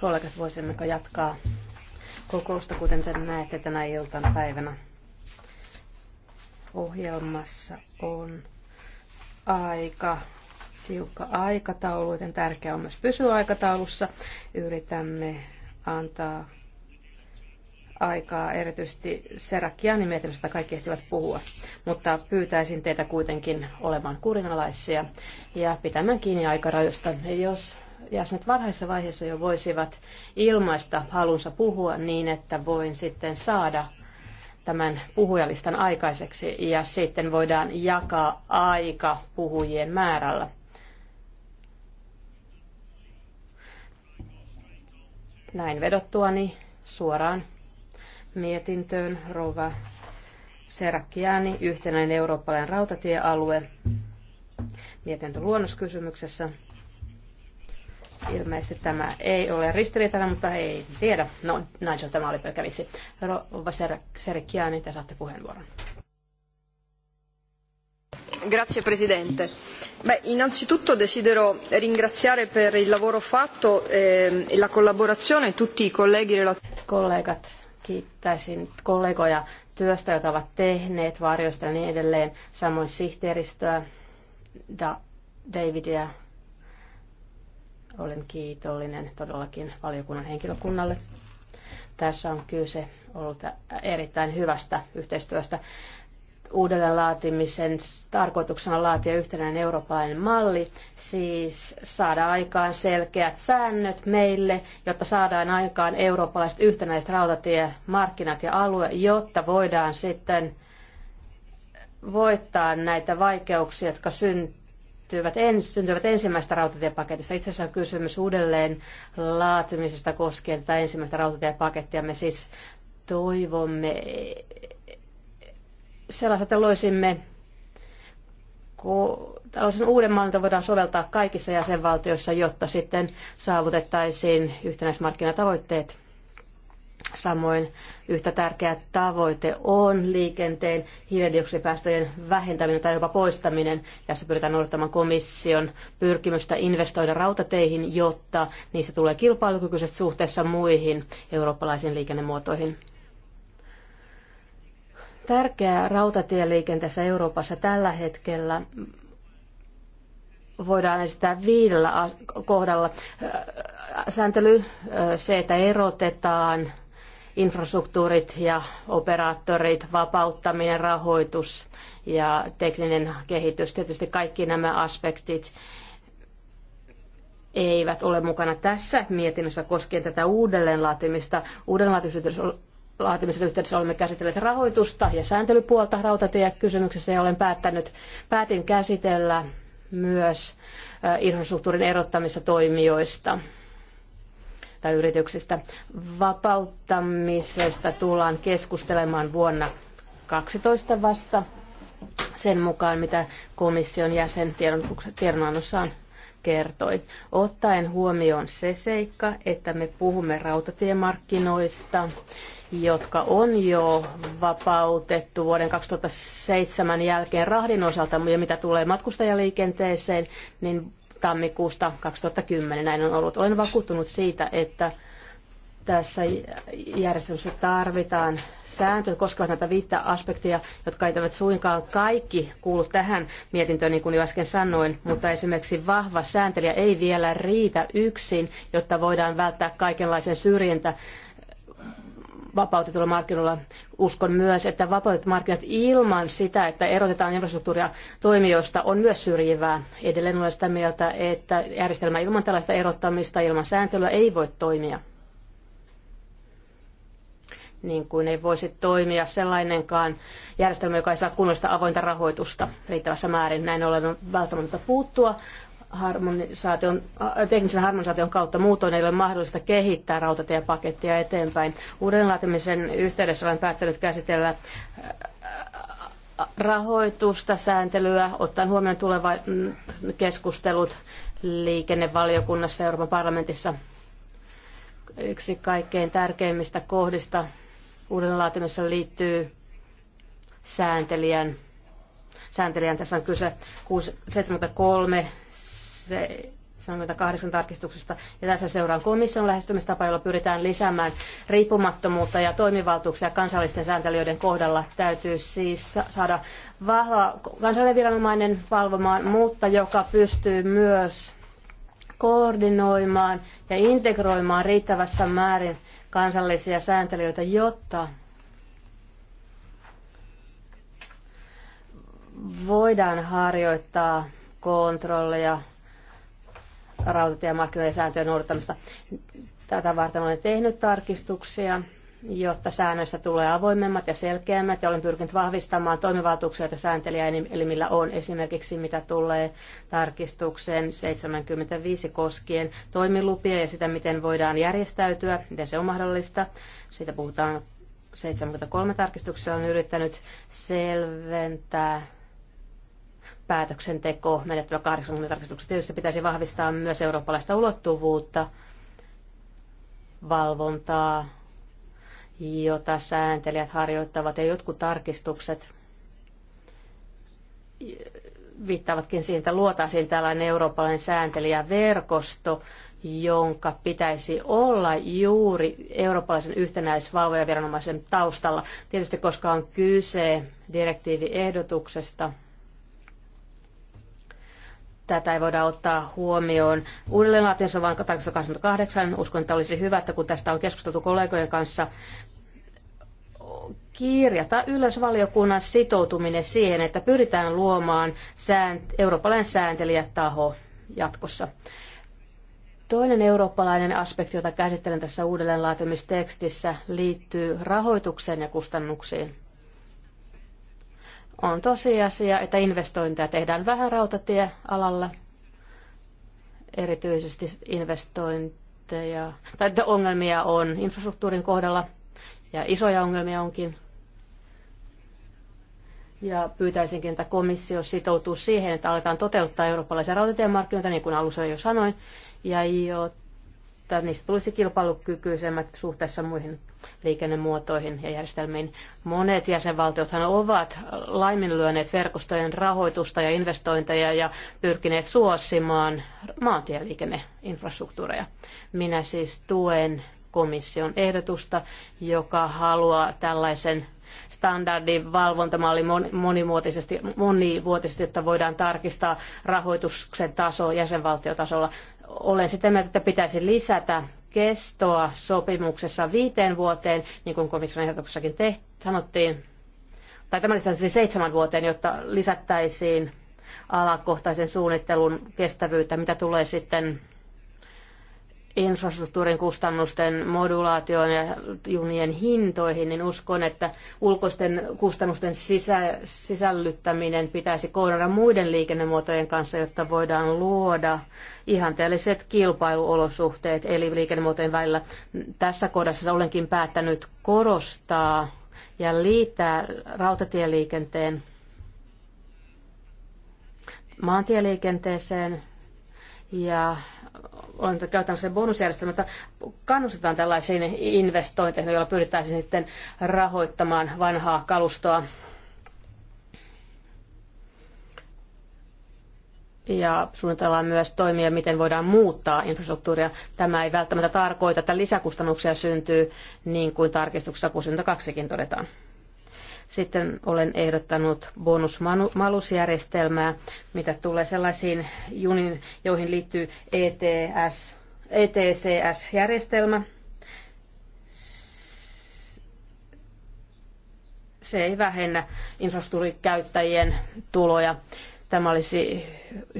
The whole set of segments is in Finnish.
Kollegat, voisimmeko jatkaa kokousta, kuten te näette tänä iltana päivänä. Ohjelmassa on aika tiukka aikataulu, joten tärkeää on myös pysyä aikataulussa. Yritämme antaa aikaa erityisesti Serakia nimetön, niin kaikki ehtivät puhua. Mutta pyytäisin teitä kuitenkin olemaan kurinalaisia ja pitämään kiinni aikarajoista. Jos jäsenet varhaisessa vaiheessa jo voisivat ilmaista halunsa puhua niin, että voin sitten saada tämän puhujalistan aikaiseksi ja sitten voidaan jakaa aika puhujien määrällä. Näin vedottuani suoraan mietintöön Rova Serakkiani, yhtenäinen eurooppalainen rautatiealue, Mietintö luonnoskysymyksessä. Ilmeisesti tämä ei ole ristiriitainen, mutta ei tiedä. No, Nigel, tämä oli pelkä vitsi. Rova Serikiani, te saatte puheenvuoron. Grazie Presidente. Beh, innanzitutto desidero ringraziare per il lavoro fatto ehm, e la collaborazione tutti i colleghi relatori. Kollegat, kiittäisin kollegoja työstä, jota ovat tehneet, varjoista ja niin edelleen, samoin sihteeristöä, da, Davidia olen kiitollinen todellakin valiokunnan henkilökunnalle. Tässä on kyse ollut erittäin hyvästä yhteistyöstä. Uudelleen laatimisen tarkoituksena laatia yhtenäinen eurooppalainen malli, siis saada aikaan selkeät säännöt meille, jotta saadaan aikaan eurooppalaiset yhtenäiset rautatiemarkkinat ja alue, jotta voidaan sitten voittaa näitä vaikeuksia, jotka syntyvät liittyvät ens, syntyvät ensimmäistä rautatiepaketista. Itse asiassa on kysymys uudelleen laatimisesta koskien tätä ensimmäistä rautatiepakettia. Me siis toivomme sellaista, että loisimme tällaisen uuden mallin jota voidaan soveltaa kaikissa jäsenvaltioissa, jotta sitten saavutettaisiin yhtenäismarkkinatavoitteet. Samoin yhtä tärkeä tavoite on liikenteen hiilidioksidipäästöjen vähentäminen tai jopa poistaminen. Tässä pyritään noudattamaan komission pyrkimystä investoida rautateihin, jotta niistä tulee kilpailukykyiset suhteessa muihin eurooppalaisiin liikennemuotoihin. Tärkeää rautatieliikenteessä Euroopassa tällä hetkellä voidaan esittää viidellä kohdalla. Sääntely, se, että erotetaan infrastruktuurit ja operaattorit, vapauttaminen, rahoitus ja tekninen kehitys. Tietysti kaikki nämä aspektit eivät ole mukana tässä mietinnössä koskien tätä uudelleenlaatimista. Uudelleenlaatimisen yhteydessä olemme käsitelleet rahoitusta ja sääntelypuolta rautatiekysymyksessä ja olen päättänyt, päätin käsitellä myös äh, infrastruktuurin erottamista toimijoista tai yrityksistä. Vapauttamisesta tullaan keskustelemaan vuonna 12 vasta sen mukaan, mitä komission jäsen tiedonannossaan kertoi. Ottaen huomioon se seikka, että me puhumme rautatiemarkkinoista, jotka on jo vapautettu vuoden 2007 jälkeen rahdin osalta ja mitä tulee matkustajaliikenteeseen, niin tammikuusta 2010. Näin on ollut. Olen vakuuttunut siitä, että tässä järjestelmässä tarvitaan sääntöjä koskevat näitä viittä aspekteja jotka eivät suinkaan kaikki kuulu tähän mietintöön, niin kuin jo äsken sanoin, mutta esimerkiksi vahva sääntelijä ei vielä riitä yksin, jotta voidaan välttää kaikenlaisen syrjintä vapautetulla markkinoilla. Uskon myös, että vapautetut markkinat ilman sitä, että erotetaan infrastruktuuria toimijoista, on myös syrjivää. Edelleen olen sitä mieltä, että järjestelmä ilman tällaista erottamista, ilman sääntelyä ei voi toimia. Niin kuin ei voisi toimia sellainenkaan järjestelmä, joka ei saa kunnollista avointa rahoitusta riittävässä määrin. Näin ollen on välttämättä puuttua harmonisaation, teknisen harmonisaation kautta muutoin ei ole mahdollista kehittää rautatiepakettia eteenpäin. Uuden laatimisen yhteydessä olen päättänyt käsitellä rahoitusta, sääntelyä, ottaen huomioon tulevat mm, keskustelut liikennevaliokunnassa Euroopan parlamentissa. Yksi kaikkein tärkeimmistä kohdista uuden liittyy sääntelijän sääntelijän. Tässä on kyse 73 se kahdeksan tarkistuksesta. Ja tässä seuraan komission lähestymistapa, jolla pyritään lisäämään riippumattomuutta ja toimivaltuuksia kansallisten sääntelijöiden kohdalla. Täytyy siis saada vahva kansallinen viranomainen valvomaan, mutta joka pystyy myös koordinoimaan ja integroimaan riittävässä määrin kansallisia sääntelijöitä, jotta voidaan harjoittaa kontrollia rautatie- ja sääntöjen noudattamista. Tätä varten olen tehnyt tarkistuksia, jotta säännöistä tulee avoimemmat ja selkeämmät, ja olen pyrkinyt vahvistamaan toimivaltuuksia, joita millä on, esimerkiksi mitä tulee tarkistukseen 75 koskien toimilupia ja sitä, miten voidaan järjestäytyä, miten se on mahdollista. Siitä puhutaan 73 tarkistuksessa, olen yrittänyt selventää päätöksenteko, menettävä 80 tarkistukset. Tietysti pitäisi vahvistaa myös eurooppalaista ulottuvuutta, valvontaa, jota sääntelijät harjoittavat ja jotkut tarkistukset viittaavatkin siihen, että luotaisiin tällainen eurooppalainen sääntelijäverkosto, jonka pitäisi olla juuri eurooppalaisen yhtenäisvalvojaviranomaisen taustalla. Tietysti koska on kyse direktiiviehdotuksesta, tätä ei voida ottaa huomioon uudelleenlaatiossa, vain 88. Uskon, että olisi hyvä, että kun tästä on keskusteltu kollegojen kanssa, kirjata ylös valiokunnan sitoutuminen siihen, että pyritään luomaan säänt- eurooppalainen sääntelijätaho jatkossa. Toinen eurooppalainen aspekti, jota käsittelen tässä uudelleenlaatimistekstissä, liittyy rahoitukseen ja kustannuksiin. On tosiasia, että investointeja tehdään vähän rautatiealalla, erityisesti investointeja, tai että ongelmia on infrastruktuurin kohdalla, ja isoja ongelmia onkin. Ja pyytäisinkin, että komissio sitoutuu siihen, että aletaan toteuttaa eurooppalaisia rautatiemarkkinoita, niin kuin alussa jo sanoin, ja iot että niistä tulisi kilpailukykyisemmät suhteessa muihin liikennemuotoihin ja järjestelmiin. Monet jäsenvaltiothan ovat laiminlyöneet verkostojen rahoitusta ja investointeja ja pyrkineet suosimaan maantieliikenneinfrastruktuureja. Minä siis tuen komission ehdotusta, joka haluaa tällaisen standardin valvontamalli monimuotisesti, monivuotisesti, että voidaan tarkistaa rahoituksen taso jäsenvaltiotasolla. Olen sitä mieltä, että pitäisi lisätä kestoa sopimuksessa viiteen vuoteen, niin kuin komission ehdotuksessakin sanottiin, tai tämä lisätään siis seitsemän vuoteen, jotta lisättäisiin alakohtaisen suunnittelun kestävyyttä, mitä tulee sitten infrastruktuurin kustannusten modulaatioon ja junien hintoihin, niin uskon, että ulkoisten kustannusten sisä, sisällyttäminen pitäisi kohdata muiden liikennemuotojen kanssa, jotta voidaan luoda ihanteelliset kilpailuolosuhteet eli liikennemuotojen välillä. Tässä kohdassa olenkin päättänyt korostaa ja liittää rautatieliikenteen maantieliikenteeseen ja on käytännössä bonusjärjestelmä, että kannustetaan tällaisiin investointeihin, joilla pyritään sitten rahoittamaan vanhaa kalustoa. Ja suunnitellaan myös toimia, miten voidaan muuttaa infrastruktuuria. Tämä ei välttämättä tarkoita, että lisäkustannuksia syntyy, niin kuin tarkistuksessa 62kin todetaan. Sitten olen ehdottanut bonusmalusjärjestelmää, mitä tulee sellaisiin junin, joihin liittyy ETS, ETCS-järjestelmä. Se ei vähennä infrastruktuurikäyttäjien tuloja. Tämä olisi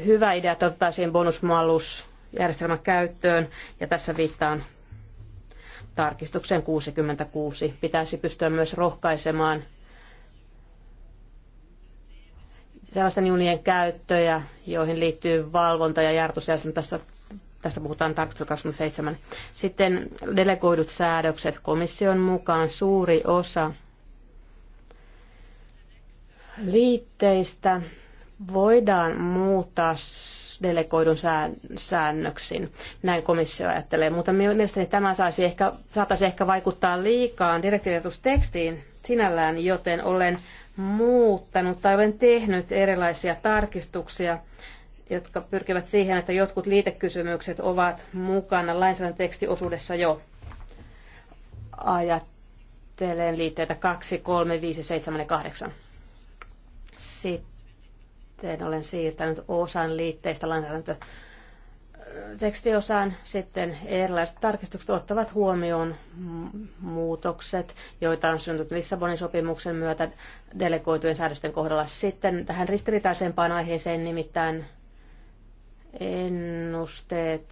hyvä idea, että ottaisiin bonusmalusjärjestelmä käyttöön, ja tässä viittaan tarkistukseen 66 pitäisi pystyä myös rohkaisemaan sellaisten junien käyttöjä, joihin liittyy valvonta ja jarrutusjärjestelmä. tässä tästä puhutaan tarkastus 27. Sitten delegoidut säädökset. Komission mukaan suuri osa liitteistä voidaan muuttaa delegoidun säännöksin. Näin komissio ajattelee, mutta mielestäni tämä saisi ehkä, saataisi ehkä vaikuttaa liikaan direktiivitustekstiin sinällään, joten olen muuttanut tai olen tehnyt erilaisia tarkistuksia, jotka pyrkivät siihen, että jotkut liitekysymykset ovat mukana lainsäädäntötekstiosuudessa jo ajattelen liitteitä 2, 3, 5, 7 ja 8. Sitten olen siirtänyt osan liitteistä lainsäädäntötekstiosuuteen tekstiosaan sitten erilaiset tarkistukset ottavat huomioon muutokset, joita on syntynyt Lissabonin sopimuksen myötä delegoitujen säädösten kohdalla. Sitten tähän ristiriitaisempaan aiheeseen nimittäin ennusteet,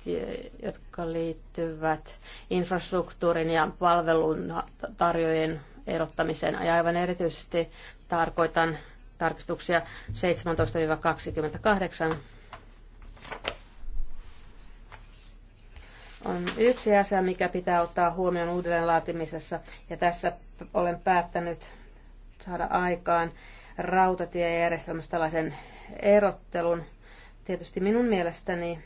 jotka liittyvät infrastruktuurin ja palvelun tarjojen erottamiseen. Ja aivan erityisesti tarkoitan tarkistuksia 17-28 on yksi asia, mikä pitää ottaa huomioon uudelleen laatimisessa. Ja tässä olen päättänyt saada aikaan rautatiejärjestelmästä tällaisen erottelun. Tietysti minun mielestäni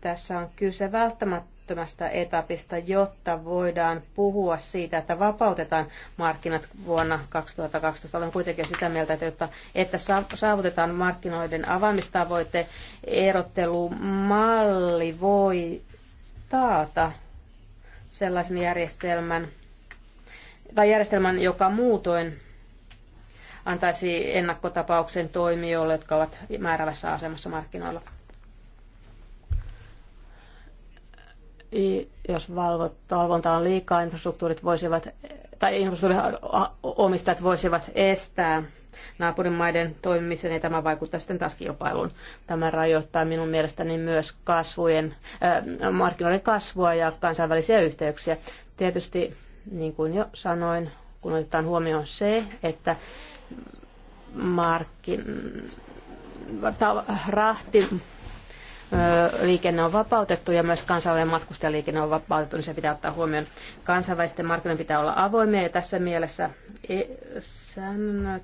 tässä on kyse välttämättä välittömästä etapista, jotta voidaan puhua siitä, että vapautetaan markkinat vuonna 2012. Olen kuitenkin sitä mieltä, että, jotta, että saavutetaan markkinoiden avaamistavoite, erottelumalli voi taata sellaisen järjestelmän, tai järjestelmän, joka muutoin antaisi ennakkotapauksen toimijoille, jotka ovat määrävässä asemassa markkinoilla. jos valvonta on liikaa, infrastruktuurit voisivat, tai omistajat voisivat estää naapurimaiden toimimisen, ja tämä vaikuttaa sitten taas kilpailuun. Tämä rajoittaa minun mielestäni myös kasvujen, äh, markkinoiden kasvua ja kansainvälisiä yhteyksiä. Tietysti, niin kuin jo sanoin, kun otetaan huomioon se, että markkin, rahti liikenne on vapautettu ja myös kansainvälinen matkustajaliikenne on vapautettu, niin se pitää ottaa huomioon. Kansainvälisten markkinoiden pitää olla avoimia ja tässä mielessä e- säännöt,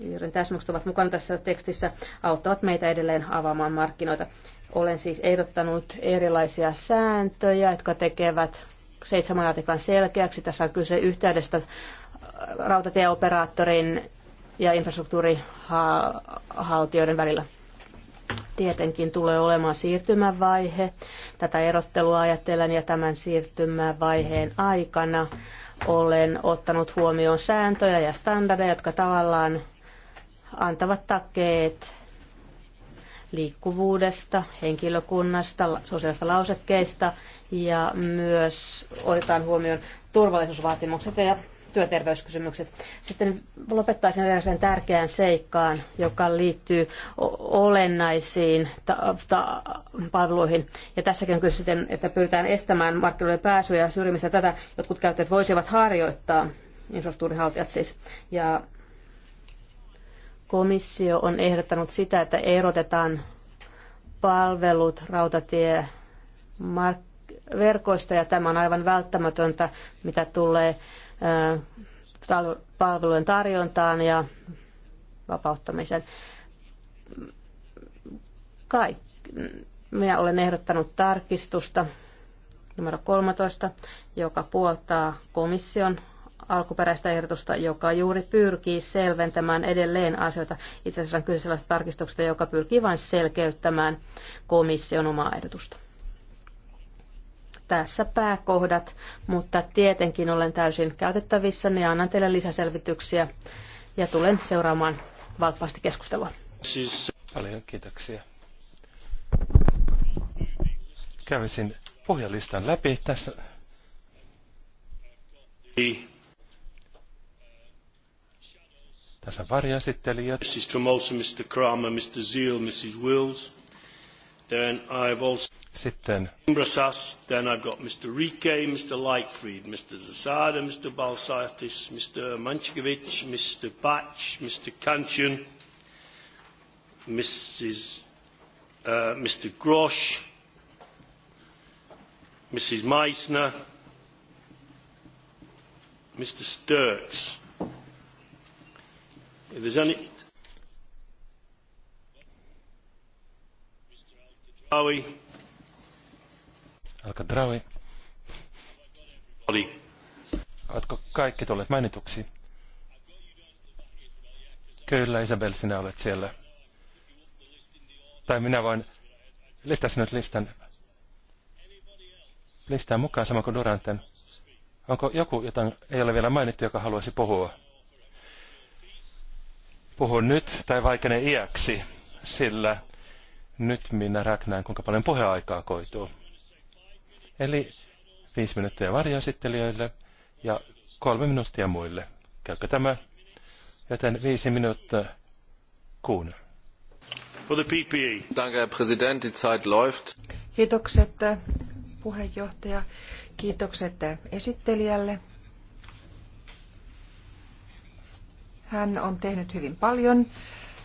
joiden täsmukset ovat mukana tässä tekstissä, auttavat meitä edelleen avaamaan markkinoita. Olen siis ehdottanut erilaisia sääntöjä, jotka tekevät seitsemän artiklan selkeäksi. Tässä on kyse yhteydestä rautatieoperaattorin ja infrastruktuurihaltijoiden välillä. Tietenkin tulee olemaan siirtymävaihe tätä erottelua ajatellen ja tämän siirtymävaiheen aikana olen ottanut huomioon sääntöjä ja standardeja, jotka tavallaan antavat takeet liikkuvuudesta, henkilökunnasta, sosiaalista lausekkeista ja myös otetaan huomioon turvallisuusvaatimukset ja työterveyskysymykset. Sitten lopettaisin vielä sen tärkeään seikkaan, joka liittyy olennaisiin ta- ta- palveluihin. Ja tässäkin on kyllä sitten, että pyritään estämään markkinoille pääsyä ja syrjimistä tätä. Jotkut käyttäjät voisivat harjoittaa, infrastruktuurihaltijat siis. Ja komissio on ehdottanut sitä, että erotetaan palvelut rautatie mark- verkoista ja tämä on aivan välttämätöntä, mitä tulee palvelujen tarjontaan ja vapauttamiseen. Kai. Minä olen ehdottanut tarkistusta numero 13, joka puoltaa komission alkuperäistä ehdotusta, joka juuri pyrkii selventämään edelleen asioita. Itse asiassa on kyse sellaista tarkistuksesta, joka pyrkii vain selkeyttämään komission omaa ehdotusta tässä pääkohdat, mutta tietenkin olen täysin käytettävissä ja niin annan teille lisäselvityksiä ja tulen seuraamaan valppaasti keskustelua. Siis paljon kiitoksia. Kävisin pohjalistan läpi tässä. Tässä varjaesittelijät. Mrs. Tremosa, Mr. Kramer, Mr. Zeal, Mrs. Wills. Then I've also... Sitten... Imbrasas, then I've got Mr. Rike, Mr. Lightfried, Mr. Zasada, Mr. Balsaitis, Mr. Manchkovic, Mr. Batch, Mr. Kanchun, Mrs. Uh, Mr. Grosh, Mrs. Meissner, Mr. Sturks. If there's any... Mr. Al Alka Draui. Oli. Oletko kaikki tulleet mainituksi? Kyllä, Isabel, sinä olet siellä. Tai minä voin listaa sinut listan. Listaan mukaan sama kuin Duranten. Onko joku, jota ei ole vielä mainittu, joka haluaisi puhua? Puhu nyt tai vaikene iäksi, sillä nyt minä räknään, kuinka paljon puheaikaa koituu. Eli viisi minuuttia varjoesittelijöille ja kolme minuuttia muille. Käykö tämä? Joten viisi minuuttia kuun. For the PPE. Danke, Die Zeit läuft. Kiitokset puheenjohtaja. Kiitokset esittelijälle. Hän on tehnyt hyvin paljon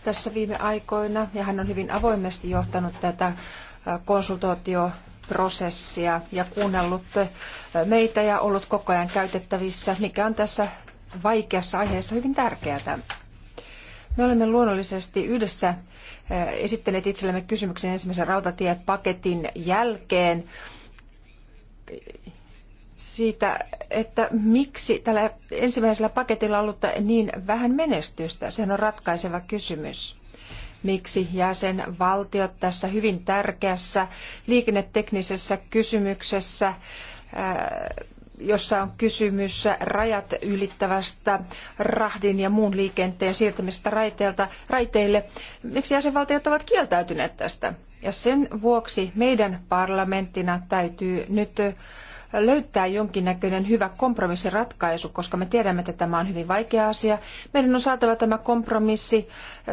tässä viime aikoina ja hän on hyvin avoimesti johtanut tätä konsultaatio prosessia ja kuunnellut eh, meitä ja ollut koko ajan käytettävissä, mikä on tässä vaikeassa aiheessa hyvin tärkeää. Me olemme luonnollisesti yhdessä eh, esittäneet itsellemme kysymyksen ensimmäisen rautatiepaketin jälkeen siitä, että miksi tällä ensimmäisellä paketilla on ollut niin vähän menestystä. Sehän on ratkaiseva kysymys miksi jäsenvaltiot tässä hyvin tärkeässä liikenneteknisessä kysymyksessä äh, jossa on kysymys rajat ylittävästä rahdin ja muun liikenteen siirtämisestä raiteilta, raiteille. Miksi jäsenvaltiot ovat kieltäytyneet tästä? Ja sen vuoksi meidän parlamenttina täytyy nyt löytää jonkinnäköinen hyvä kompromissiratkaisu, koska me tiedämme, että tämä on hyvin vaikea asia. Meidän on saatava tämä kompromissi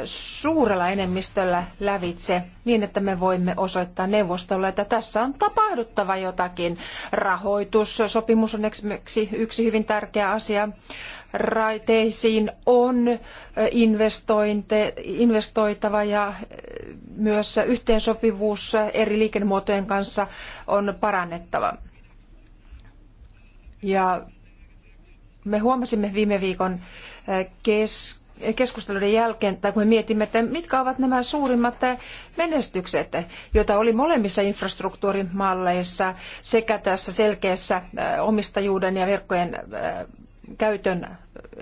suurella enemmistöllä lävitse niin, että me voimme osoittaa neuvostolle, että tässä on tapahduttava jotakin. Rahoitus, sopimus on esimerkiksi yksi hyvin tärkeä asia. Raiteisiin on investoitava ja myös yhteensopivuus eri liikennemuotojen kanssa on parannettava. Ja me huomasimme viime viikon eh, kes, keskusteluiden jälkeen, tai kun me mietimme, että mitkä ovat nämä suurimmat eh, menestykset, joita oli molemmissa infrastruktuurimalleissa sekä tässä selkeässä eh, omistajuuden ja verkkojen käytön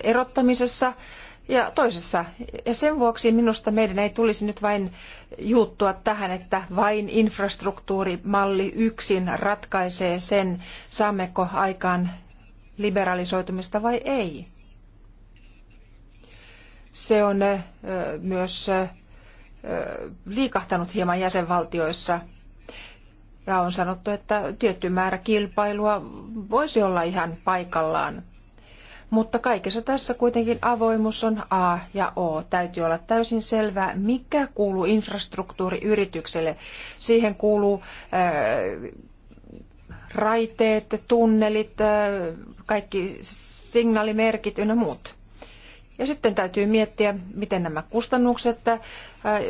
erottamisessa ja toisessa. Ja sen vuoksi minusta meidän ei tulisi nyt vain juuttua tähän, että vain infrastruktuurimalli yksin ratkaisee sen, saammeko aikaan liberalisoitumista vai ei. Se on myös liikahtanut hieman jäsenvaltioissa ja on sanottu, että tietty määrä kilpailua voisi olla ihan paikallaan. Mutta kaikessa tässä kuitenkin avoimuus on A ja O. Täytyy olla täysin selvää, mikä kuuluu infrastruktuuriyritykselle. Siihen kuuluu äh, raiteet, tunnelit, äh, kaikki signaalimerkit ynnä muut. Ja sitten täytyy miettiä, miten nämä kustannukset äh,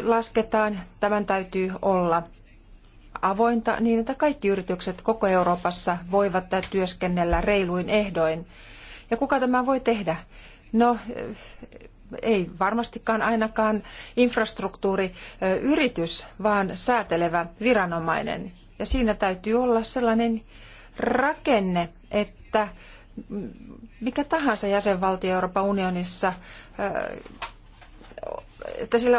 lasketaan. Tämän täytyy olla avointa niin, että kaikki yritykset koko Euroopassa voivat työskennellä reiluin ehdoin ja kuka tämä voi tehdä? No, ei varmastikaan ainakaan infrastruktuuriyritys, vaan säätelevä viranomainen. Ja siinä täytyy olla sellainen rakenne, että mikä tahansa jäsenvaltio Euroopan unionissa, että sillä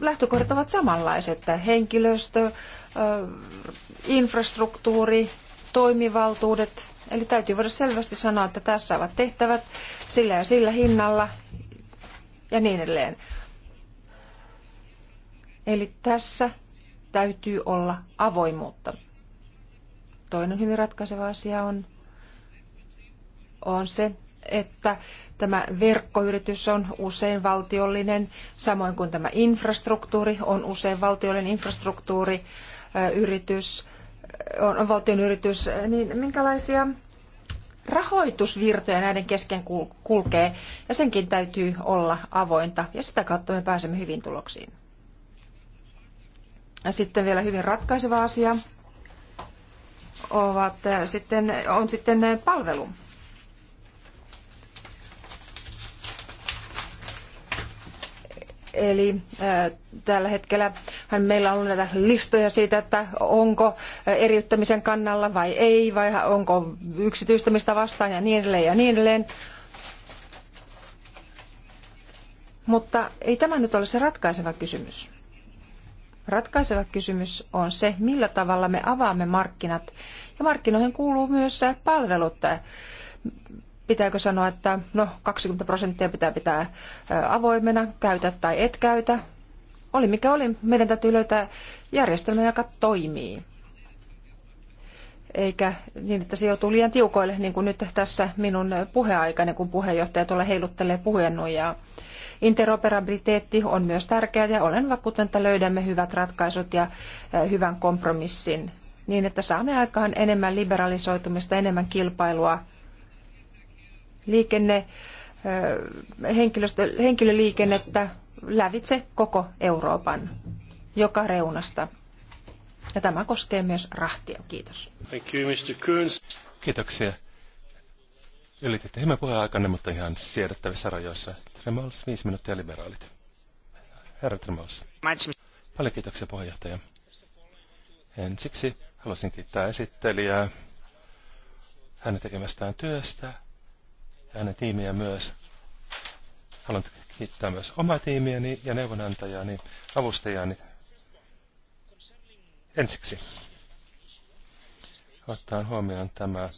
lähtökohdat ovat samanlaiset, että henkilöstö, infrastruktuuri, toimivaltuudet, Eli täytyy voida selvästi sanoa, että tässä ovat tehtävät sillä ja sillä hinnalla ja niin edelleen. Eli tässä täytyy olla avoimuutta. Toinen hyvin ratkaiseva asia on, on se, että tämä verkkoyritys on usein valtiollinen, samoin kuin tämä infrastruktuuri on usein valtiollinen infrastruktuuriyritys on valtion yritys, niin minkälaisia rahoitusvirtoja näiden kesken kulkee, ja senkin täytyy olla avointa, ja sitä kautta me pääsemme hyvin tuloksiin. Ja sitten vielä hyvin ratkaiseva asia ovat äh, sitten, on sitten äh, palvelu. Eli tällä hetkellä meillä on näitä listoja siitä, että onko eriyttämisen kannalla vai ei, vai onko yksityistämistä vastaan ja niin edelleen ja niin edelleen. Mutta ei tämä nyt ole se ratkaiseva kysymys. Ratkaiseva kysymys on se, millä tavalla me avaamme markkinat. Ja markkinoihin kuuluu myös palvelut pitääkö sanoa, että no 20 prosenttia pitää pitää avoimena, käytä tai et käytä. Oli mikä oli, meidän täytyy löytää järjestelmä, joka toimii. Eikä niin, että se joutuu liian tiukoille, niin kuin nyt tässä minun puheaikani, kun puheenjohtaja tuolla heiluttelee puhenujaa. Interoperabiliteetti on myös tärkeää ja olen vakuuttunut, että löydämme hyvät ratkaisut ja hyvän kompromissin niin, että saamme aikaan enemmän liberalisoitumista, enemmän kilpailua liikenne, henkilöstö, henkilöliikennettä lävitse koko Euroopan, joka reunasta. Ja tämä koskee myös rahtia. Kiitos. Thank you, Mr. Kearns. Kiitoksia. Ylititte hieman puheaikanne, mutta ihan siedettävissä rajoissa. Tremols, viisi minuuttia liberaalit. Herra Tremols. Paljon kiitoksia puheenjohtaja. Ensiksi haluaisin kiittää esittelijää hänen tekemästään työstä ja hänen tiimiä myös. Haluan kiittää myös omaa tiimiäni ja neuvonantajani, avustajani. Ensiksi ottaen huomioon tämä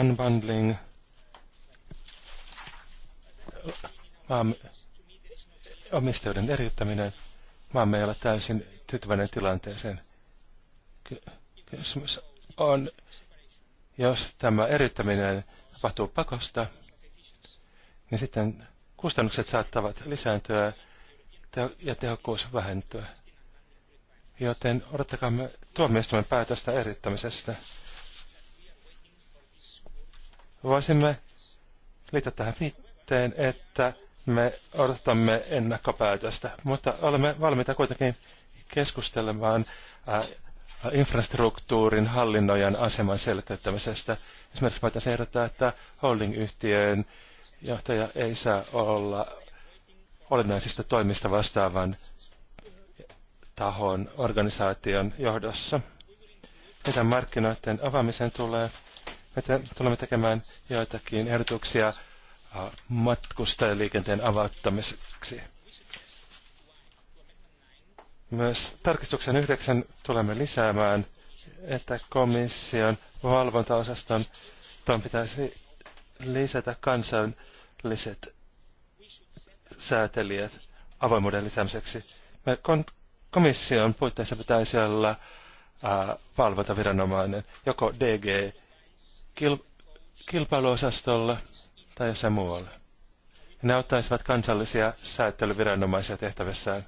unbundling omistajuuden eriyttäminen. Maamme ei ole täysin tyytyväinen tilanteeseen. Kysymys on jos tämä eriyttäminen tapahtuu pakosta, niin sitten kustannukset saattavat lisääntyä ja tehokkuus vähentyä. Joten odottakaamme tuomioistuimen päätöstä erittämisestä. Voisimme liittää tähän viitteen, että me odotamme ennakkopäätöstä, mutta olemme valmiita kuitenkin keskustelemaan äh, infrastruktuurin hallinnojan aseman selkeyttämisestä. Esimerkiksi voitaisiin ehdottaa, että holdingyhtiön johtaja ei saa olla olennaisista toimista vastaavan tahon organisaation johdossa. Mitä markkinoiden avaamisen tulee, me te, tulemme tekemään joitakin ehdotuksia matkustajaliikenteen avauttamiseksi. Myös tarkistuksen yhdeksän tulemme lisäämään, että komission valvontaosaston tuon pitäisi lisätä kansalliset säätelijät avoimuuden lisäämiseksi. Me komission puitteissa pitäisi olla valvontaviranomainen, joko DG kilpailuosastolla tai jossain muualla. Ne auttaisivat kansallisia säätelyviranomaisia tehtävässään.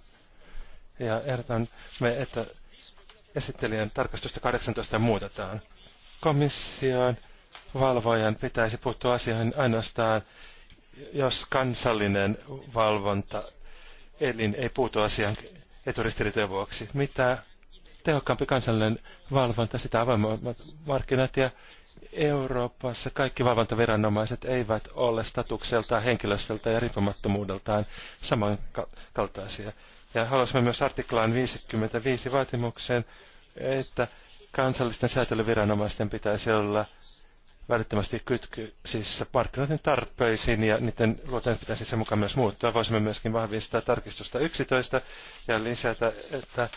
Ja ehdotan me, että esittelijän tarkastusta 18 muutetaan. Komission valvojan pitäisi puuttua asioihin ainoastaan, jos kansallinen valvonta elin ei puutu asian eturistiriitojen vuoksi. Mitä tehokkaampi kansallinen valvonta, sitä avoimemmat markkinat ja Euroopassa kaikki valvontaviranomaiset eivät ole statukselta, henkilöstöltä ja riippumattomuudeltaan samankaltaisia. Ja haluaisimme myös artiklaan 55 vaatimukseen, että kansallisten säätelyviranomaisten pitäisi olla välittömästi kytkyisissä markkinoiden tarpeisiin ja niiden luoteen pitäisi sen mukaan myös muuttua. Voisimme myöskin vahvistaa tarkistusta 11 ja lisätä, että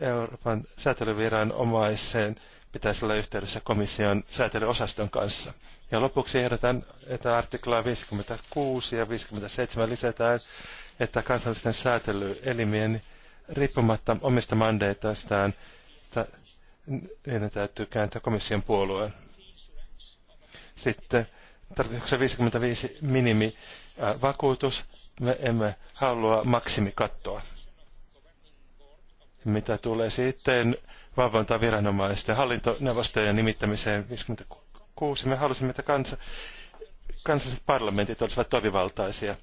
Euroopan säätelyviranomaiseen pitäisi olla yhteydessä komission säätelyosaston kanssa. Ja lopuksi ehdotan, että artiklaa 56 ja 57 lisätään että kansallisten säätelyelimien riippumatta omista mandeitaistaan heidän täytyy kääntää komission puolueen. Sitten tarkoituksen 55 minimi vakuutus. Me emme halua maksimikattoa. Mitä tulee sitten valvontaviranomaisten hallintoneuvostojen nimittämiseen 56, me halusimme, että kansa, kansalliset parlamentit olisivat toivivaltaisia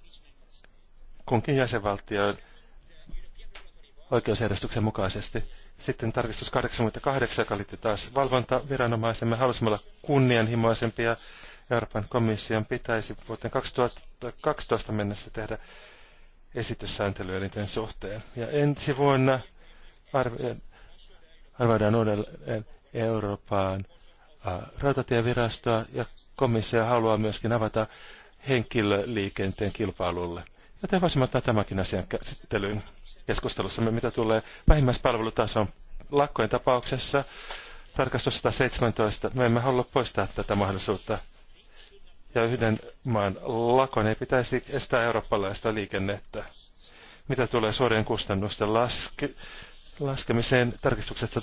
kunkin jäsenvaltion oikeusjärjestyksen mukaisesti. Sitten tarkistus 88, joka liittyy taas valvontaviranomaisemme. Me halusimme olla kunnianhimoisempia. Euroopan komission pitäisi vuoteen 2012 mennessä tehdä esitys suhteen. Ja ensi vuonna arvioidaan uudelleen Euroopan rautatievirastoa ja komissio haluaa myöskin avata henkilöliikenteen kilpailulle. Joten voisimme ottaa tämäkin asian käsittelyyn keskustelussamme, mitä tulee vähimmäispalvelutason lakkojen tapauksessa. Tarkastus 117. Me emme halua poistaa tätä mahdollisuutta. Ja yhden maan lakon ei pitäisi estää eurooppalaista liikennettä. Mitä tulee suorien kustannusten laske- laskemiseen, tarkistukset 118-20,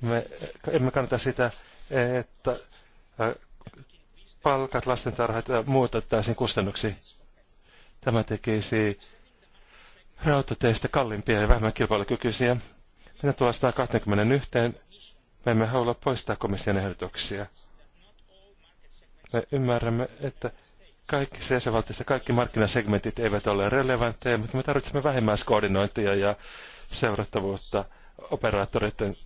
me emme kannata sitä, että palkat, lastentarhat ja muut ottaisiin kustannuksiin. Tämä tekisi rautateistä kalliimpia ja vähemmän kilpailukykyisiä. Minä tuon 121. Me emme halua poistaa komission ehdotuksia. Me ymmärrämme, että kaikki jäsenvaltiossa, kaikki markkinasegmentit eivät ole relevantteja, mutta me tarvitsemme vähimmäiskoordinointia ja seurattavuutta operaattoreiden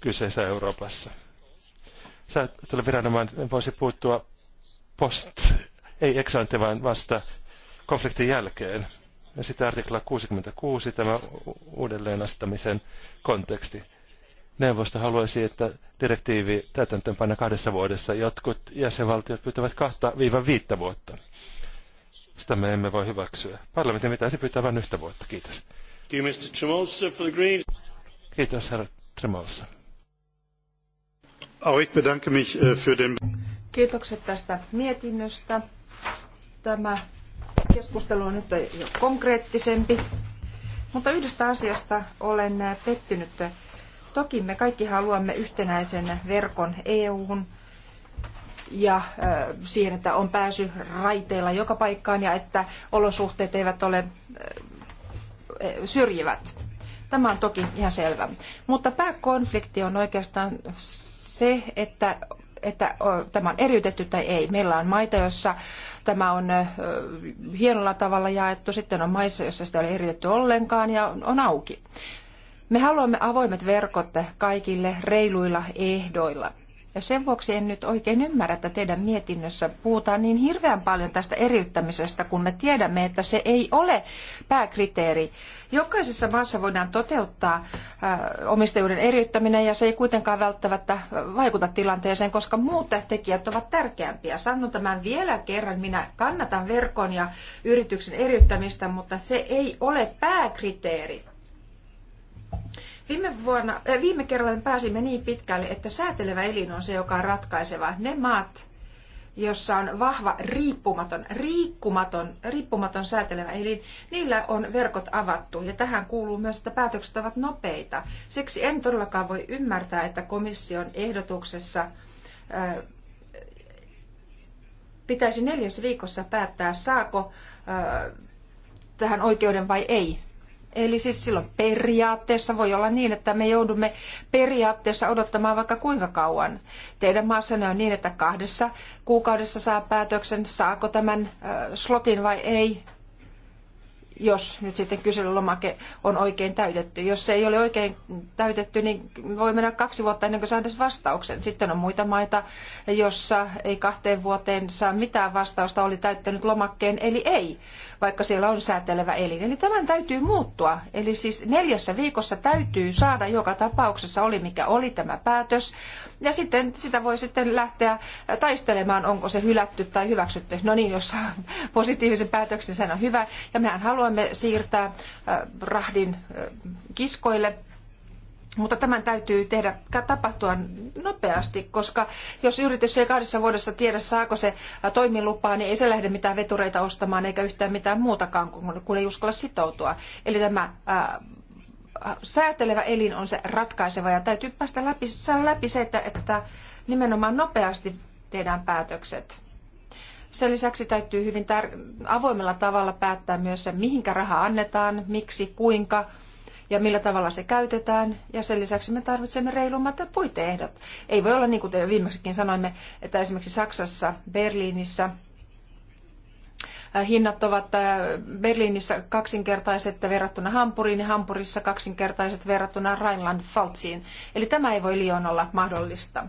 kyseessä Euroopassa säätely viranomainen voisi puuttua post, ei eksante, vaan vasta konfliktin jälkeen. Ja sitten artikla 66, tämä uudelleenastamisen konteksti. Neuvosto haluaisi, että direktiivi täytäntöönpanna kahdessa vuodessa. Jotkut jäsenvaltiot pyytävät kahta viiva viittä vuotta. Sitä me emme voi hyväksyä. Parlamentin pitäisi pyytää vain yhtä vuotta. Kiitos. Kiitos, herra Tremolsa. Äh, Kiitokset tästä mietinnöstä. Tämä keskustelu on nyt jo konkreettisempi, mutta yhdestä asiasta olen äh, pettynyt. Toki me kaikki haluamme yhtenäisen verkon EU-hun ja äh, siihen, että on pääsy raiteilla joka paikkaan ja että olosuhteet eivät ole syrjivät. Tämä on toki ihan selvä. Mutta pääkonflikti on oikeastaan se, että että tämä on eriytetty tai ei. Meillä on maita, joissa tämä on hienolla tavalla jaettu, sitten on maissa, joissa sitä ei ole eriytetty ollenkaan ja on auki. Me haluamme avoimet verkot kaikille reiluilla ehdoilla. Ja sen vuoksi en nyt oikein ymmärrä, että teidän mietinnössä puhutaan niin hirveän paljon tästä eriyttämisestä, kun me tiedämme, että se ei ole pääkriteeri. Jokaisessa maassa voidaan toteuttaa äh, omistajuuden eriyttäminen ja se ei kuitenkaan välttämättä vaikuta tilanteeseen, koska muut tekijät ovat tärkeämpiä. Sanon tämän vielä kerran, minä kannatan verkon ja yrityksen eriyttämistä, mutta se ei ole pääkriteeri. Viime, vuonna, äh, viime kerralla pääsimme niin pitkälle, että säätelevä elin on se, joka on ratkaiseva. Ne maat, jossa on vahva riippumaton, riippumaton, riippumaton säätelevä elin, niillä on verkot avattu. Ja tähän kuuluu myös, että päätökset ovat nopeita. Siksi en todellakaan voi ymmärtää, että komission ehdotuksessa äh, pitäisi neljässä viikossa päättää, saako äh, tähän oikeuden vai ei. Eli siis silloin periaatteessa voi olla niin, että me joudumme periaatteessa odottamaan vaikka kuinka kauan. Teidän maassanne on niin, että kahdessa kuukaudessa saa päätöksen, saako tämän slotin vai ei jos nyt sitten kyselylomake on oikein täytetty. Jos se ei ole oikein täytetty, niin voi mennä kaksi vuotta ennen kuin saa edes vastauksen. Sitten on muita maita, jossa ei kahteen vuoteen saa mitään vastausta, oli täyttänyt lomakkeen, eli ei vaikka siellä on säätelevä elin. Eli tämän täytyy muuttua. Eli siis neljässä viikossa täytyy saada joka tapauksessa, oli mikä oli tämä päätös. Ja sitten sitä voi sitten lähteä taistelemaan, onko se hylätty tai hyväksytty. No niin, jos positiivisen päätöksen, sehän on hyvä. Ja mehän haluamme siirtää äh, rahdin äh, kiskoille mutta tämän täytyy tehdä tapahtua nopeasti, koska jos yritys ei kahdessa vuodessa tiedä, saako se toimilupaa, niin ei se lähde mitään vetureita ostamaan eikä yhtään mitään muutakaan, kun ei uskalla sitoutua. Eli tämä ää, säätelevä elin on se ratkaiseva ja täytyy päästä läpi, saada läpi se, että, että nimenomaan nopeasti tehdään päätökset. Sen lisäksi täytyy hyvin avoimella tavalla päättää myös se, mihinkä raha annetaan, miksi, kuinka – ja millä tavalla se käytetään. Ja sen lisäksi me tarvitsemme reilummat puiteehdot. Ei voi olla niin kuin te viimeksikin sanoimme, että esimerkiksi Saksassa, Berliinissä äh, hinnat ovat äh, Berliinissä kaksinkertaiset verrattuna Hampuriin ja Hampurissa kaksinkertaiset verrattuna Rheinland-Pfalziin. Eli tämä ei voi liian olla mahdollista.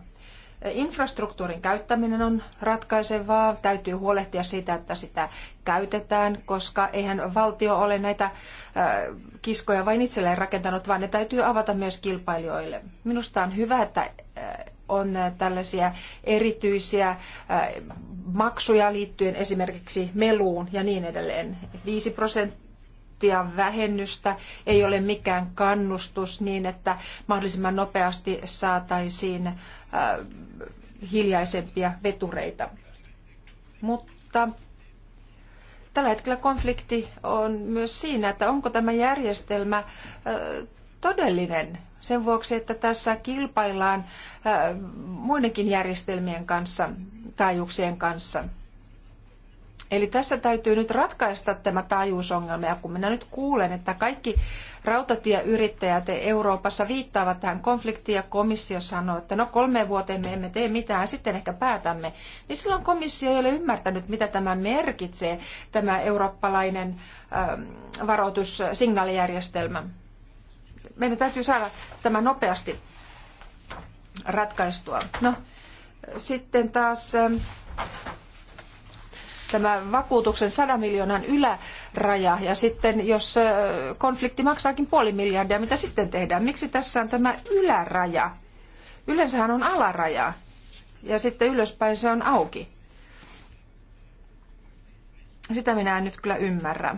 Infrastruktuurin käyttäminen on ratkaisevaa. Täytyy huolehtia siitä, että sitä käytetään, koska eihän valtio ole näitä kiskoja vain itselleen rakentanut, vaan ne täytyy avata myös kilpailijoille. Minusta on hyvä, että on tällaisia erityisiä maksuja liittyen esimerkiksi meluun ja niin edelleen. 5 prosenttia prosenttia vähennystä ei ole mikään kannustus niin, että mahdollisimman nopeasti saataisiin äh, hiljaisempia vetureita. Mutta tällä hetkellä konflikti on myös siinä, että onko tämä järjestelmä äh, todellinen sen vuoksi, että tässä kilpaillaan äh, muidenkin järjestelmien kanssa, taajuuksien kanssa – Eli tässä täytyy nyt ratkaista tämä taajuusongelma. Ja kun minä nyt kuulen, että kaikki rautatieyrittäjät Euroopassa viittaavat tähän konfliktiin ja komissio sanoo, että no kolme vuoteen me emme tee mitään, sitten ehkä päätämme, niin silloin komissio ei ole ymmärtänyt, mitä tämä merkitsee, tämä eurooppalainen ähm, varoitussignaalijärjestelmä. Meidän täytyy saada tämä nopeasti ratkaistua. No, sitten taas ähm, tämä vakuutuksen 100 miljoonan yläraja ja sitten jos konflikti maksaakin puoli miljardia, mitä sitten tehdään? Miksi tässä on tämä yläraja? Yleensähän on alaraja ja sitten ylöspäin se on auki. Sitä minä en nyt kyllä ymmärrä.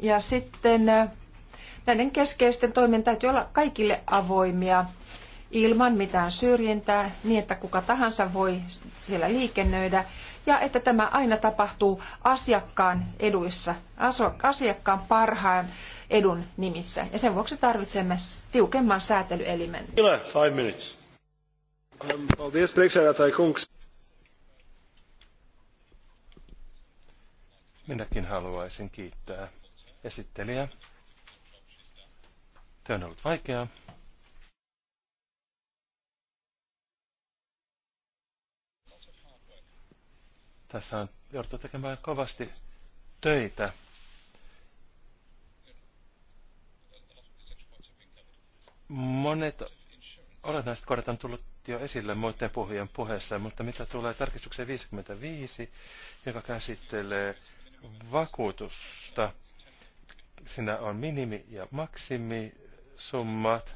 Ja sitten näiden keskeisten toimien täytyy olla kaikille avoimia ilman mitään syrjintää, niin että kuka tahansa voi siellä liikennöidä ja että tämä aina tapahtuu asiakkaan eduissa, asiakkaan parhaan edun nimissä. Ja sen vuoksi tarvitsemme tiukemman säätelyelimen. Ähm, Minäkin haluaisin kiittää esittelijää. Työ on ollut vaikeaa. Tässä on jouduttu tekemään kovasti töitä. Monet olennaiset kohdat on tullut jo esille muiden puhujien puheessa, mutta mitä tulee tarkistukseen 55, joka käsittelee vakuutusta, siinä on minimi- ja maksimisummat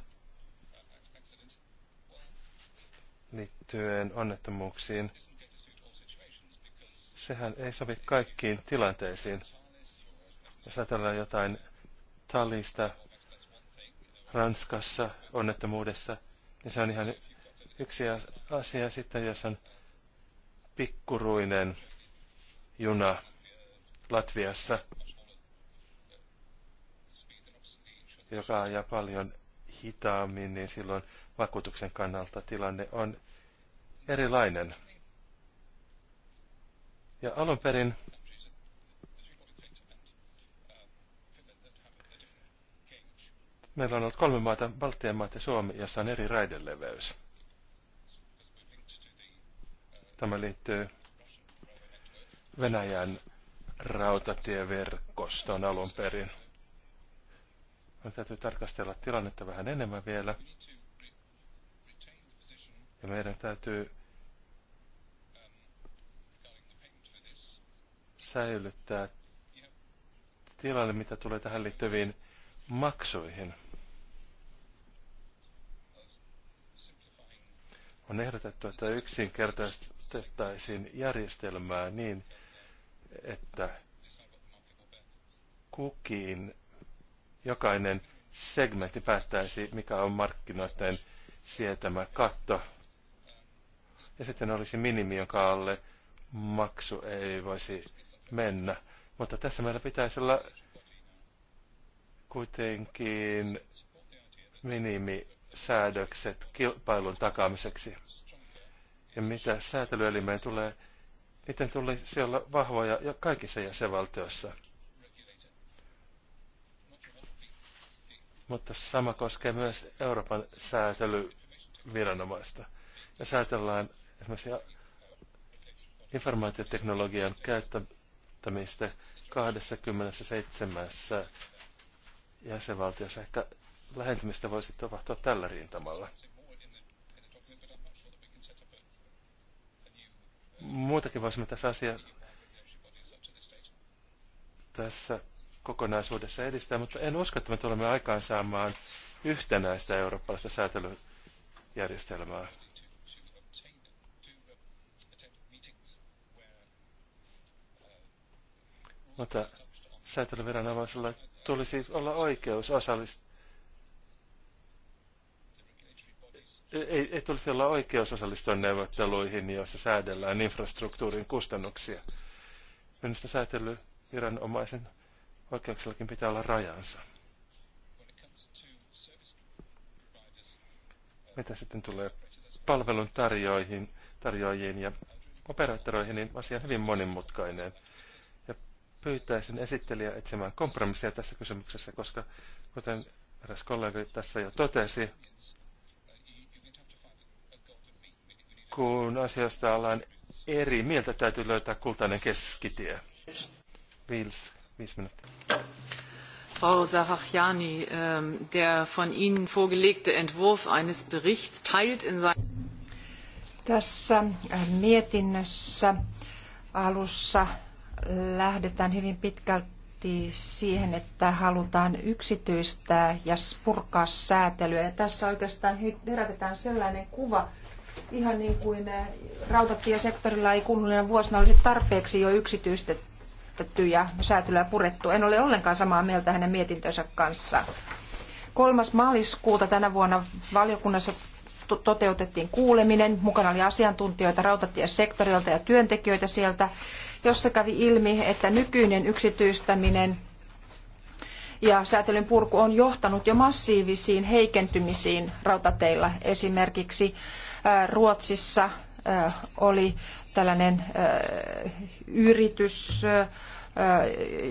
liittyen onnettomuuksiin sehän ei sovi kaikkiin tilanteisiin. Jos ajatellaan jotain talista Ranskassa onnettomuudessa, niin se on ihan yksi asia sitten, jos on pikkuruinen juna Latviassa, joka ajaa paljon hitaammin, niin silloin vakuutuksen kannalta tilanne on erilainen. Ja alun perin meillä on ollut kolme maata, Baltian maat ja Suomi, jossa on eri raideleveys. Tämä liittyy Venäjän rautatieverkostoon alun perin. Meidän täytyy tarkastella tilannetta vähän enemmän vielä. Ja meidän täytyy säilyttää tilalle, mitä tulee tähän liittyviin maksuihin. On ehdotettu, että yksinkertaistettaisiin järjestelmää niin, että kukin jokainen segmentti päättäisi, mikä on markkinoiden sietämä katto. Ja sitten olisi minimi, jonka alle maksu ei voisi mennä. Mutta tässä meillä pitäisi olla kuitenkin minimisäädökset kilpailun takaamiseksi. Ja mitä säätelyelimeen tulee, niiden tulisi olla vahvoja ja kaikissa jäsenvaltioissa. Mutta sama koskee myös Euroopan säätelyviranomaista. Jos ajatellaan esimerkiksi informaatioteknologian käyttämistä, käyttämistä 27 jäsenvaltiossa. Ehkä lähentymistä voisi tapahtua tällä rintamalla. Muutakin voisimme tässä asia tässä kokonaisuudessa edistää, mutta en usko, että me tulemme aikaansaamaan yhtenäistä eurooppalaista säätelyjärjestelmää. Mutta säätelyviranomaisella tulisi olla oikeus osallistua. Ei, ei tulisi olla oikeus osallistua neuvotteluihin, joissa säädellään infrastruktuurin kustannuksia. Minusta säätelyviranomaisen oikeuksellakin pitää olla rajansa. Mitä sitten tulee palvelun tarjoajiin, ja operaattoreihin, niin asia on hyvin monimutkainen – pyytäisin esittelijä etsimään kompromissia tässä kysymyksessä, koska kuten eräs kollega tässä jo totesi, kun asiasta ollaan eri mieltä, täytyy löytää kultainen keskitie. Vils, viisi minuuttia. Frau Sarachjani, ähm, der von Ihnen vorgelegte Entwurf eines Berichts teilt in seinem... Tässä mietinnössä alussa lähdetään hyvin pitkälti siihen, että halutaan yksityistää ja purkaa säätelyä. Ja tässä oikeastaan herätetään sellainen kuva, ihan niin kuin eh, rautatiesektorilla ei kuluneena vuosina olisi tarpeeksi jo yksityistetty ja säätelyä purettu. En ole ollenkaan samaa mieltä hänen mietintönsä kanssa. Kolmas maaliskuuta tänä vuonna valiokunnassa toteutettiin kuuleminen. Mukana oli asiantuntijoita rautatiesektorilta ja työntekijöitä sieltä jossa kävi ilmi, että nykyinen yksityistäminen ja säätelyn purku on johtanut jo massiivisiin heikentymisiin rautateillä. Esimerkiksi äh, Ruotsissa äh, oli tällainen äh, yritys,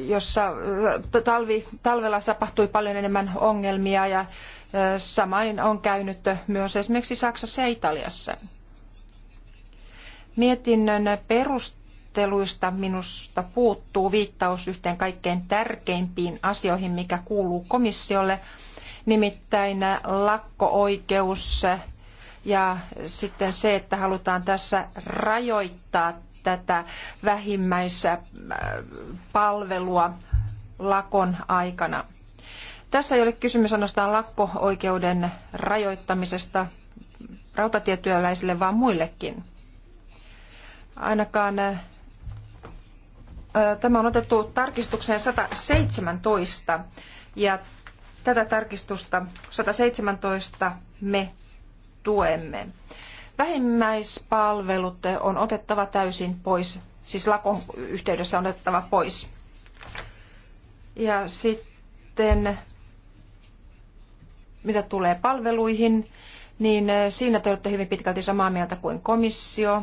jossa talvi, talvella tapahtui paljon enemmän ongelmia ja samain on käynyt myös esimerkiksi Saksassa ja Italiassa. Mietinnön perust keskusteluista minusta puuttuu viittaus yhteen kaikkein tärkeimpiin asioihin, mikä kuuluu komissiolle, nimittäin lakko-oikeus ja sitten se, että halutaan tässä rajoittaa tätä vähimmäispalvelua lakon aikana. Tässä ei ole kysymys ainoastaan lakko-oikeuden rajoittamisesta rautatietyöläisille, vaan muillekin. Ainakaan Tämä on otettu tarkistukseen 117 ja tätä tarkistusta 117 me tuemme. Vähimmäispalvelut on otettava täysin pois, siis lakon yhteydessä on otettava pois. Ja sitten mitä tulee palveluihin, niin siinä te olette hyvin pitkälti samaa mieltä kuin komissio.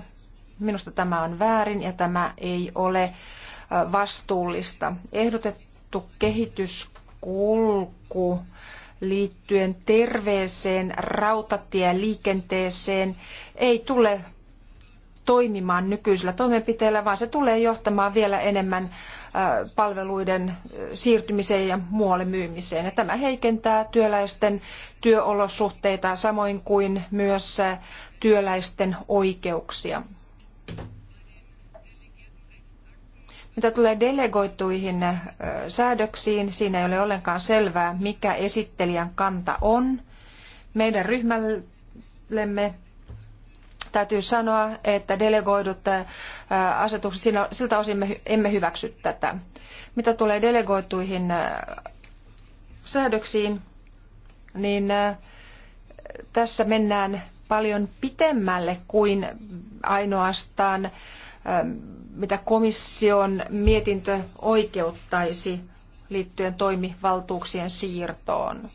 Minusta tämä on väärin ja tämä ei ole vastuullista. Ehdotettu kehityskulku liittyen terveeseen rautatieliikenteeseen ei tule toimimaan nykyisillä toimenpiteillä, vaan se tulee johtamaan vielä enemmän palveluiden siirtymiseen ja muualle myymiseen. Ja tämä heikentää työläisten työolosuhteita samoin kuin myös työläisten oikeuksia. Mitä tulee delegoituihin säädöksiin, siinä ei ole ollenkaan selvää, mikä esittelijän kanta on. Meidän ryhmällemme täytyy sanoa, että delegoidut asetukset, siltä osin me emme hyväksy tätä. Mitä tulee delegoituihin säädöksiin, niin tässä mennään paljon pitemmälle kuin ainoastaan mitä komission mietintö oikeuttaisi liittyen toimivaltuuksien siirtoon.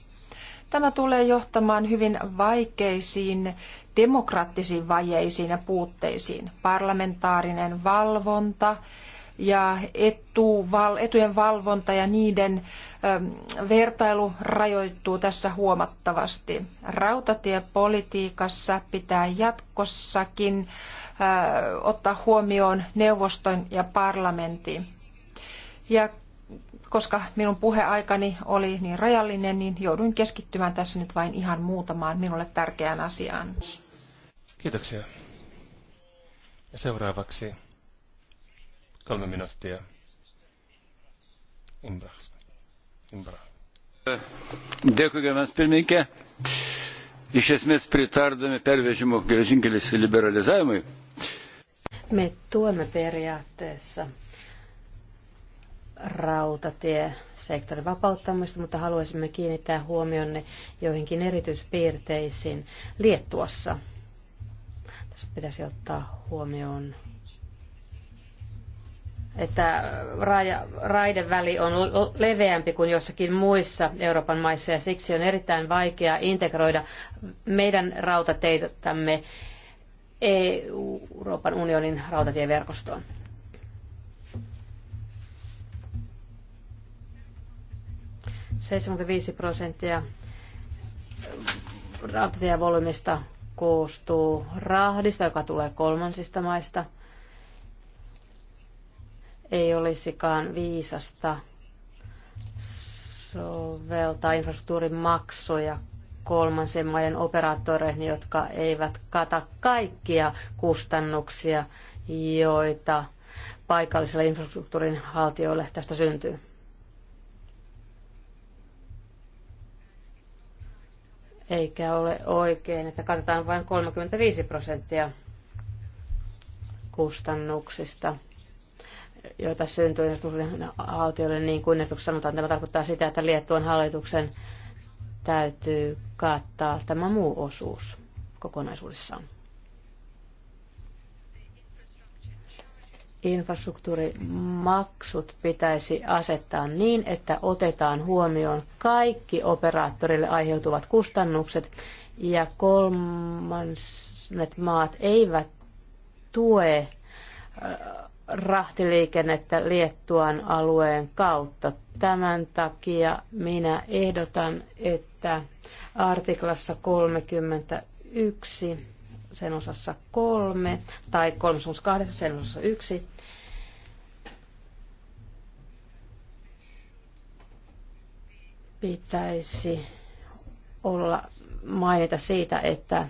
Tämä tulee johtamaan hyvin vaikeisiin demokraattisiin vajeisiin ja puutteisiin. Parlamentaarinen valvonta, ja etuval, etujen valvonta ja niiden ähm, vertailu rajoittuu tässä huomattavasti. Rautatiepolitiikassa pitää jatkossakin äh, ottaa huomioon neuvoston ja parlamentin. Ja koska minun puheaikani oli niin rajallinen, niin jouduin keskittymään tässä nyt vain ihan muutamaan minulle tärkeään asiaan. Kiitoksia. Ja seuraavaksi Kolme minuuttia. Imbra. Imbra. pirmininkė. Iš esmės pritardami pervežimo geležinkelis liberalizavimui. Me tuemme periaatteessa rautatie sektorin vapauttamista, mutta haluaisimme kiinnittää huomionne joihinkin erityispiirteisiin Liettuassa. Tässä pitäisi ottaa huomioon että raja, raideväli on leveämpi kuin jossakin muissa Euroopan maissa ja siksi on erittäin vaikea integroida meidän rautateitämme Euroopan unionin rautatieverkostoon. Seitsemänkymmentäviisi prosenttia rautatievolyymista koostuu rahdista, joka tulee kolmansista maista – ei olisikaan viisasta soveltaa infrastruktuurin maksuja kolmansien maiden operaattoreihin, jotka eivät kata kaikkia kustannuksia, joita paikallisille infrastruktuurin haltijoille tästä syntyy. Eikä ole oikein, että katsotaan vain 35 prosenttia kustannuksista joita syntyi edustuksen haltijoille, niin kuin edustus sanotaan, tämä tarkoittaa sitä, että Liettuan hallituksen täytyy kattaa tämä muu osuus kokonaisuudessaan. infrastruktuurimaksut pitäisi asettaa niin, että otetaan huomioon kaikki operaattorille aiheutuvat kustannukset ja kolmannet maat eivät tue äh, rahtiliikennettä Liettuan alueen kautta. Tämän takia minä ehdotan, että artiklassa 31 sen osassa 3 tai 32, sen osassa 1 pitäisi olla mainita siitä, että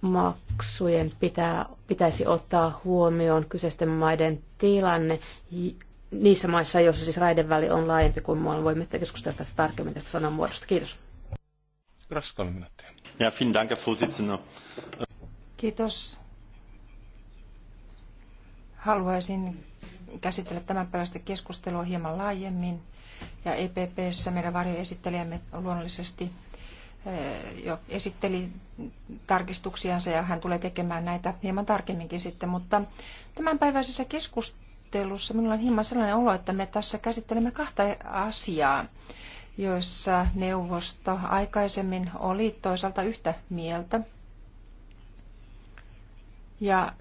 maksujen pitää, pitäisi ottaa huomioon kyseisten maiden tilanne niissä maissa, joissa siis raideväli on laajempi kuin muualla. Voimme keskustella tästä tarkemmin tästä sanamuodosta. Kiitos. Ja, vielen Kiitos. Haluaisin käsitellä tämän päivästä keskustelua hieman laajemmin. Ja EPPssä meidän varjoesittelijämme luonnollisesti Eh, jo esitteli tarkistuksiansa ja hän tulee tekemään näitä hieman tarkemminkin sitten, mutta tämänpäiväisessä keskustelussa minulla on hieman sellainen olo, että me tässä käsittelemme kahta asiaa, joissa neuvosto aikaisemmin oli toisaalta yhtä mieltä ja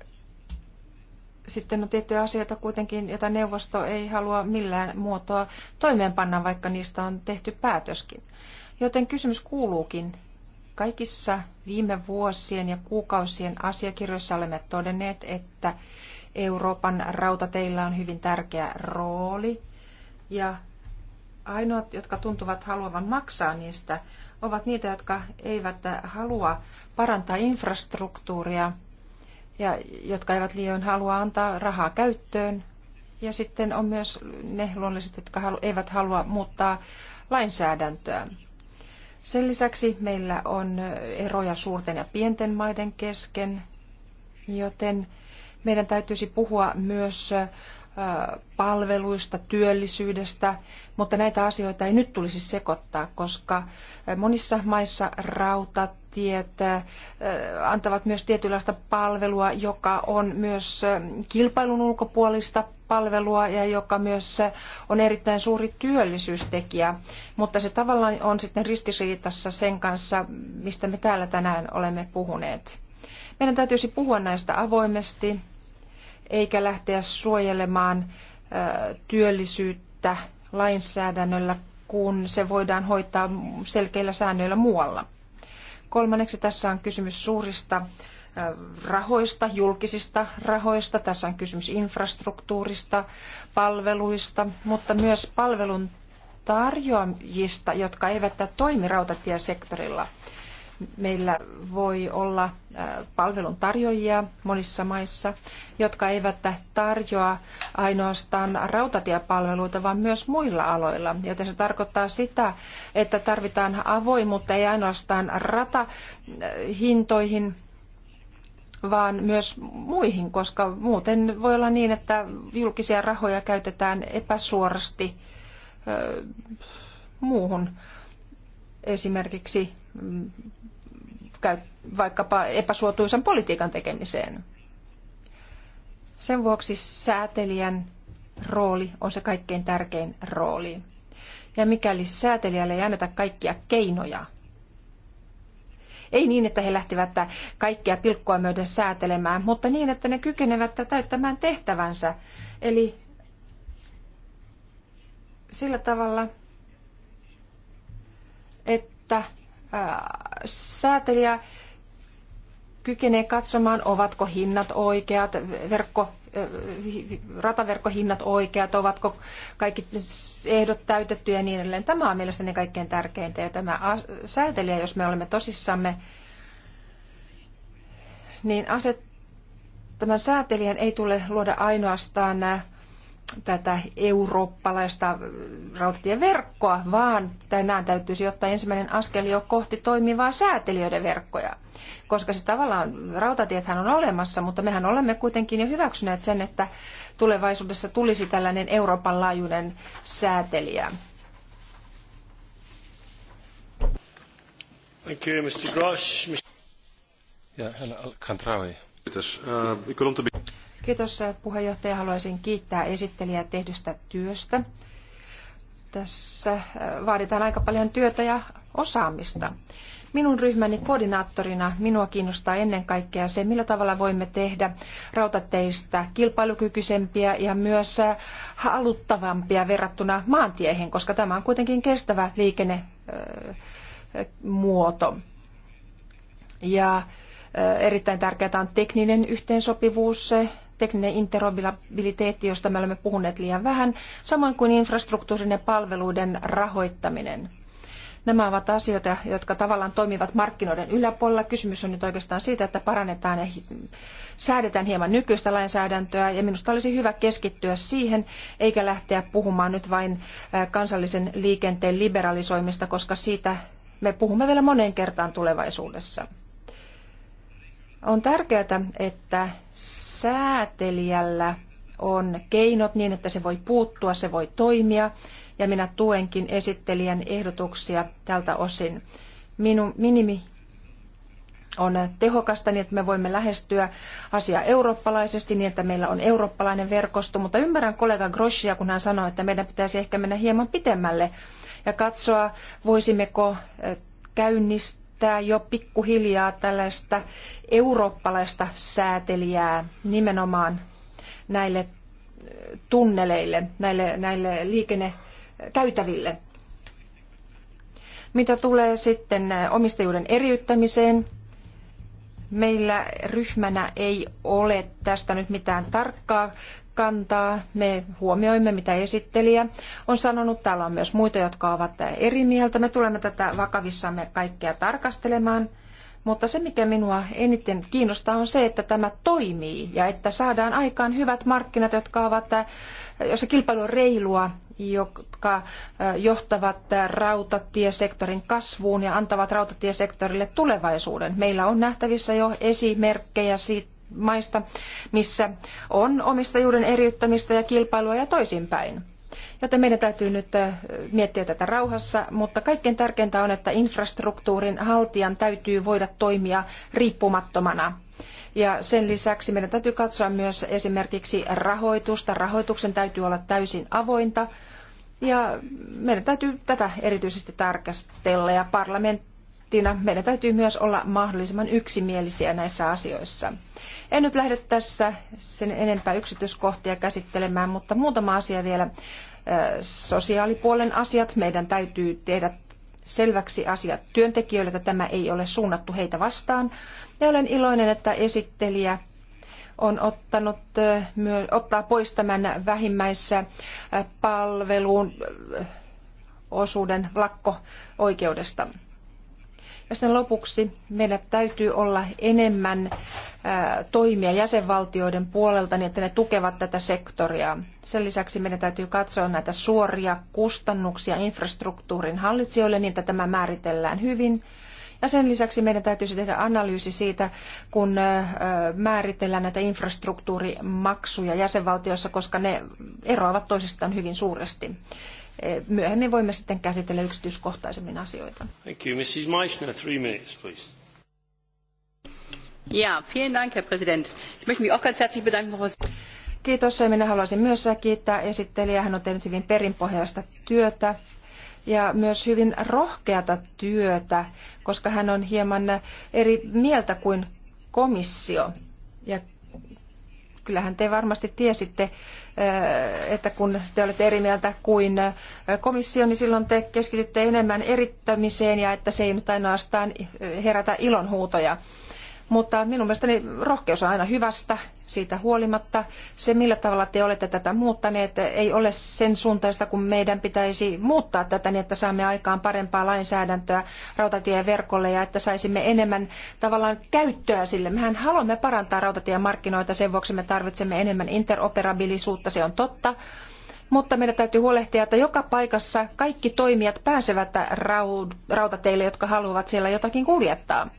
sitten on tiettyjä asioita kuitenkin, joita neuvosto ei halua millään muotoa toimeenpanna, vaikka niistä on tehty päätöskin. Joten kysymys kuuluukin, kaikissa viime vuosien ja kuukausien asiakirjoissa olemme todenneet, että Euroopan rautateillä on hyvin tärkeä rooli ja ainoat, jotka tuntuvat haluavan maksaa niistä, ovat niitä, jotka eivät halua parantaa infrastruktuuria ja jotka eivät liian halua antaa rahaa käyttöön. Ja sitten on myös ne luonnolliset, jotka eivät halua muuttaa lainsäädäntöä. Sen lisäksi meillä on eroja suurten ja pienten maiden kesken, joten meidän täytyisi puhua myös palveluista, työllisyydestä, mutta näitä asioita ei nyt tulisi sekoittaa, koska monissa maissa rautatiet antavat myös tietynlaista palvelua, joka on myös kilpailun ulkopuolista palvelua ja joka myös on erittäin suuri työllisyystekijä, mutta se tavallaan on sitten ristiriitassa sen kanssa, mistä me täällä tänään olemme puhuneet. Meidän täytyisi puhua näistä avoimesti, eikä lähteä suojelemaan työllisyyttä lainsäädännöllä, kun se voidaan hoitaa selkeillä säännöillä muualla. Kolmanneksi tässä on kysymys suurista rahoista, julkisista rahoista. Tässä on kysymys infrastruktuurista, palveluista, mutta myös palvelun tarjoajista, jotka eivät toimi rautatiesektorilla. sektorilla meillä voi olla palvelun tarjoajia monissa maissa, jotka eivät tarjoa ainoastaan rautatiepalveluita, vaan myös muilla aloilla. Joten se tarkoittaa sitä, että tarvitaan avoimuutta ei ainoastaan ratahintoihin, vaan myös muihin, koska muuten voi olla niin, että julkisia rahoja käytetään epäsuorasti muuhun esimerkiksi mm, vaikkapa epäsuotuisan politiikan tekemiseen. Sen vuoksi säätelijän rooli on se kaikkein tärkein rooli. Ja mikäli säätelijälle ei anneta kaikkia keinoja, ei niin, että he lähtevät kaikkia pilkkoa myöden säätelemään, mutta niin, että ne kykenevät täyttämään tehtävänsä. Eli sillä tavalla, että säätelijä kykenee katsomaan, ovatko hinnat oikeat, verkko, rataverkkohinnat oikeat, ovatko kaikki ehdot täytetty ja niin edelleen. Tämä on mielestäni kaikkein tärkeintä ja tämä säätelijä, jos me olemme tosissamme, niin aset, tämän säätelijän ei tule luoda ainoastaan nämä tätä eurooppalaista rautatieverkkoa, vaan tänään täytyisi ottaa ensimmäinen askel jo kohti toimivaa säätelijöiden verkkoja. Koska siis tavallaan rautatiethän on olemassa, mutta mehän olemme kuitenkin jo hyväksyneet sen, että tulevaisuudessa tulisi tällainen Euroopan laajuinen säätelijä. Thank you, Mr. Grosch. Ja, Kiitos. Uh, Kiitos puheenjohtaja. Haluaisin kiittää esittelijää tehdystä työstä. Tässä äh, vaaditaan aika paljon työtä ja osaamista. Minun ryhmäni koordinaattorina minua kiinnostaa ennen kaikkea se, millä tavalla voimme tehdä rautateistä kilpailukykyisempiä ja myös äh, haluttavampia verrattuna maantiehen, koska tämä on kuitenkin kestävä liikennemuoto. Äh, ja erittäin tärkeää on tekninen yhteensopivuus, tekninen interoperabiliteetti, josta me olemme puhuneet liian vähän, samoin kuin infrastruktuurin ja palveluiden rahoittaminen. Nämä ovat asioita, jotka tavallaan toimivat markkinoiden yläpuolella. Kysymys on nyt oikeastaan siitä, että parannetaan ja säädetään hieman nykyistä lainsäädäntöä. Ja minusta olisi hyvä keskittyä siihen, eikä lähteä puhumaan nyt vain kansallisen liikenteen liberalisoimista, koska siitä me puhumme vielä moneen kertaan tulevaisuudessa. On tärkeää, että säätelijällä on keinot niin, että se voi puuttua, se voi toimia, ja minä tuenkin esittelijän ehdotuksia tältä osin. Minun minimi on tehokasta niin, että me voimme lähestyä asiaa eurooppalaisesti niin, että meillä on eurooppalainen verkosto, mutta ymmärrän kollega Groschia, kun hän sanoi, että meidän pitäisi ehkä mennä hieman pitemmälle ja katsoa, voisimmeko eh, käynnistää käyttää jo pikkuhiljaa tällaista eurooppalaista säätelijää nimenomaan näille äh, tunneleille, näille, näille liikennekäytäville. Äh, Mitä tulee sitten äh, omistajuuden eriyttämiseen, meillä ryhmänä ei ole tästä nyt mitään tarkkaa kantaa. Me huomioimme, mitä esittelijä on sanonut. Täällä on myös muita, jotka ovat eri mieltä. Me tulemme tätä vakavissamme kaikkea tarkastelemaan. Mutta se, mikä minua eniten kiinnostaa, on se, että tämä toimii ja että saadaan aikaan hyvät markkinat, jotka ovat, jossa kilpailu on reilua, jotka johtavat rautatiesektorin kasvuun ja antavat rautatiesektorille tulevaisuuden. Meillä on nähtävissä jo esimerkkejä siitä, maista, missä on omistajuuden eriyttämistä ja kilpailua ja toisinpäin. Joten meidän täytyy nyt miettiä tätä rauhassa, mutta kaikkein tärkeintä on, että infrastruktuurin haltijan täytyy voida toimia riippumattomana. Ja sen lisäksi meidän täytyy katsoa myös esimerkiksi rahoitusta. Rahoituksen täytyy olla täysin avointa. Ja meidän täytyy tätä erityisesti tarkastella ja parlamenttina meidän täytyy myös olla mahdollisimman yksimielisiä näissä asioissa. En nyt lähde tässä sen enempää yksityiskohtia käsittelemään, mutta muutama asia vielä. Sosiaalipuolen asiat. Meidän täytyy tehdä selväksi asia työntekijöille, että tämä ei ole suunnattu heitä vastaan. Ja olen iloinen, että esittelijä on ottanut, myö, ottaa pois tämän vähimmäissä palveluun osuuden lakko-oikeudesta. Ja sitten lopuksi meillä täytyy olla enemmän toimia jäsenvaltioiden puolelta niin, että ne tukevat tätä sektoria. Sen lisäksi meidän täytyy katsoa näitä suoria kustannuksia infrastruktuurin hallitsijoille niin, että tämä määritellään hyvin. Ja sen lisäksi meidän täytyisi tehdä analyysi siitä, kun määritellään näitä infrastruktuurimaksuja jäsenvaltioissa, koska ne eroavat toisistaan hyvin suuresti myöhemmin voimme sitten käsitellä yksityiskohtaisemmin asioita. Thank you. Mrs. Meissner, three minutes, please. Ja, vielen Dank, Herr Präsident. Ich möchte mich auch ganz herzlich bedanken, Frau Kiitos. Minä haluaisin myös kiittää esittelijää. Hän on tehnyt hyvin perinpohjaista työtä ja myös hyvin rohkeata työtä, koska hän on hieman eri mieltä kuin komissio. Ja Kyllähän te varmasti tiesitte, että kun te olette eri mieltä kuin komissio, niin silloin te keskitytte enemmän erittämiseen ja että se ei nyt ainoastaan herätä ilonhuutoja. Mutta minun mielestäni rohkeus on aina hyvästä, siitä huolimatta. Se, millä tavalla te olette tätä muuttaneet, ei ole sen suuntaista, kun meidän pitäisi muuttaa tätä niin, että saamme aikaan parempaa lainsäädäntöä rautatieverkolle ja että saisimme enemmän tavallaan käyttöä sille. Mehän haluamme parantaa rautatiemarkkinoita, sen vuoksi me tarvitsemme enemmän interoperabilisuutta, se on totta mutta meidän täytyy huolehtia, että joka paikassa kaikki toimijat pääsevät rautateille, jotka haluavat siellä jotakin kuljettaa.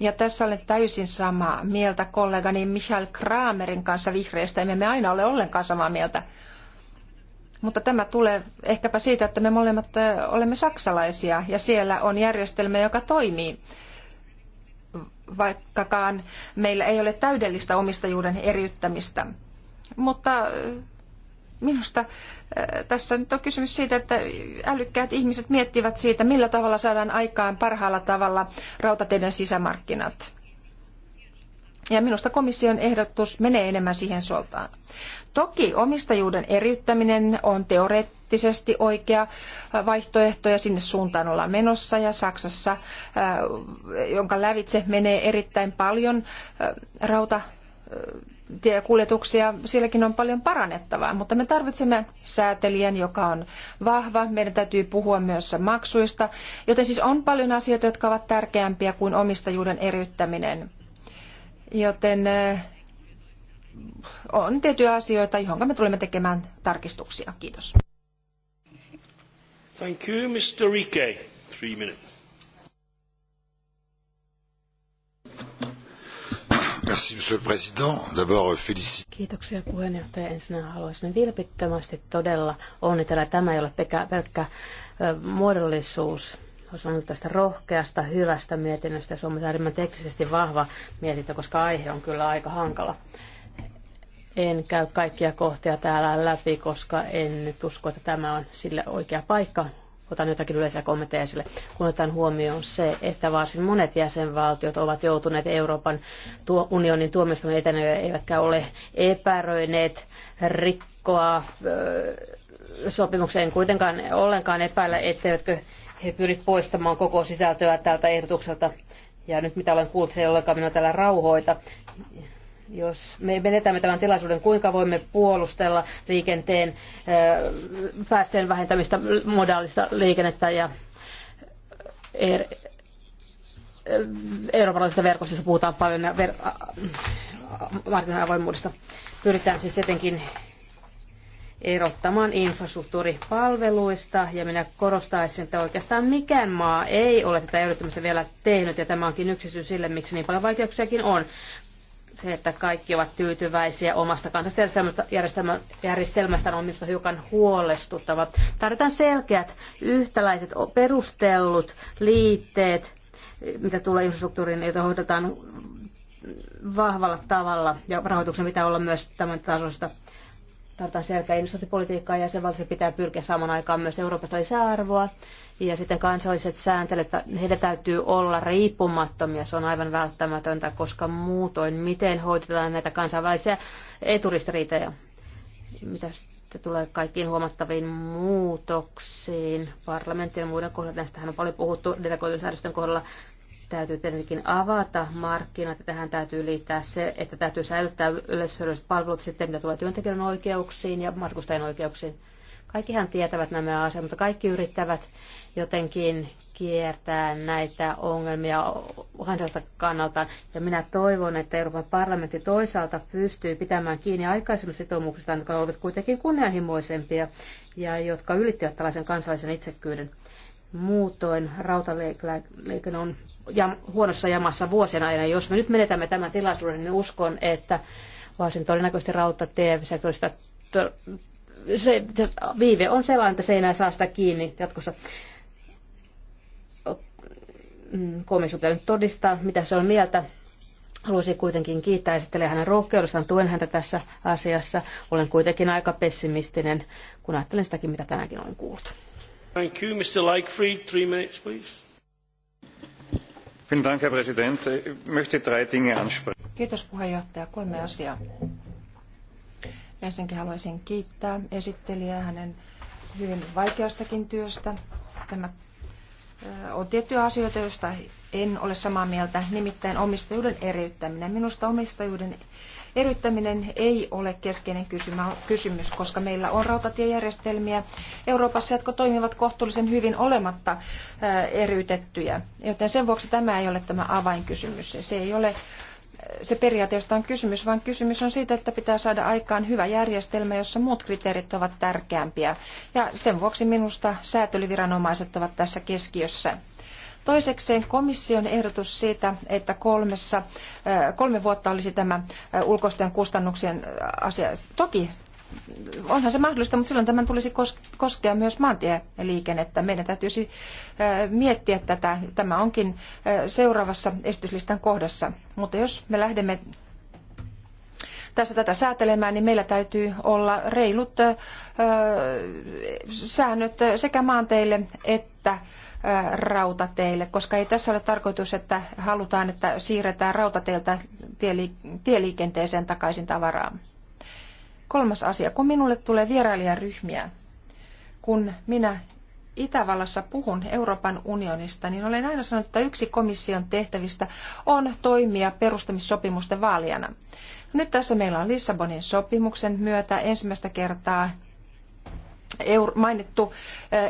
Ja tässä olen täysin samaa mieltä kollegani Michael Kramerin kanssa vihreistä. Emme me aina ole ollenkaan samaa mieltä. Mutta tämä tulee ehkäpä siitä, että me molemmat olemme saksalaisia ja siellä on järjestelmä, joka toimii. Vaikkakaan meillä ei ole täydellistä omistajuuden eriyttämistä. Mutta Minusta äh, tässä nyt on kysymys siitä, että älykkäät ihmiset miettivät siitä, millä tavalla saadaan aikaan parhaalla tavalla rautateiden sisämarkkinat. Ja minusta komission ehdotus menee enemmän siihen suoltaan. Toki omistajuuden eriyttäminen on teoreettisesti oikea vaihtoehto ja sinne suuntaan ollaan menossa ja Saksassa, äh, jonka lävitse menee erittäin paljon äh, rauta tiekuljetuksia, sielläkin on paljon parannettavaa, mutta me tarvitsemme säätelijän, joka on vahva. Meidän täytyy puhua myös maksuista, joten siis on paljon asioita, jotka ovat tärkeämpiä kuin omistajuuden eriyttäminen. Joten eh, on tiettyjä asioita, johon me tulemme tekemään tarkistuksia. Kiitos. Thank you, Mr. Rike. Three minutes monsieur le président. D'abord, euh, félicit... Kiitoksia puheenjohtaja. Ensinnä haluaisin vilpittömästi todella onnitella. Tämä ei ole pelkkä, pelkkä muodollisuus. Haluaisin tästä rohkeasta, hyvästä mietinnöstä. Se on äärimmäisen teknisesti vahva mietintö, koska aihe on kyllä aika hankala. En käy kaikkia kohtia täällä läpi, koska en nyt usko, että tämä on sille oikea paikka otan jotakin yleisiä kommentteja esille, kun otetaan huomioon se, että varsin monet jäsenvaltiot ovat joutuneet Euroopan tuo, unionin tuomioistuimen etenöjä, eivätkä ole epäröineet rikkoa sopimukseen kuitenkaan ollenkaan epäillä, etteivätkö he pyri poistamaan koko sisältöä tältä ehdotukselta. Ja nyt mitä olen kuullut, se ei ollenkaan minua täällä rauhoita jos me menetämme tämän tilaisuuden, kuinka voimme puolustella liikenteen päästöjen vähentämistä, modaalista liikennettä ja er, eurooppalaisesta verkosta, jossa puhutaan paljon ver, markkinoiden Pyritään siis tietenkin erottamaan infrastruktuuripalveluista, ja minä korostaisin, että oikeastaan mikään maa ei ole tätä erottamista vielä tehnyt, ja tämä onkin yksi syy sille, miksi niin paljon vaikeuksiakin on se, että kaikki ovat tyytyväisiä omasta kansallisesta järjestelmästä, järjestelmästä on minusta hiukan huolestuttava. Tarvitaan selkeät, yhtäläiset, perustellut liitteet, mitä tulee infrastruktuuriin, joita hoidetaan vahvalla tavalla ja rahoituksen pitää olla myös tämän tasosta. Tarvitaan selkeä investointipolitiikkaa ja sen pitää pyrkiä saamaan aikaan myös Euroopasta lisäarvoa ja sitten kansalliset sääntelyt, heitä täytyy olla riippumattomia, se on aivan välttämätöntä, koska muutoin miten hoitetaan näitä kansainvälisiä eturistiriitoja, mitä sitten tulee kaikkiin huomattaviin muutoksiin parlamenttien ja muiden kohdalla. Tästähän on paljon puhuttu delegoitusäädösten kohdalla täytyy tietenkin avata markkinat ja tähän täytyy liittää se, että täytyy säilyttää yleishyödylliset palvelut sitten, mitä tulee työntekijän oikeuksiin ja matkustajien oikeuksiin. Kaikkihan tietävät nämä asiat, mutta kaikki yrittävät jotenkin kiertää näitä ongelmia kansalta kannalta. Ja minä toivon, että Euroopan parlamentti toisaalta pystyy pitämään kiinni aikaisemmista sitoumuksista, jotka olivat kuitenkin kunnianhimoisempia ja jotka ylittivät tällaisen kansallisen itsekkyyden. Muutoin rautaliikenne on jam, huonossa jamassa vuosien ajan. Jos me nyt menetämme tämän tilaisuuden, niin uskon, että varsin todennäköisesti rautatie-sektorista se, viive on sellainen, että se ei enää saa sitä kiinni jatkossa. Komissio nyt todistaa, mitä se on mieltä. Haluaisin kuitenkin kiittää esittelijä hänen rohkeudestaan, tuen häntä tässä asiassa. Olen kuitenkin aika pessimistinen, kun ajattelen sitäkin, mitä tänäänkin olen kuullut. Thank you, Mr. Leichfried. Three minutes, please. Vielen Dank, Herr Präsident. Ich möchte drei Dinge ansprechen. Kiitos puheenjohtaja. Kolme asiaa. Ensinnäkin haluaisin kiittää esittelijää hänen hyvin vaikeastakin työstä. Tämä on tiettyjä asioita, joista en ole samaa mieltä, nimittäin omistajuuden eriyttäminen. Minusta omistajuuden eriyttäminen ei ole keskeinen kysymys, koska meillä on rautatiejärjestelmiä Euroopassa, jotka toimivat kohtuullisen hyvin olematta eriytettyjä. Joten sen vuoksi tämä ei ole tämä avainkysymys. Se ei ole se periaate, josta on kysymys, vaan kysymys on siitä, että pitää saada aikaan hyvä järjestelmä, jossa muut kriteerit ovat tärkeämpiä. Ja sen vuoksi minusta säätelyviranomaiset ovat tässä keskiössä. Toisekseen komission ehdotus siitä, että kolmessa, kolme vuotta olisi tämä ulkoisten kustannuksien asia. Toki onhan se mahdollista, mutta silloin tämän tulisi koskea myös maantieliikennettä. Meidän täytyisi miettiä tätä. Tämä onkin seuraavassa esityslistan kohdassa. Mutta jos me lähdemme tässä tätä säätelemään, niin meillä täytyy olla reilut säännöt sekä maanteille että rautateille, koska ei tässä ole tarkoitus, että halutaan, että siirretään rautateiltä tieliikenteeseen takaisin tavaraan. Kolmas asia, kun minulle tulee vierailijaryhmiä, kun minä Itävallassa puhun Euroopan unionista, niin olen aina sanonut, että yksi komission tehtävistä on toimia perustamissopimusten vaalijana. No nyt tässä meillä on Lissabonin sopimuksen myötä ensimmäistä kertaa mainittu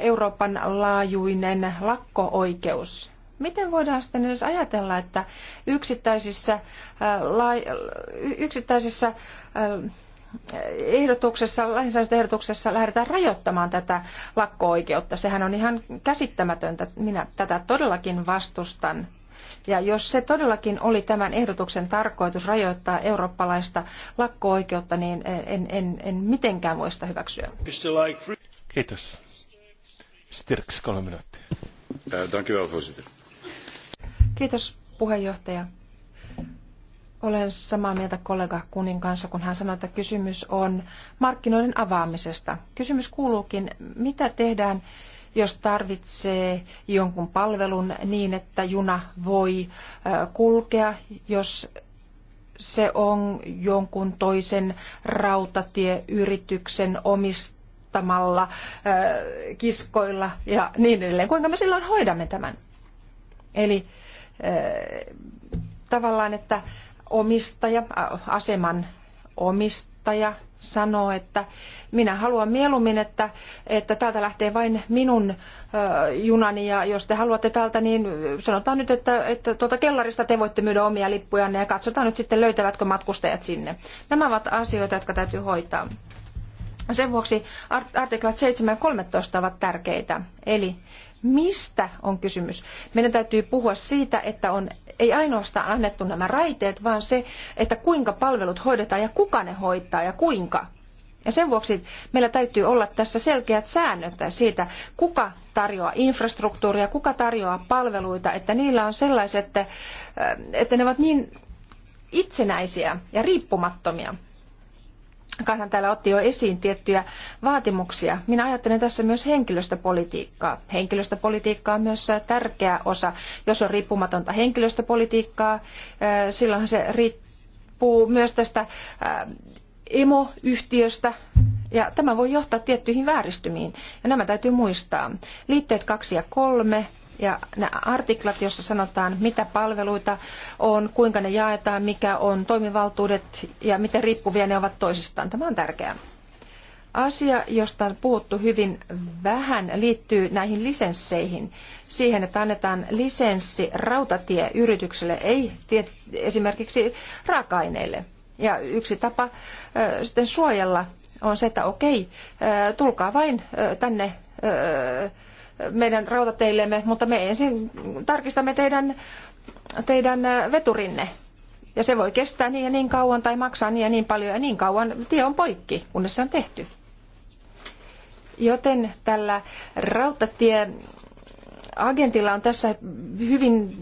Euroopan laajuinen lakko-oikeus. Miten voidaan sitten edes ajatella, että yksittäisissä, yksittäisissä ehdotuksessa, lainsäädäntöehdotuksessa lähdetään rajoittamaan tätä lakko-oikeutta. Sehän on ihan käsittämätöntä. Minä tätä todellakin vastustan. Ja jos se todellakin oli tämän ehdotuksen tarkoitus rajoittaa eurooppalaista lakko-oikeutta, niin en, en, en mitenkään voi sitä hyväksyä. Kiitos. Stirks, kolme minuuttia. Äh, Kiitos puheenjohtaja. Olen samaa mieltä kollega Kunin kanssa, kun hän sanoi, että kysymys on markkinoiden avaamisesta. Kysymys kuuluukin, mitä tehdään, jos tarvitsee jonkun palvelun niin, että juna voi kulkea, jos se on jonkun toisen rautatieyrityksen omistamalla kiskoilla ja niin edelleen. Kuinka me silloin hoidamme tämän? Eli tavallaan, että omistaja, aseman omistaja sanoo, että minä haluan mieluummin, että, että täältä lähtee vain minun ö, junani ja jos te haluatte täältä, niin sanotaan nyt, että, että tuota kellarista te voitte myydä omia lippujanne ja katsotaan nyt sitten löytävätkö matkustajat sinne. Nämä ovat asioita, jotka täytyy hoitaa. Sen vuoksi artiklat 7 ja 13 ovat tärkeitä. Eli mistä on kysymys? Meidän täytyy puhua siitä, että on ei ainoastaan annettu nämä raiteet, vaan se, että kuinka palvelut hoidetaan ja kuka ne hoitaa ja kuinka. Ja sen vuoksi meillä täytyy olla tässä selkeät säännöt siitä, kuka tarjoaa infrastruktuuria, kuka tarjoaa palveluita, että niillä on sellaiset, että ne ovat niin itsenäisiä ja riippumattomia. Kaihan täällä otti jo esiin tiettyjä vaatimuksia. Minä ajattelen tässä myös henkilöstöpolitiikkaa. Henkilöstöpolitiikka on myös tärkeä osa. Jos on riippumatonta henkilöstöpolitiikkaa, silloin se riippuu myös tästä emoyhtiöstä, ja tämä voi johtaa tiettyihin vääristymiin, ja nämä täytyy muistaa. Liitteet kaksi ja kolme ja nämä artiklat, joissa sanotaan, mitä palveluita on, kuinka ne jaetaan, mikä on toimivaltuudet ja miten riippuvia ne ovat toisistaan. Tämä on tärkeää. Asia, josta on puhuttu hyvin vähän, liittyy näihin lisensseihin. Siihen, että annetaan lisenssi rautatieyritykselle, ei esimerkiksi raaka-aineille. Ja yksi tapa sitten suojella on se, että okei, tulkaa vain tänne meidän rautateillemme, mutta me ensin tarkistamme teidän, teidän veturinne. Ja se voi kestää niin ja niin kauan tai maksaa niin ja niin paljon ja niin kauan tie on poikki, kunnes se on tehty. Joten tällä rautatie agentilla on tässä hyvin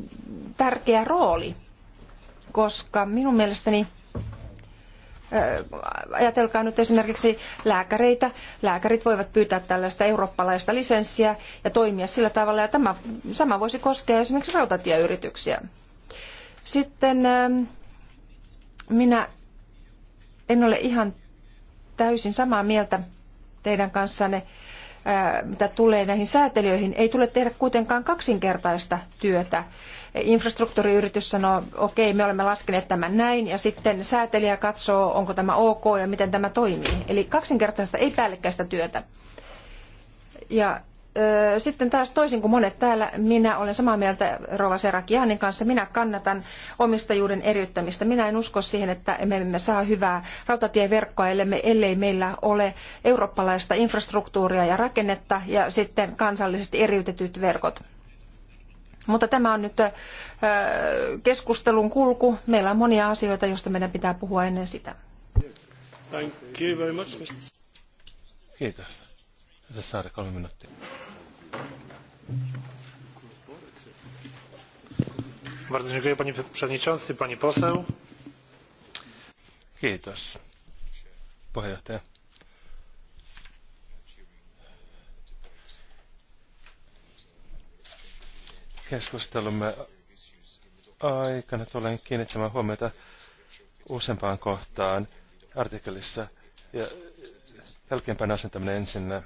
tärkeä rooli, koska minun mielestäni – Ajatelkaa nyt esimerkiksi lääkäreitä. Lääkärit voivat pyytää tällaista eurooppalaista lisenssiä ja toimia sillä tavalla, ja tämä sama voisi koskea esimerkiksi rautatieyrityksiä. Sitten minä en ole ihan täysin samaa mieltä teidän kanssanne, mitä tulee näihin säätelijöihin. Ei tule tehdä kuitenkaan kaksinkertaista työtä infrastruktuuriyritys sanoo, okei, me olemme laskeneet tämän näin, ja sitten säätelijä katsoo, onko tämä ok ja miten tämä toimii. Eli kaksinkertaista ei päällekkäistä työtä. Ja sitten taas toisin kuin monet täällä, minä olen samaa mieltä Rova Serakianin kanssa. Minä kannatan omistajuuden eriyttämistä. Minä en usko siihen, että me emme saa hyvää rautatieverkkoa, ellei, ellei meillä ole eurooppalaista infrastruktuuria ja rakennetta ja sitten kansallisesti eriytetyt verkot. Mutta tämä on nyt keskustelun kulku. Meillä on monia asioita, joista meidän pitää puhua ennen sitä. Thank you very much, Mr. Kiitos. saada kolme minuuttia. Bardzo dziękuję panie przewodniczący, poseł. Kiitos. Puheenjohtaja. keskustelumme aikana tulen kiinnittämään huomiota useampaan kohtaan artikkelissa ja jälkeenpäin asentaminen ensin.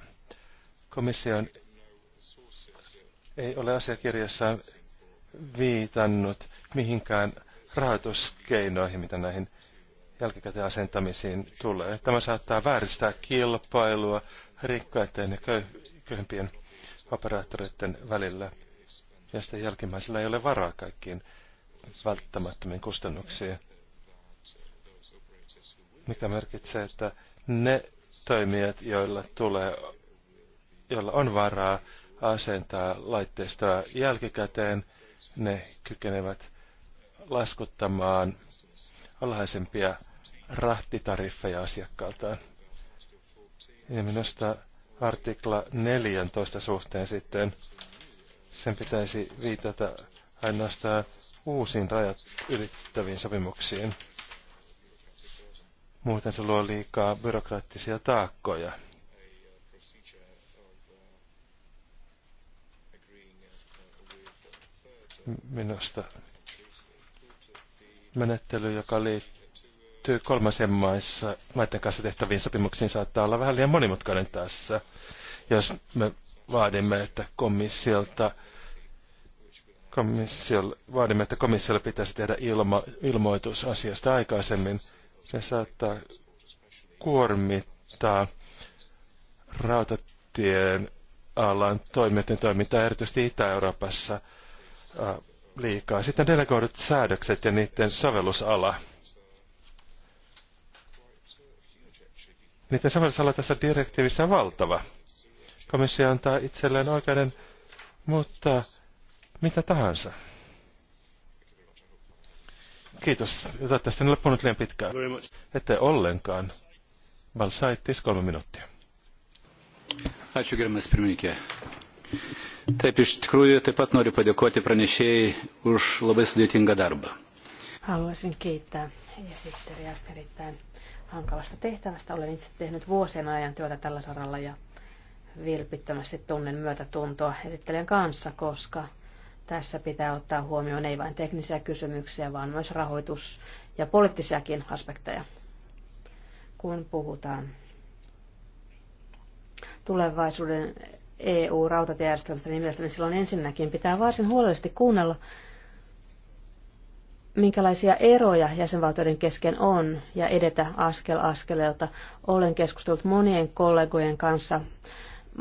Komission ei ole asiakirjassaan viitannut mihinkään rahoituskeinoihin, mitä näihin jälkikäteen asentamisiin tulee. Tämä saattaa vääristää kilpailua rikkaiden ja köyh köyhempien operaattoreiden välillä ja sitä jälkimmäisellä ei ole varaa kaikkiin välttämättömiin kustannuksiin. Mikä merkitsee, että ne toimijat, joilla, tulee, joilla on varaa asentaa laitteistoa jälkikäteen, ne kykenevät laskuttamaan alhaisempia rahtitariffeja asiakkaaltaan. Ja minusta artikla 14 suhteen sitten sen pitäisi viitata ainoastaan uusiin rajat ylittäviin sopimuksiin. Muuten se luo liikaa byrokraattisia taakkoja. Minusta menettely, joka liittyy kolmasen maissa, maiden kanssa tehtäviin sopimuksiin, saattaa olla vähän liian monimutkainen tässä. Jos me vaadimme, että komissiolta komissiolle, vaadimme, että komissiolle pitäisi tehdä ilmo, ilmoitus asiasta aikaisemmin. Se saattaa kuormittaa rautatien alan toimijoiden toimintaa, erityisesti Itä-Euroopassa liikaa. Sitten delegoidut säädökset ja niiden sovellusala. Niiden sovellusala tässä direktiivissä on valtava komissio antaa itselleen oikeuden muuttaa mitä tahansa. Kiitos. Jota tästä nyt puhunut liian pitkään. Ette ollenkaan. Valsaitis kolme minuuttia. Ačiū, gerbiamas pirmininkė. Taip, iš tikrųjų, taip pat noriu padėkoti pranešėjai už labai sudėtingą darbą. Haluaisin kiittää esittelijä erittäin hankalasta tehtävästä. Olen itse tehnyt vuosien ajan työtä tällä saralla ja vilpittömästi tunnen myötätuntoa esittelijän kanssa, koska tässä pitää ottaa huomioon ei vain teknisiä kysymyksiä, vaan myös rahoitus- ja poliittisiakin aspekteja, kun puhutaan tulevaisuuden EU-rautatiejärjestelmästä, niin mielestäni silloin ensinnäkin pitää varsin huolellisesti kuunnella, minkälaisia eroja jäsenvaltioiden kesken on ja edetä askel askeleelta. Olen keskustellut monien kollegojen kanssa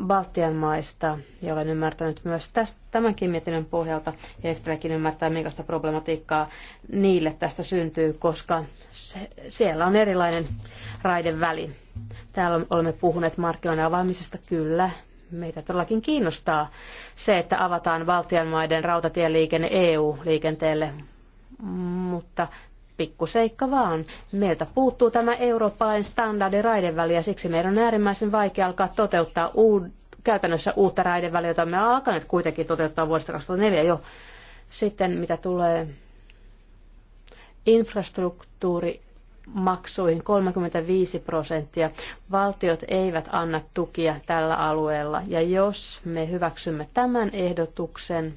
Baltian maista, ja olen ymmärtänyt myös tästä, tämänkin mietinnön pohjalta, ja Estelläkin ymmärtää, minkälaista problematiikkaa niille tästä syntyy, koska se, siellä on erilainen raiden väli. Täällä olemme puhuneet markkinoiden avaamisesta, kyllä, meitä todellakin kiinnostaa se, että avataan Baltian maiden rautatieliikenne EU-liikenteelle, mutta pikkuseikka vaan. Meiltä puuttuu tämä eurooppalainen standardi raideväli ja siksi meidän on äärimmäisen vaikea alkaa toteuttaa uud- käytännössä uutta raideväliä, jota me alkaneet kuitenkin toteuttaa vuodesta 2004 jo. Sitten mitä tulee infrastruktuuri maksuihin 35 prosenttia. Valtiot eivät anna tukia tällä alueella. Ja jos me hyväksymme tämän ehdotuksen,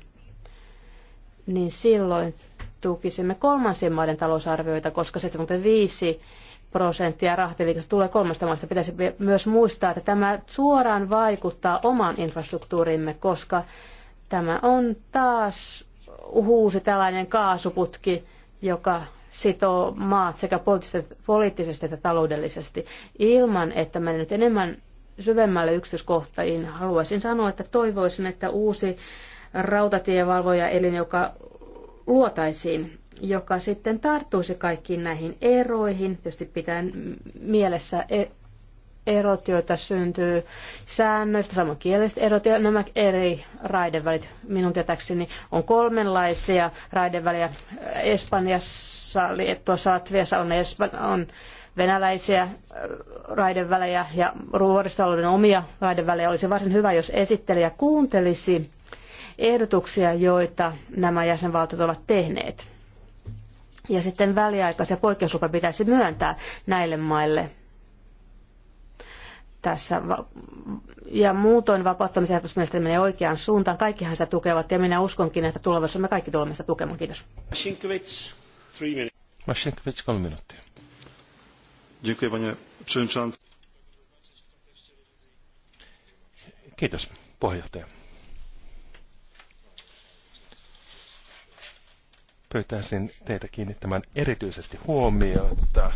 niin silloin tukisimme kolmansien maiden talousarvioita, koska 75 prosenttia rahtiliikasta tulee kolmesta maasta. Pitäisi myös muistaa, että tämä suoraan vaikuttaa omaan infrastruktuurimme, koska tämä on taas uusi tällainen kaasuputki, joka sitoo maat sekä poliittisesti että taloudellisesti. Ilman, että me nyt enemmän syvemmälle yksityiskohtiin haluaisin sanoa, että toivoisin, että uusi rautatievalvoja eli joka luotaisiin, joka sitten tarttuisi kaikkiin näihin eroihin, tietysti pitää mielessä e- erot, joita syntyy säännöistä, samoin kieliset erot ja nämä eri raidevälit. Minun tietääkseni on kolmenlaisia raideväliä. Espanjassa, Liettuassa, Latviassa on, Espan- on venäläisiä raidevälejä ja ruoristalouden omia raidevälejä. Olisi varsin hyvä, jos esittelijä kuuntelisi ehdotuksia, joita nämä jäsenvaltiot ovat tehneet. Ja sitten väliaikaisia poikkeuslupa pitäisi myöntää näille maille tässä. Ja muutoin vapauttamisehdotus mielestäni menee oikeaan suuntaan. Kaikkihan sitä tukevat ja minä uskonkin, että tulevaisuudessa me kaikki tulemme sitä tukemaan. Kiitos. Masinkiewicz, kolme minuuttia. Kiitos, puheenjohtaja. pyytäisin teitä kiinnittämään erityisesti huomiota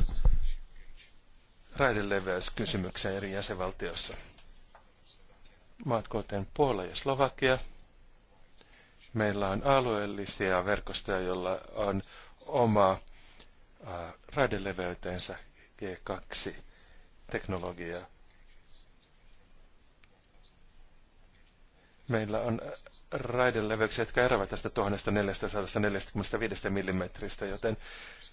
raideleveyskysymykseen eri jäsenvaltioissa. Maat kuten Puola ja Slovakia. Meillä on alueellisia verkostoja, joilla on oma raideleveytensä G2-teknologia Meillä on raideleveyksiä, jotka eroavat tästä 1445 mm, joten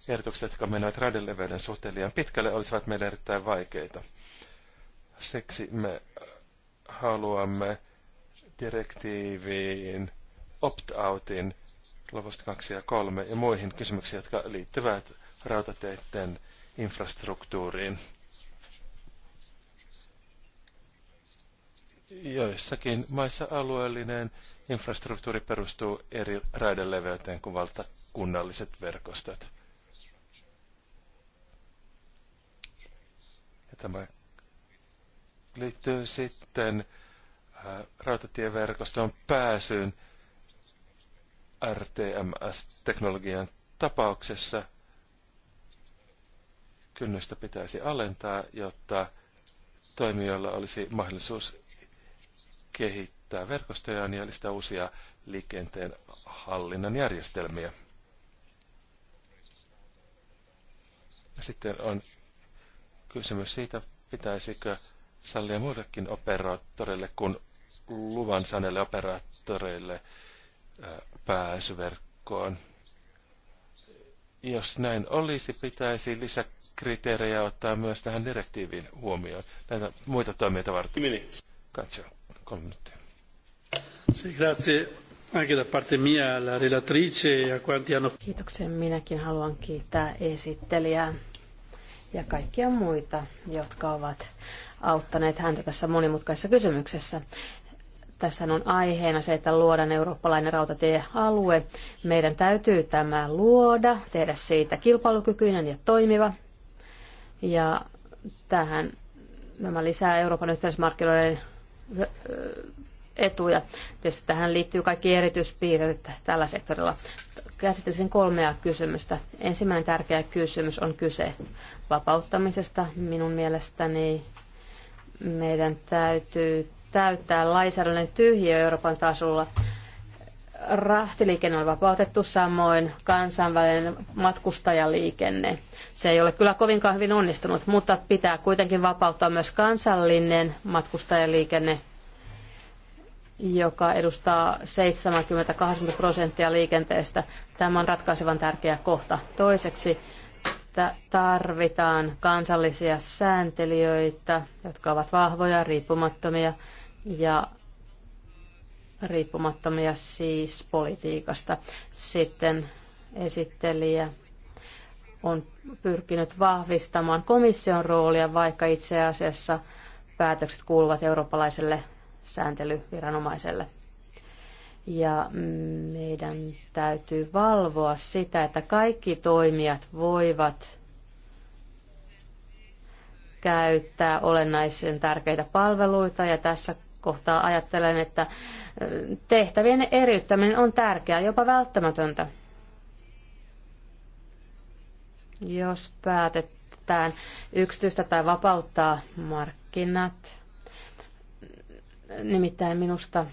ehdotukset, jotka menevät raideleveyden suhteen liian pitkälle, olisivat meille erittäin vaikeita. Siksi me haluamme direktiiviin opt-outin luvusta 2 ja 3 ja muihin kysymyksiin, jotka liittyvät rautateiden infrastruktuuriin. Joissakin maissa alueellinen infrastruktuuri perustuu eri raideleveyteen kuin valtakunnalliset verkostot. Ja tämä liittyy sitten äh, rautatieverkoston pääsyyn RTMS-teknologian tapauksessa. Kynnystä pitäisi alentaa, jotta toimijoilla olisi mahdollisuus kehittää verkostojaan ja lisätä uusia liikenteen hallinnan järjestelmiä. Sitten on kysymys siitä, pitäisikö sallia muillekin operaattoreille kuin luvan saaneille operaattoreille pääsyverkkoon. Jos näin olisi, pitäisi lisäkriteerejä ottaa myös tähän direktiiviin huomioon näitä muita toimijoita varten. Katsotaan. Kolme minuuttia. grazie. Anche da parte mia, relatrice ja e quanti hanno... Kiitoksen. Minäkin haluan kiittää esittelijää ja kaikkia muita, jotka ovat auttaneet häntä tässä monimutkaisessa kysymyksessä. Tässä on aiheena se, että luodaan eurooppalainen rautatiealue. Meidän täytyy tämä luoda, tehdä siitä kilpailukykyinen ja toimiva. Ja tähän tämä lisää Euroopan yhteismarkkinoiden etuja. Tietysti tähän liittyy kaikki erityispiirteet tällä sektorilla. Käsittelisin kolmea kysymystä. Ensimmäinen tärkeä kysymys on kyse vapauttamisesta. Minun mielestäni meidän täytyy täyttää lainsäädännön tyhjiö Euroopan tasolla – rahtiliikenne on vapautettu, samoin kansainvälinen matkustajaliikenne. Se ei ole kyllä kovinkaan hyvin onnistunut, mutta pitää kuitenkin vapauttaa myös kansallinen matkustajaliikenne, joka edustaa 78 prosenttia liikenteestä. Tämä on ratkaisevan tärkeä kohta. Toiseksi tarvitaan kansallisia sääntelijöitä, jotka ovat vahvoja, riippumattomia ja riippumattomia siis politiikasta. Sitten esittelijä on pyrkinyt vahvistamaan komission roolia, vaikka itse asiassa päätökset kuuluvat eurooppalaiselle sääntelyviranomaiselle. Ja meidän täytyy valvoa sitä, että kaikki toimijat voivat käyttää olennaisen tärkeitä palveluita ja tässä kohtaa ajattelen, että tehtävien eriyttäminen on tärkeää, jopa välttämätöntä. Jos päätetään yksityistä tai vapauttaa markkinat, nimittäin minusta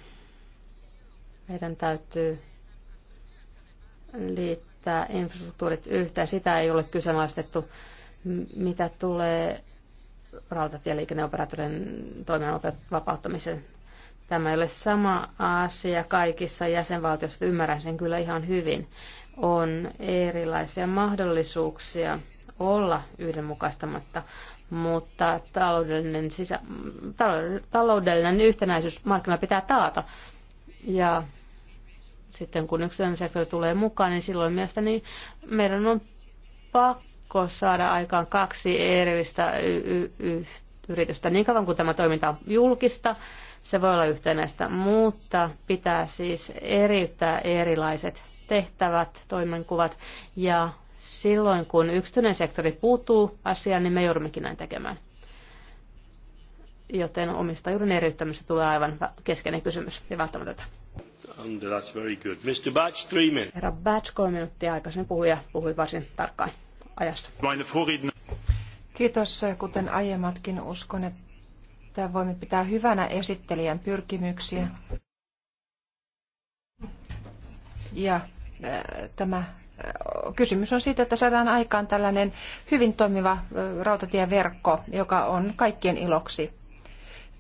meidän täytyy liittää infrastruktuurit yhteen. Sitä ei ole kyseenalaistettu, mitä tulee rautatieliikenneoperaattorin toiminnan vapauttamisen. Tämä ei ole sama asia kaikissa jäsenvaltioissa, ymmärrän sen kyllä ihan hyvin. On erilaisia mahdollisuuksia olla yhdenmukaistamatta, mutta taloudellinen, sisä, taloudellinen yhtenäisyys markkina pitää taata. Ja sitten kun yksityinen sektori tulee mukaan, niin silloin mielestäni meidän on pakko pakko saada aikaan kaksi erillistä yritystä. Niin kauan kuin tämä toiminta on julkista, se voi olla yhtenäistä, mutta pitää siis eriyttää erilaiset tehtävät, toimenkuvat ja silloin kun yksityinen sektori puuttuu asiaan, niin me joudummekin näin tekemään. Joten omistajuuden eriyttämistä tulee aivan keskeinen kysymys ja välttämätöntä. Um, that's very good. Mr. Batch, three minutes. Herra Batch, kolme minuuttia aikaisemmin puhuja puhui varsin tarkkaan ajasta. Kiitos, kuten aiemmatkin uskon, että voimme pitää hyvänä esittelijän pyrkimyksiä. Ja äh, tämä äh, kysymys on siitä, että saadaan aikaan tällainen hyvin toimiva äh, rautatieverkko, joka on kaikkien iloksi.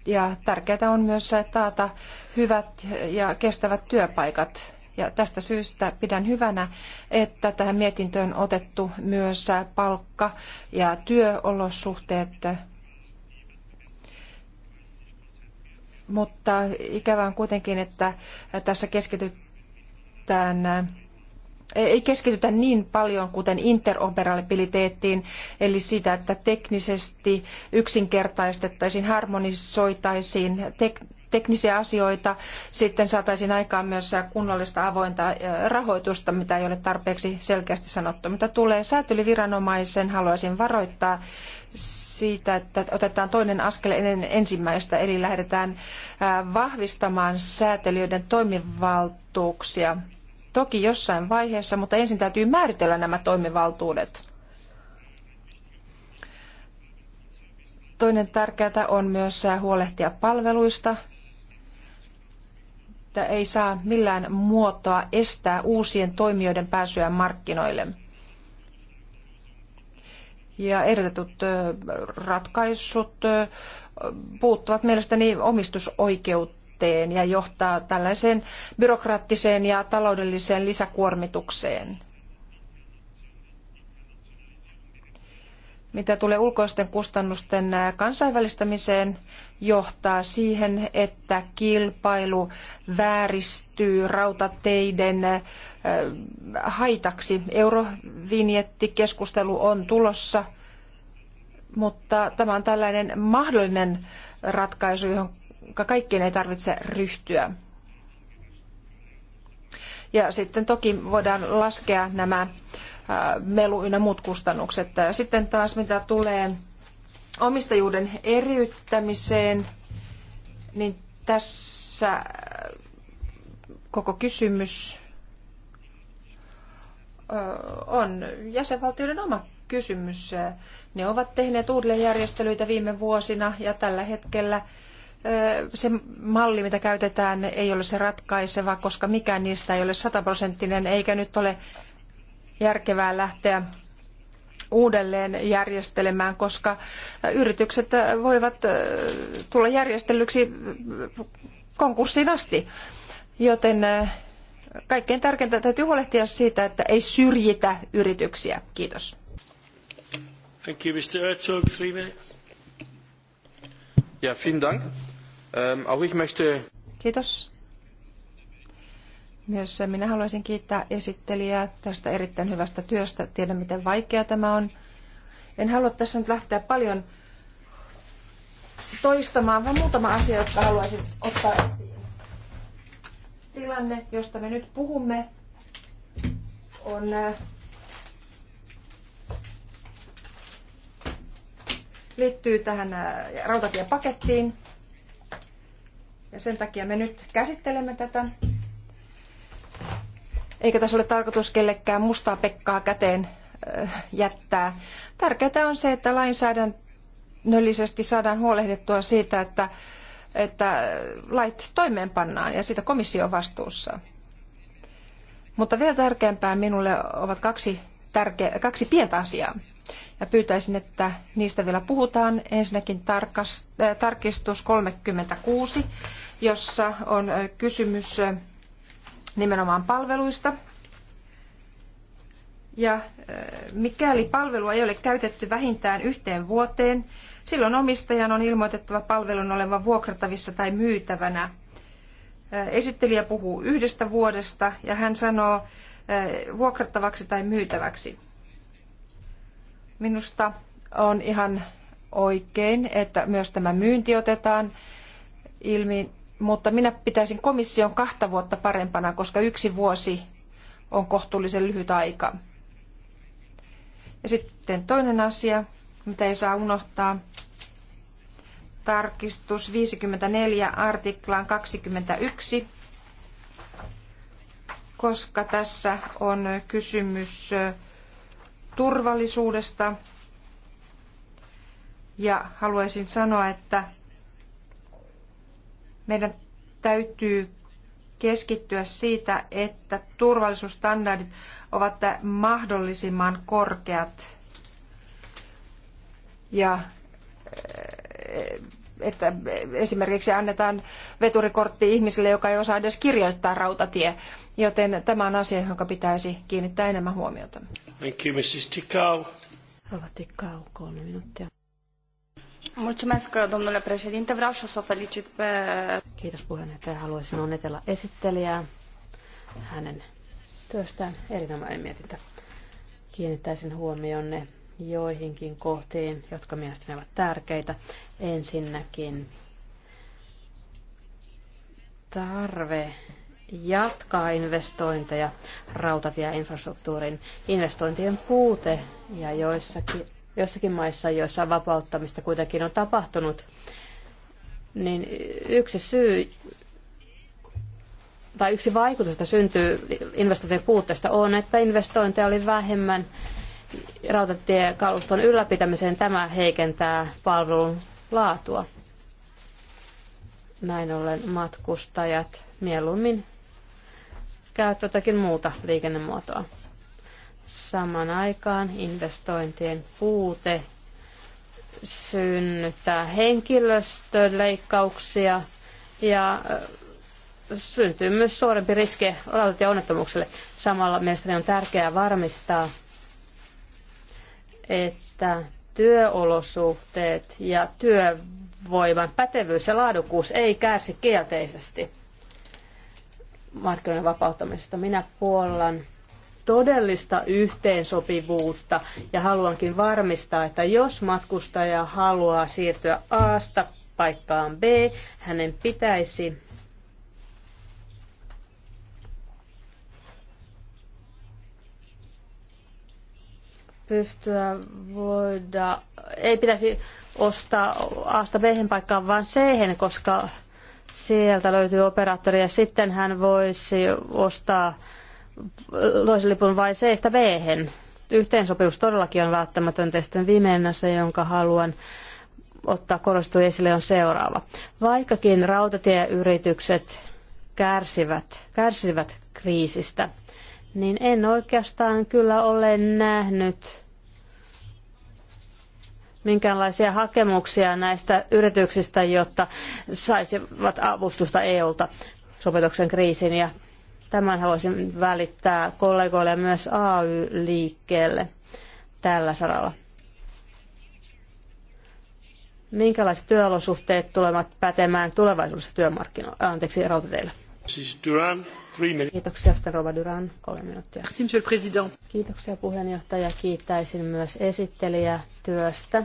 Ja tärkeää on myös taata hyvät ja kestävät työpaikat ja tästä syystä pidän hyvänä, että tähän mietintöön on otettu myös palkka- ja työolosuhteet. Mutta ikävää on kuitenkin, että tässä keskitytään ei keskitytä niin paljon kuten interoperabiliteettiin, eli sitä, että teknisesti yksinkertaistettaisiin, harmonisoitaisiin tek- teknisiä asioita, sitten saataisiin aikaan myös kunnollista avointa rahoitusta, mitä ei ole tarpeeksi selkeästi sanottu. Mitä tulee säätelyviranomaisen, haluaisin varoittaa siitä, että otetaan toinen askel ennen ensimmäistä, eli lähdetään vahvistamaan säätelijöiden toimivaltuuksia. Toki jossain vaiheessa, mutta ensin täytyy määritellä nämä toimivaltuudet. Toinen tärkeää on myös huolehtia palveluista, ei saa millään muotoa estää uusien toimijoiden pääsyä markkinoille. Ja ehdotetut ratkaisut puuttuvat mielestäni omistusoikeuteen ja johtaa tällaiseen byrokraattiseen ja taloudelliseen lisäkuormitukseen. mitä tulee ulkoisten kustannusten äh, kansainvälistämiseen, johtaa siihen, että kilpailu vääristyy rautateiden äh, haitaksi. Eurovinjettikeskustelu on tulossa, mutta tämä on tällainen mahdollinen ratkaisu, johon kaikkien ei tarvitse ryhtyä. Ja sitten toki voidaan laskea nämä äh, Äh, melu ynnä muut kustannukset. Sitten taas mitä tulee omistajuuden eriyttämiseen, niin tässä äh, koko kysymys äh, on jäsenvaltioiden oma kysymys. Ne ovat tehneet uudelleenjärjestelyitä viime vuosina ja tällä hetkellä se malli, mitä käytetään, ei ole se ratkaiseva, koska mikään niistä ei ole sataprosenttinen, eikä nyt ole järkevää lähteä uudelleen järjestelemään, koska yritykset voivat äh, tulla järjestellyksi konkurssiin asti. Joten äh, kaikkein tärkeintä täytyy huolehtia siitä, että ei syrjitä yrityksiä. Kiitos. Thank you, Mr. Three minutes. Ja, vielen Dank. Ähm, auch ich möchte... Kiitos. Myös minä haluaisin kiittää esittelijää tästä erittäin hyvästä työstä. Tiedän, miten vaikea tämä on. En halua tässä nyt lähteä paljon toistamaan, vaan muutama asia, jotka haluaisin ottaa esiin. Tilanne, josta me nyt puhumme, on äh, liittyy tähän äh, rautatiepakettiin. Ja sen takia me nyt käsittelemme tätä eikä tässä ole tarkoitus kellekään mustaa pekkaa käteen jättää. Tärkeää on se, että lainsäädännöllisesti saadaan huolehdittua siitä, että, että lait toimeenpannaan ja siitä komissio on vastuussa. Mutta vielä tärkeämpää minulle ovat kaksi, tärkeä, kaksi pientä asiaa. Ja pyytäisin, että niistä vielä puhutaan. Ensinnäkin tarkas, äh, tarkistus 36, jossa on kysymys äh, nimenomaan palveluista. Ja äh, mikäli palvelua ei ole käytetty vähintään yhteen vuoteen, silloin omistajan on ilmoitettava palvelun olevan vuokratavissa tai myytävänä. Äh, esittelijä puhuu yhdestä vuodesta ja hän sanoo äh, vuokrattavaksi tai myytäväksi. Minusta on ihan oikein, että myös tämä myynti otetaan ilmi mutta minä pitäisin komission kahta vuotta parempana, koska yksi vuosi on kohtuullisen lyhyt aika. Ja sitten toinen asia, mitä ei saa unohtaa. Tarkistus 54 artiklaan 21, koska tässä on kysymys turvallisuudesta. Ja haluaisin sanoa, että meidän täytyy keskittyä siitä, että turvallisuusstandardit ovat mahdollisimman korkeat ja eh, että esimerkiksi annetaan veturikortti ihmiselle, joka ei osaa edes kirjoittaa rautatie. Joten tämä on asia, jonka pitäisi kiinnittää enemmän huomiota. Thank you, Mrs. Tikau. Rova Tikau, kolme minuuttia. Mulțumesc, domnule președinte. Vreau și o felicit pe... Kiitos puheenjohtaja. Haluaisin onnitella esittelijää hänen työstään. Erinomainen mietintö. Kiinnittäisin huomionne joihinkin kohtiin, jotka mielestäni ovat tärkeitä. Ensinnäkin tarve jatkaa investointeja rautatieinfrastruktuurin investointien puute ja joissakin jossakin maissa, joissa vapauttamista kuitenkin on tapahtunut, niin yksi syy tai yksi vaikutus, että syntyy investointien puutteesta, on, että investointeja oli vähemmän rautatiekaluston ylläpitämiseen. Tämä heikentää palvelun laatua. Näin ollen matkustajat mieluummin käyttävät jotakin muuta liikennemuotoa. Saman aikaan investointien puute synnyttää henkilöstöleikkauksia ja syntyy myös suurempi riski rautat- ja onnettomuuksille. Samalla mielestäni on tärkeää varmistaa, että työolosuhteet ja työvoiman pätevyys ja laadukkuus ei kärsi kielteisesti markkinoiden vapauttamisesta. Minä puollan todellista yhteensopivuutta ja haluankin varmistaa, että jos matkustaja haluaa siirtyä Asta paikkaan B, hänen pitäisi pystyä voida, ei pitäisi ostaa Asta b paikkaan vaan c koska sieltä löytyy operaattori ja sitten hän voisi ostaa loisilipun vai seistä b -hen. Yhteensopivuus todellakin on välttämätöntä. Sitten viimeinen se, jonka haluan ottaa korostui esille, on seuraava. Vaikkakin rautatieyritykset kärsivät, kärsivät kriisistä, niin en oikeastaan kyllä ole nähnyt minkäänlaisia hakemuksia näistä yrityksistä, jotta saisivat avustusta EUlta sopetuksen kriisin ja Tämän haluaisin välittää kollegoille ja myös AY-liikkeelle tällä saralla. Minkälaiset työolosuhteet tulevat pätemään tulevaisuudessa työmarkkinoilla, anteeksi, rautateillä? Siis Duran, Kiitoksia, sitten Rova Duran, kolme minuuttia. Kiitoksia puheenjohtaja. Kiittäisin myös esittelijä työstä,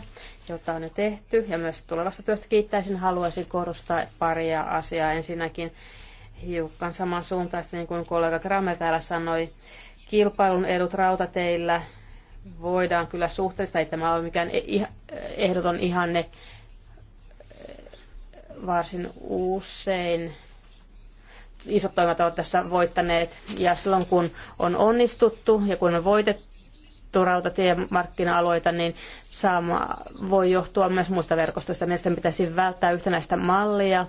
jota on jo tehty, ja myös tulevasta työstä kiittäisin. Haluaisin korostaa paria asiaa. Ensinnäkin hiukan samansuuntaista, niin kuin kollega Kramer täällä sanoi. Kilpailun edut rautateillä voidaan kyllä suhteellista, että tämä ole mikään e- ehdoton ihanne varsin usein isot toimet ovat tässä voittaneet ja silloin kun on onnistuttu ja kun on voitettu, rautatiemarkkina-alueita, niin sama voi johtua myös muista verkostoista. Mielestäni pitäisi välttää yhtenäistä mallia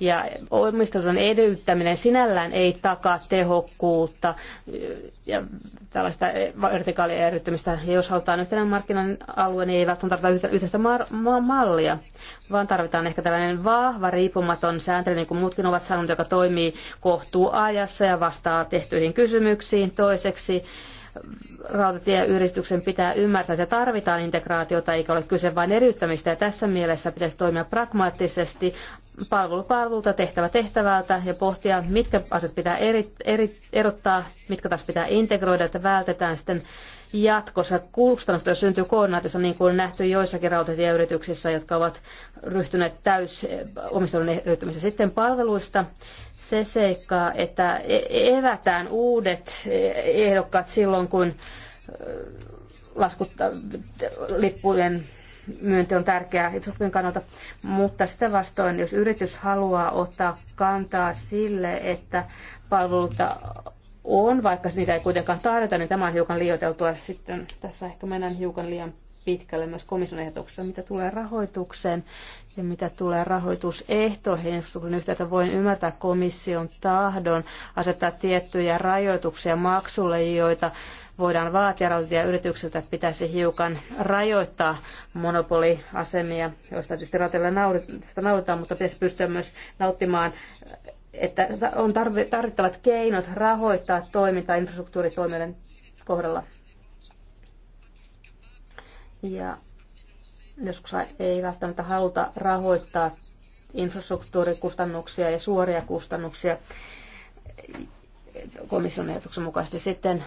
ja omistajuuden edellyttäminen sinällään ei takaa tehokkuutta ja tällaista vertikaalia eriyttämistä. Ja jos halutaan yhtenäinen markkinan alue, niin ei välttämättä tarvita yhteistä mallia, vaan tarvitaan ehkä tällainen vahva, riippumaton sääntely, niin kuin muutkin ovat sanoneet, joka toimii kohtuuajassa ja vastaa tehtyihin kysymyksiin toiseksi rautatieyhdistyksen pitää ymmärtää, että tarvitaan integraatiota eikä ole kyse vain eriyttämistä. Ja tässä mielessä pitäisi toimia pragmaattisesti palvelu palvelulta, tehtävä tehtävältä ja pohtia, mitkä asiat pitää eri, eri, erottaa, mitkä taas pitää integroida, että vältetään sitten jatkossa kustannusta syntyy koordinaatiossa, niin kuin on nähty joissakin rautatieyrityksissä, jotka ovat ryhtyneet täysomistelun eh, ryhtymisessä. Sitten palveluista se seikka, että e, evätään uudet eh, ehdokkaat silloin, kun eh, laskutta, lippujen myynti on tärkeää itsekin kannalta, mutta sitä vastoin, jos yritys haluaa ottaa kantaa sille, että palveluita on, vaikka niitä ei kuitenkaan tarjota, niin tämä on hiukan liioiteltua. Sitten tässä ehkä mennään hiukan liian pitkälle myös komission ehdotuksessa, mitä tulee rahoitukseen ja mitä tulee rahoitusehtoihin. Kun yhtäältä voin ymmärtää komission tahdon asettaa tiettyjä rajoituksia maksulle, joita voidaan vaatia rautatieyrityksiltä, pitäisi hiukan rajoittaa monopoliasemia, joista tietysti rautilla nautitaan, mutta pitäisi pystyä myös nauttimaan että on tarvittavat keinot rahoittaa toimintaa infrastruktuuritoimijoiden kohdalla. Ja joskus ei välttämättä haluta rahoittaa infrastruktuurikustannuksia ja suoria kustannuksia komission ehdotuksen mukaisesti sitten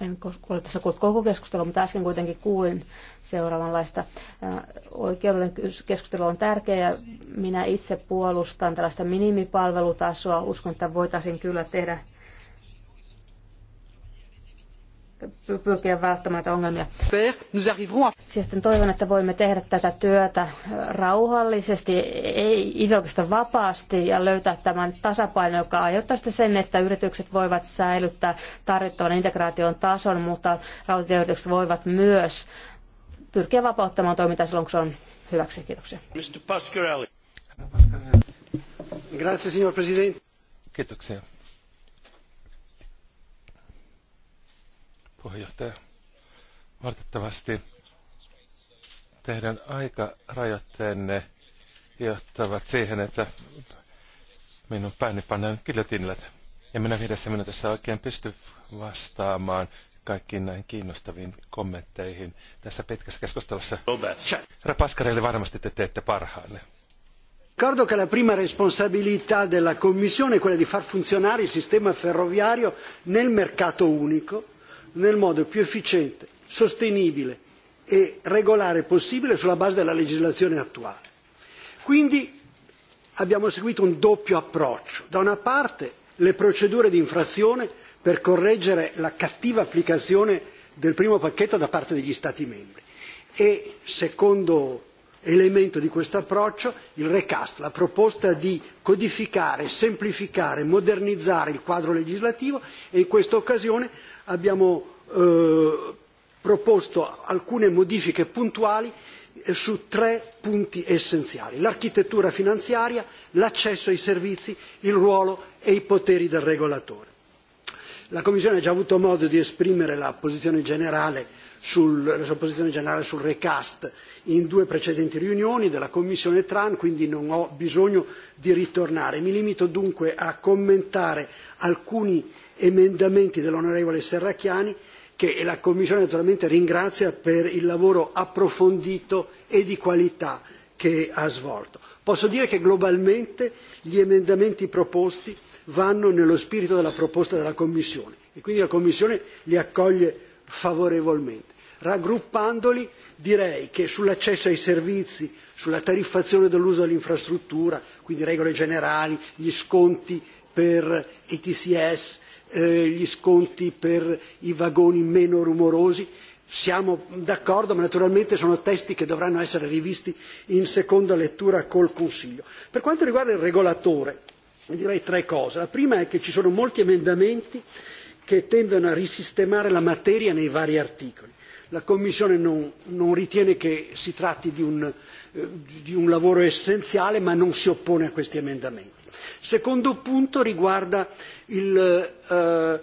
en ole tässä koko keskustelua, mutta äsken kuitenkin kuulin seuraavanlaista. Oikeuden keskustelu on tärkeä ja minä itse puolustan tällaista minimipalvelutasoa. Uskon, että voitaisiin kyllä tehdä pyrkiä välttämään ongelmia. Siis sitten toivon, että voimme tehdä tätä työtä rauhallisesti, ei ideologista vapaasti ja löytää tämän tasapaino, joka aiheuttaa sen, että yritykset voivat säilyttää tarvittavan integraation tason, mutta rautatieyritykset voivat myös pyrkiä vapauttamaan toimintaa silloin, kun se on hyväksi. Kiitoksia. Mr. Pascarelli. Grazie, signor Presidente. Kiitoksia. puheenjohtaja. Valitettavasti teidän aikarajoitteenne johtavat siihen, että minun pääni pannaan kiljotinille. Ja minä viidessä minuutissa oikein pysty vastaamaan kaikkiin näin kiinnostaviin kommentteihin tässä pitkässä keskustelussa. Herra Pascarelli, varmasti te teette parhaanne. Ricordo che la prima responsabilità della Commissione è quella di far funzionare il sistema ferroviario nel mercato unico nel modo più efficiente, sostenibile e regolare possibile sulla base della legislazione attuale. Quindi abbiamo seguito un doppio approccio. Da una parte le procedure di infrazione per correggere la cattiva applicazione del primo pacchetto da parte degli Stati membri e, secondo elemento di questo approccio il recast, la proposta di codificare, semplificare, modernizzare il quadro legislativo e in questa occasione abbiamo eh, proposto alcune modifiche puntuali eh, su tre punti essenziali l'architettura finanziaria, l'accesso ai servizi, il ruolo e i poteri del regolatore. La Commissione ha già avuto modo di esprimere la posizione generale sulla sua posizione generale sul recast in due precedenti riunioni della Commissione Tran, quindi non ho bisogno di ritornare. Mi limito dunque a commentare alcuni emendamenti dell'onorevole Serracchiani che la Commissione naturalmente ringrazia per il lavoro approfondito e di qualità che ha svolto. Posso dire che globalmente gli emendamenti proposti vanno nello spirito della proposta della Commissione e quindi la Commissione li accoglie favorevolmente. Raggruppandoli direi che sull'accesso ai servizi, sulla tariffazione dell'uso dell'infrastruttura, quindi regole generali, gli sconti per i TCS, eh, gli sconti per i vagoni meno rumorosi, siamo d'accordo, ma naturalmente sono testi che dovranno essere rivisti in seconda lettura col Consiglio. Per quanto riguarda il regolatore, direi tre cose. La prima è che ci sono molti emendamenti che tendono a risistemare la materia nei vari articoli la Commissione non, non ritiene che si tratti di un, eh, di un lavoro essenziale ma non si oppone a questi emendamenti. Secondo punto riguarda il, eh,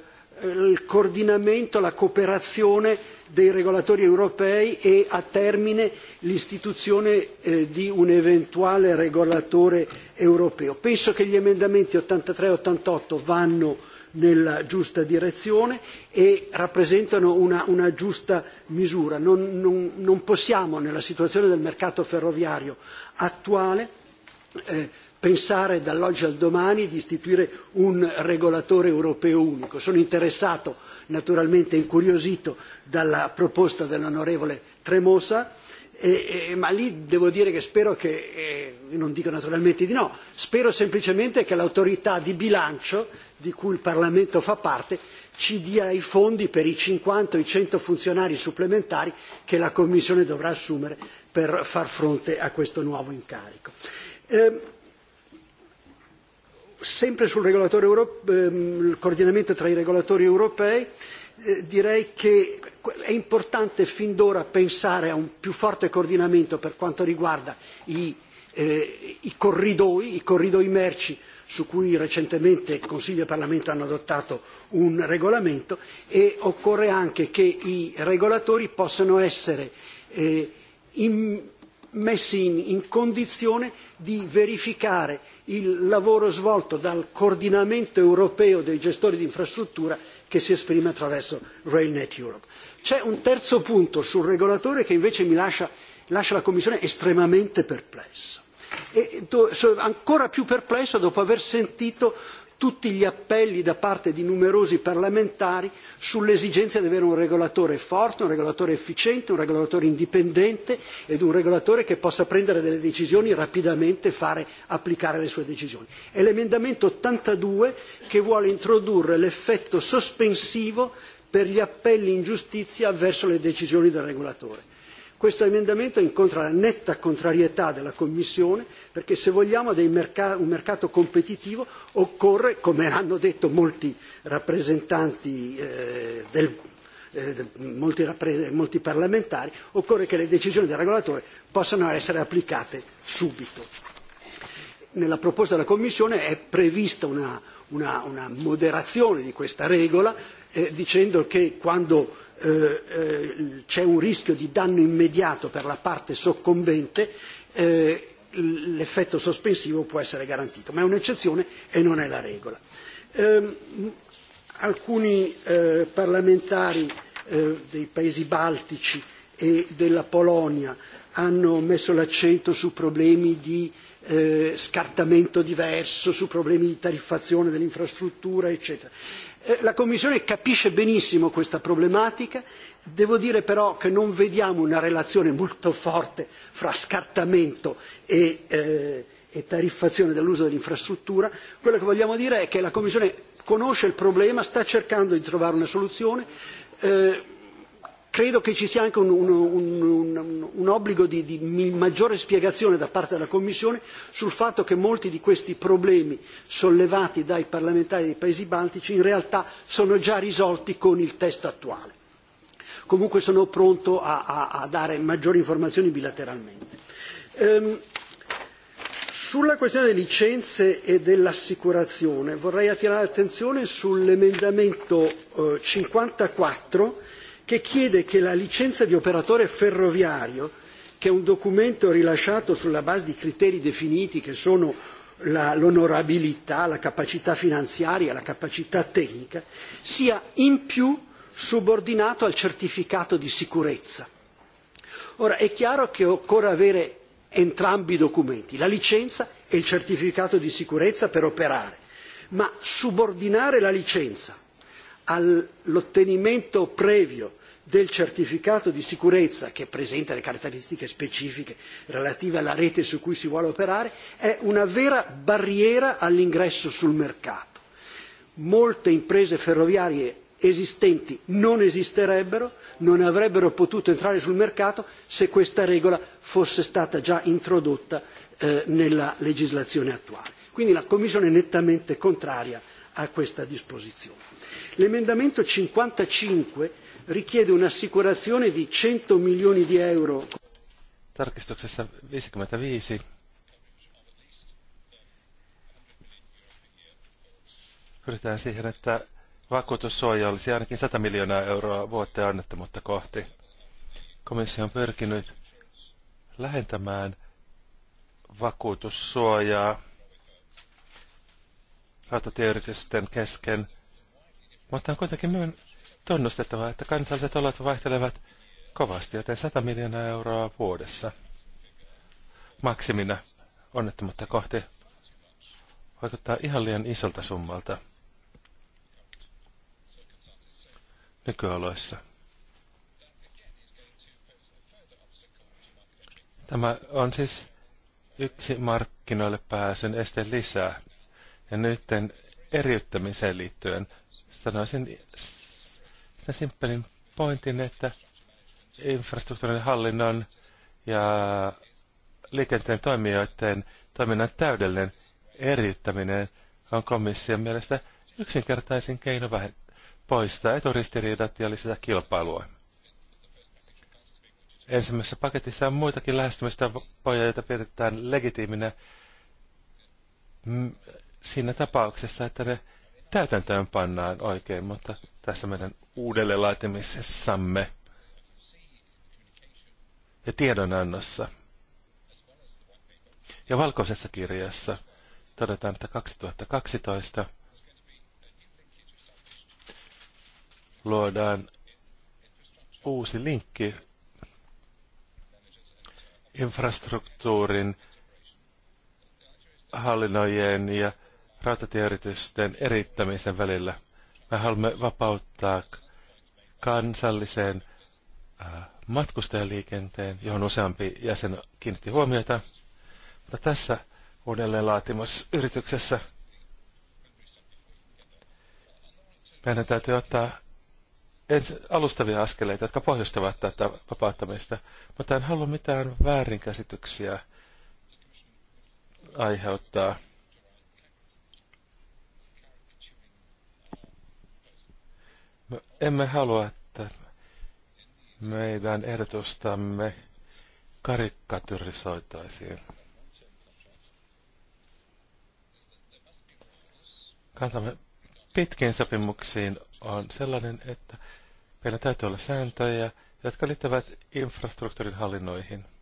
il coordinamento, la cooperazione dei regolatori europei e a termine l'istituzione eh, di un eventuale regolatore europeo. Penso che gli emendamenti 83 e 88 vanno nella giusta direzione e rappresentano una, una giusta misura. Non, non, non possiamo, nella situazione del mercato ferroviario attuale, eh, pensare dall'oggi al domani di istituire un regolatore europeo unico. Sono interessato, naturalmente incuriosito, dalla proposta dell'onorevole Tremosa, eh, eh, ma lì devo dire che spero che, eh, non dico naturalmente di no, spero semplicemente che l'autorità di bilancio di cui il Parlamento fa parte ci dia i fondi per i 50 o i 100 funzionari supplementari che la Commissione dovrà assumere per far fronte a questo nuovo incarico. Eh, sempre sul regolatore europeo, ehm, il coordinamento tra i regolatori europei, eh, direi che è importante fin d'ora pensare a un più forte coordinamento per quanto riguarda i, eh, i corridoi, i corridoi merci su cui recentemente Consiglio e Parlamento hanno adottato un regolamento e occorre anche che i regolatori possano essere eh, in, messi in, in condizione di verificare il lavoro svolto dal coordinamento europeo dei gestori di infrastruttura che si esprime attraverso RailNet Europe. C'è un terzo punto sul regolatore che invece mi lascia, lascia la Commissione estremamente perplessa E sono ancora più perplesso dopo aver sentito tutti gli appelli da parte di numerosi parlamentari sull'esigenza di avere un regolatore forte, un regolatore efficiente, un regolatore indipendente ed un regolatore che possa prendere delle decisioni rapidamente e fare applicare le sue decisioni. È l'emendamento ottantadue che vuole introdurre l'effetto sospensivo per gli appelli in giustizia verso le decisioni del regolatore. Questo emendamento incontra la netta contrarietà della Commissione perché se vogliamo un mercato competitivo occorre, come hanno detto molti rappresentanti eh, del, eh, molti, molti parlamentari, occorre che le decisioni del regolatore possano essere applicate subito. Nella proposta della Commissione è prevista una, una, una moderazione di questa regola eh, dicendo che quando Eh, eh, c'è un rischio di danno immediato per la parte soccombente, eh, l'effetto sospensivo può essere garantito, ma è un'eccezione e non è la regola. Eh, alcuni eh, parlamentari eh, dei paesi baltici e della Polonia hanno messo l'accento su problemi di eh, scartamento diverso, su problemi di tariffazione dell'infrastruttura, eccetera Eh, la Commissione capisce benissimo questa problematica, devo dire però che non vediamo una relazione molto forte fra scartamento e, eh, e tariffazione dell'uso dell'infrastruttura. Quello che vogliamo dire è che la Commissione conosce il problema, sta cercando di trovare una soluzione. Eh, credo che ci sia anche un, un, un, un obbligo di, di maggiore spiegazione da parte della Commissione sul fatto che molti di questi problemi sollevati dai parlamentari dei Paesi baltici in realtà sono già risolti con il testo attuale. Comunque sono pronto a, a, a dare maggiori informazioni bilateralmente. Ehm, sulla questione delle licenze e dell'assicurazione vorrei attirare l'attenzione sull'emendamento eh, 54 che chiede che la licenza di operatore ferroviario, che è un documento rilasciato sulla base di criteri definiti che sono la, l'onorabilità, la capacità finanziaria, la capacità tecnica, sia in più subordinato al certificato di sicurezza. Ora è chiaro che occorre avere entrambi i documenti, la licenza e il certificato di sicurezza per operare, ma subordinare la licenza all'ottenimento previo del certificato di sicurezza che presenta le caratteristiche specifiche relative alla rete su cui si vuole operare è una vera barriera all'ingresso sul mercato. Molte imprese ferroviarie esistenti non esisterebbero, non avrebbero potuto entrare sul mercato se questa regola fosse stata già introdotta eh, nella legislazione attuale. Quindi la Commissione è nettamente contraria a questa disposizione. L'emendamento 55 richiede un'assicurazione di 100 milioni di euro. Tarkistuksessa 55 pyritään siihen, että vakuutussuoja olisi ainakin 100 miljoonaa euroa vuotta annettomuutta kohti. Komissio on pyrkinyt lähentämään vakuutussuojaa rautatieyritysten kesken, mutta on kuitenkin myön tunnustettava, että kansalliset olot vaihtelevat kovasti, joten 100 miljoonaa euroa vuodessa maksimina onnettomuutta kohti vaikuttaa ihan liian isolta summalta nykyoloissa. Tämä on siis yksi markkinoille pääsyn este lisää. Ja nyt eriyttämiseen liittyen sanoisin sen simppelin pointin, että infrastruktuurin hallinnon ja liikenteen toimijoiden toiminnan täydellinen eriyttäminen on komission mielestä yksinkertaisin keino poistaa eturistiriidat ja lisätä kilpailua. Ensimmäisessä paketissa on muitakin lähestymistapoja, joita pidetään legitiiminä siinä tapauksessa, että ne täytäntöön pannaan oikein, mutta tässä meidän uudelle laatimisessamme ja tiedonannossa ja valkoisessa kirjassa todetaan, että 2012 luodaan uusi linkki infrastruktuurin hallinnojen ja rautatieyritysten erittämisen välillä. Me haluamme vapauttaa kansalliseen äh, matkustajaliikenteen, johon useampi jäsen kiinnitti huomiota. Mutta tässä uudelleenlaatimusyrityksessä meidän täytyy ottaa alustavia askeleita, jotka pohjustavat tätä vapauttamista, mutta en halua mitään väärinkäsityksiä aiheuttaa. Me emme halua, että meidän ehdotustamme karikaturisoitaisiin. Kantamme pitkiin sopimuksiin on sellainen, että meillä täytyy olla sääntöjä, jotka liittyvät infrastruktuurin hallinnoihin –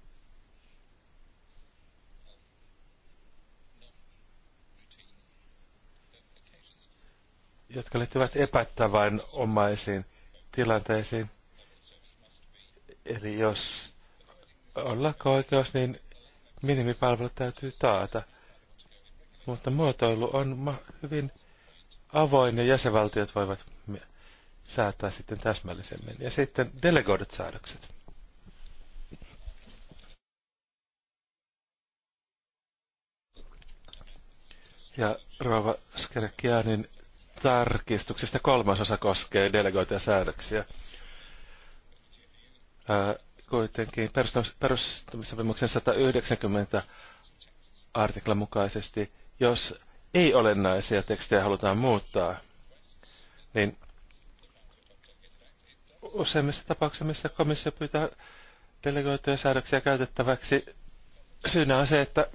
jotka liittyvät omaisiin tilanteisiin. Eli jos on lakko-oikeus, niin minimipalvelut täytyy taata. Mutta muotoilu on hyvin avoin ja jäsenvaltiot voivat säätää sitten täsmällisemmin. Ja sitten delegoidut säädökset. Ja Rova Skerekianin tarkistuksista kolmasosa koskee delegoituja säädöksiä. Ää, kuitenkin perustamissopimuksen 190 artiklan mukaisesti, jos ei olennaisia tekstejä halutaan muuttaa, niin useimmissa tapauksissa, missä komissio pyytää delegoituja säädöksiä käytettäväksi, syynä on se, että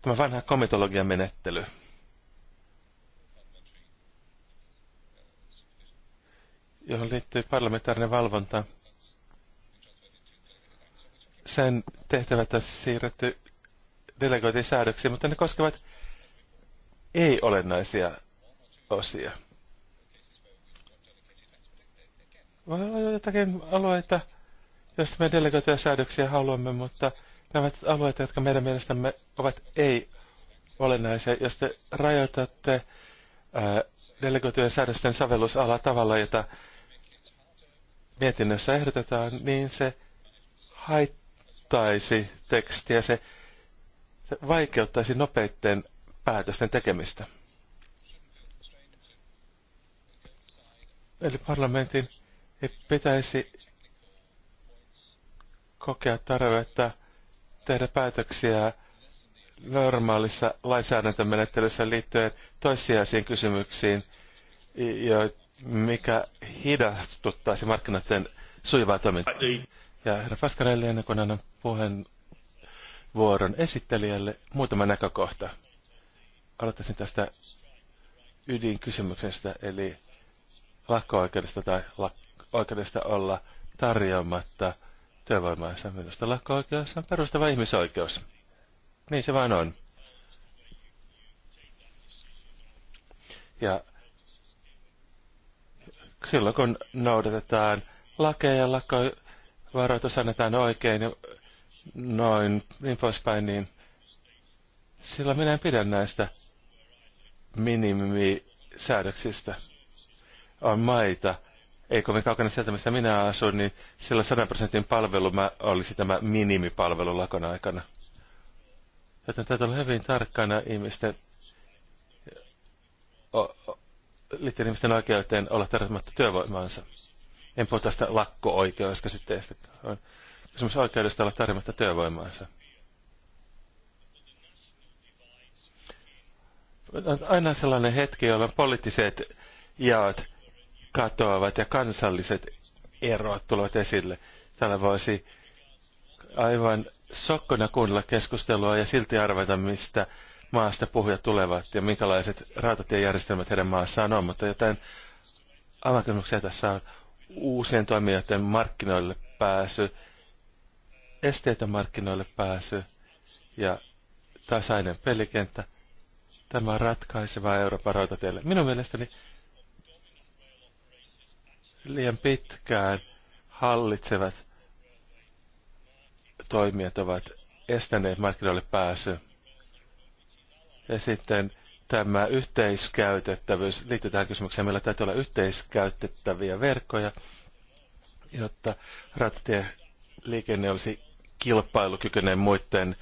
tämä vanha komitologian menettely – johon liittyy parlamentaarinen valvonta. Sen tehtävät on siirretty delegointisäädöksiin, mutta ne koskevat ei-olennaisia osia. Voi olla jotakin alueita, joista me delegoituja säädöksiä haluamme, mutta nämä ovat alueita, jotka meidän mielestämme ovat ei-olennaisia. Jos te rajoitatte delegoitujen säädösten sovellusalaa tavalla, jota mietinnössä ehdotetaan, niin se haittaisi tekstiä, se vaikeuttaisi nopeiden päätösten tekemistä. Eli parlamentin ei pitäisi kokea tarvetta tehdä päätöksiä normaalissa lainsäädäntömenettelyssä liittyen toissijaisiin kysymyksiin, joita mikä hidastuttaisi markkinoiden sujuvaa toimintaa. Ja herra Paskarelli, ennen kuin annan puheenvuoron esittelijälle, muutama näkökohta. Aloittaisin tästä ydinkysymyksestä, eli lakko-oikeudesta tai lak- oikeudesta olla tarjoamatta työvoimaansa. Minusta lakko-oikeus on perustava ihmisoikeus. Niin se vain on. Ja silloin kun noudatetaan lakeja, lakkovaroitus annetaan oikein ja noin niin poispäin, niin sillä minä en pidä näistä minimisäädöksistä. On maita, ei kovin kaukana sieltä, missä minä asun, niin sillä 100 prosentin palvelu mä olisi tämä minimipalvelu lakon aikana. Joten täytyy olla hyvin tarkkana ihmisten liittyen ihmisten oikeuteen olla tarjoamatta työvoimaansa. En puhu tästä lakko-oikeudesta sitten on esimerkiksi oikeudesta olla tarjoamatta työvoimaansa. On aina sellainen hetki, jolloin poliittiset jaot katoavat ja kansalliset erot tulevat esille. Täällä voisi aivan sokkona kuunnella keskustelua ja silti arvata, mistä maasta pohja tulevat ja minkälaiset rautatiejärjestelmät heidän maassaan on, mutta jotain avainkysymyksiä tässä on uusien toimijoiden markkinoille pääsy, esteetön markkinoille pääsy ja tasainen pelikenttä. Tämä on ratkaisevaa Euroopan rautatielle. Minun mielestäni liian pitkään hallitsevat toimijat ovat estäneet markkinoille pääsyä ja sitten tämä yhteiskäytettävyys liittyy tähän kysymykseen. Meillä täytyy olla yhteiskäytettäviä verkkoja, jotta liikenne olisi kilpailukykyinen muiden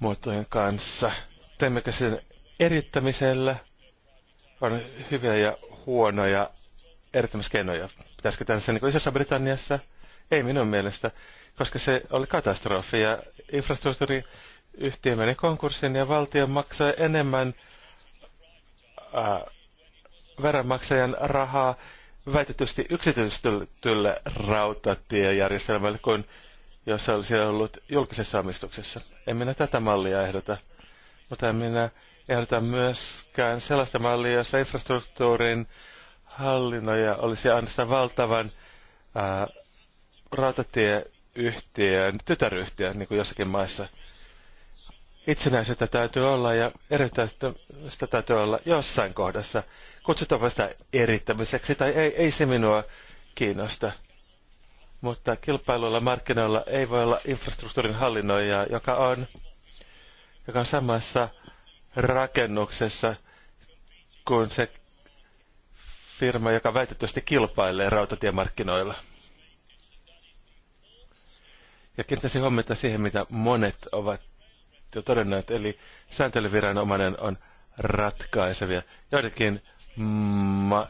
muotojen kanssa. Teemmekö sen erittämisellä? On hyviä ja huonoja erittämiskeinoja. Pitäisikö tehdä sen niin Isossa Britanniassa? Ei minun mielestä, koska se oli katastrofi ja infrastruktuuri yhtiö meni konkurssiin ja valtio maksoi enemmän äh, veronmaksajan rahaa väitetysti yksityistetylle rautatiejärjestelmälle kuin jos olisi ollut julkisessa omistuksessa. En minä tätä mallia ehdota, mutta en minä ehdota myöskään sellaista mallia, jossa infrastruktuurin hallinnoja olisi ainoastaan valtavan äh, rautatieyhtiön, tytäryhtiön, niin kuin jossakin maissa – Itsenäisyyttä täytyy olla ja erittäistä täytyy olla jossain kohdassa. Kutsutaanpa sitä erittämiseksi tai ei, ei se minua kiinnosta. Mutta kilpailuilla markkinoilla ei voi olla infrastruktuurin hallinnoijaa, joka on, joka on samassa rakennuksessa kuin se firma, joka väitetysti kilpailee rautatiemarkkinoilla. Ja kiinnittäisin huomiota siihen, mitä monet ovat jo todennut, eli sääntelyviranomainen on ratkaisevia. Joidenkin ma-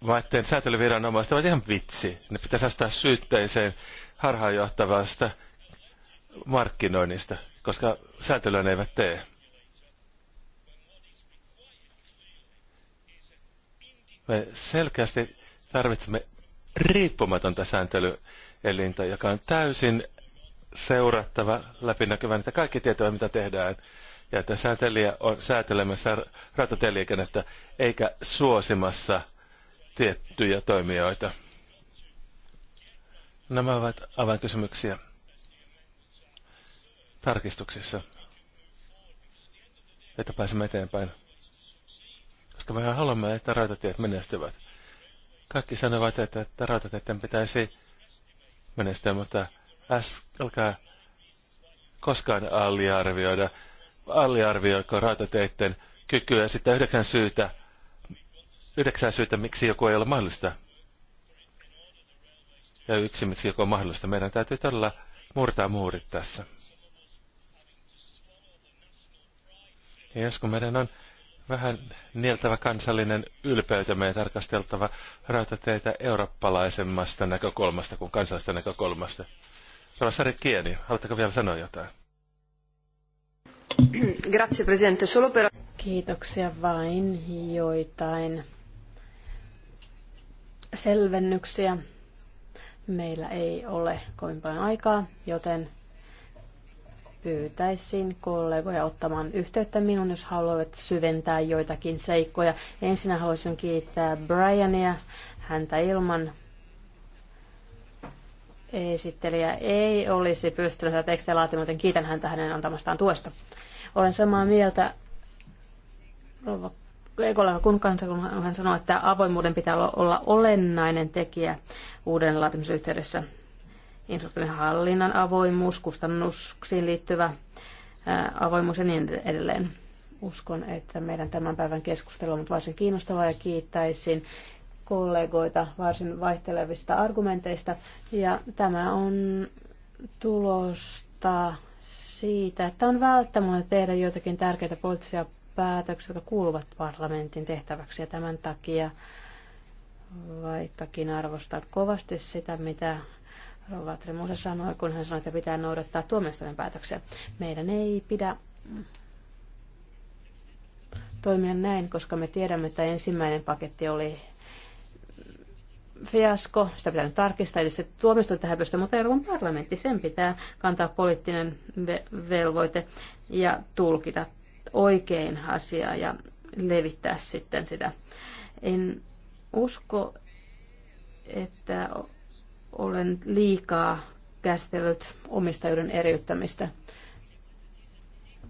maiden sääntelyviranomaiset ovat ihan vitsi. Ne pitäisi astaa syytteiseen harhaanjohtavasta markkinoinnista, koska sääntelyä ne eivät tee. Me selkeästi tarvitsemme riippumatonta sääntelyä elintä, joka on täysin seurattava, läpinäkyvä, että kaikki tietävät, mitä tehdään, ja että säätelijä on säätelemässä ratateliikennettä, eikä suosimassa tiettyjä toimijoita. Nämä ovat avainkysymyksiä tarkistuksissa, että pääsemme eteenpäin. Koska me haluamme, että rautatiet menestyvät. Kaikki sanovat, että, että rautateiden pitäisi menestyä, mutta äs, älkää koskaan aliarvioida. Aliarvioiko rautateitten kykyä ja sitten yhdeksän syytä, yhdeksän syytä, miksi joku ei ole mahdollista. Ja yksi, miksi joku on mahdollista. Meidän täytyy tällä murtaa muurit tässä. Ja jos kun meidän on vähän nieltävä kansallinen ylpeytämme ja tarkasteltava rautateitä eurooppalaisemmasta näkökulmasta kuin kansallista näkökulmasta. Professori Kieni, haluatteko vielä sanoa jotain? Grazie, Presidente. Solo per... Kiitoksia vain joitain selvennyksiä. Meillä ei ole kovin paljon aikaa, joten pyytäisin kollegoja ottamaan yhteyttä minuun, jos haluavat syventää joitakin seikkoja. Ensin haluaisin kiittää Briania, häntä ilman esittelijä ei olisi pystynyt tätä tekstiä laatimaan, joten kiitän häntä hänen antamastaan tuosta. Olen samaa mieltä rouva kollega kun kanssa, kun hän sanoi, että avoimuuden pitää olla olennainen tekijä uuden laatimisen yhteydessä infrastruktuurin hallinnan avoimuus, kustannuksiin liittyvä avoimuus ja niin edelleen. Uskon, että meidän tämän päivän keskustelu on varsin kiinnostavaa ja kiittäisin kollegoita varsin vaihtelevista argumenteista. Ja tämä on tulosta siitä, että on välttämättä tehdä joitakin tärkeitä poliittisia päätöksiä, jotka kuuluvat parlamentin tehtäväksi. Ja tämän takia, vaikkakin arvostan kovasti sitä, mitä Rovat Tremusa sanoi, kun hän sanoi, että pitää noudattaa tuomioistuimen päätöksiä. Meidän ei pidä toimia näin, koska me tiedämme, että ensimmäinen paketti oli fiasko, sitä pitää nyt tarkistaa, eli se tuomistuin tähän pystyy, mutta Euroopan parlamentti, sen pitää kantaa poliittinen ve- velvoite ja tulkita oikein asiaa ja levittää sitten sitä. En usko, että olen liikaa käsitellyt omistajuuden eriyttämistä.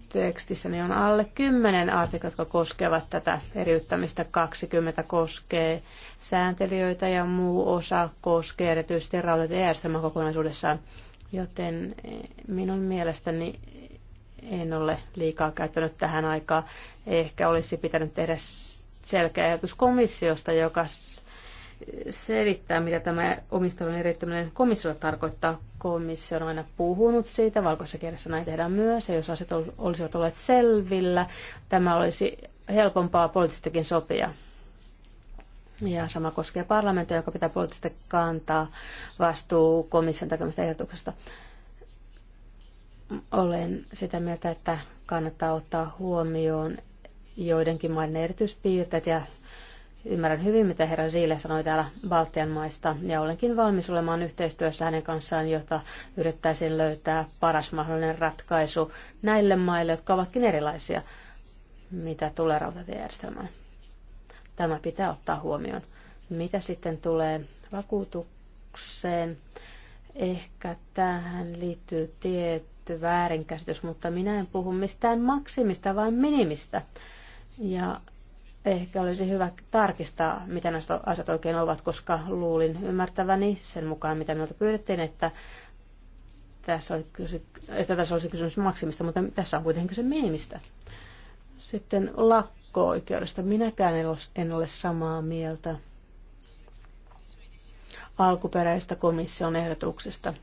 Tekstissäni on alle 10 artikkelia, jotka koskevat tätä eriyttämistä. 20 koskee sääntelijöitä ja muu osa koskee erityisesti rautatiejärjestelmän kokonaisuudessaan. Joten eh, minun mielestäni en ole liikaa käyttänyt tähän aikaan. Ehkä olisi pitänyt tehdä selkeä ajatus komissiosta, joka selittää, mitä tämä omistavan eriyttäminen komissiolle tarkoittaa. Komissio on aina puhunut siitä, valkoisessa kirjassa näin tehdään myös, ja jos asiat olisivat olleet selvillä, tämä olisi helpompaa poliittistakin sopia. Ja sama koskee parlamenttia, joka pitää poliittisesti kantaa vastuu komission tekemistä ehdotuksesta. Olen sitä mieltä, että kannattaa ottaa huomioon joidenkin maiden erityispiirteet ja Ymmärrän hyvin, mitä herra Siile sanoi täällä Baltian maista, ja olenkin valmis olemaan yhteistyössä hänen kanssaan, jotta yrittäisin löytää paras mahdollinen ratkaisu näille maille, jotka ovatkin erilaisia, mitä tulee rautatiejärjestelmään. Tämä pitää ottaa huomioon. Mitä sitten tulee vakuutukseen? Ehkä tähän liittyy tietty väärinkäsitys, mutta minä en puhu mistään maksimista, vaan minimistä. Ja Ehkä olisi hyvä tarkistaa, mitä näistä asiat oikein ovat, koska luulin ymmärtäväni sen mukaan, mitä minulta pyydettiin, että tässä, oli kysy- että tässä olisi kysymys maksimista, mutta tässä on kuitenkin kyse minimistä. Sitten lakko-oikeudesta. Minäkään en ole samaa mieltä alkuperäisestä komission ehdotuksesta.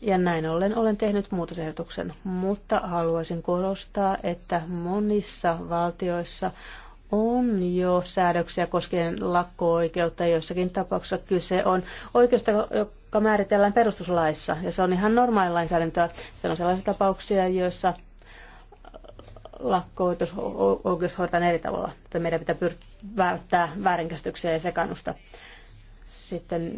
Ja näin ollen olen tehnyt muutosehdotuksen, mutta haluaisin korostaa, että monissa valtioissa on jo säädöksiä koskien lakko-oikeutta. Joissakin tapauksissa kyse on oikeusta, joka määritellään perustuslaissa, ja se on ihan normaali lainsäädäntöä. Sitten on sellaisia tapauksia, joissa lakko-oikeus hoidetaan eri tavalla. Että meidän pitää pyr- välttää väärinkäsityksiä ja sekannusta. Sitten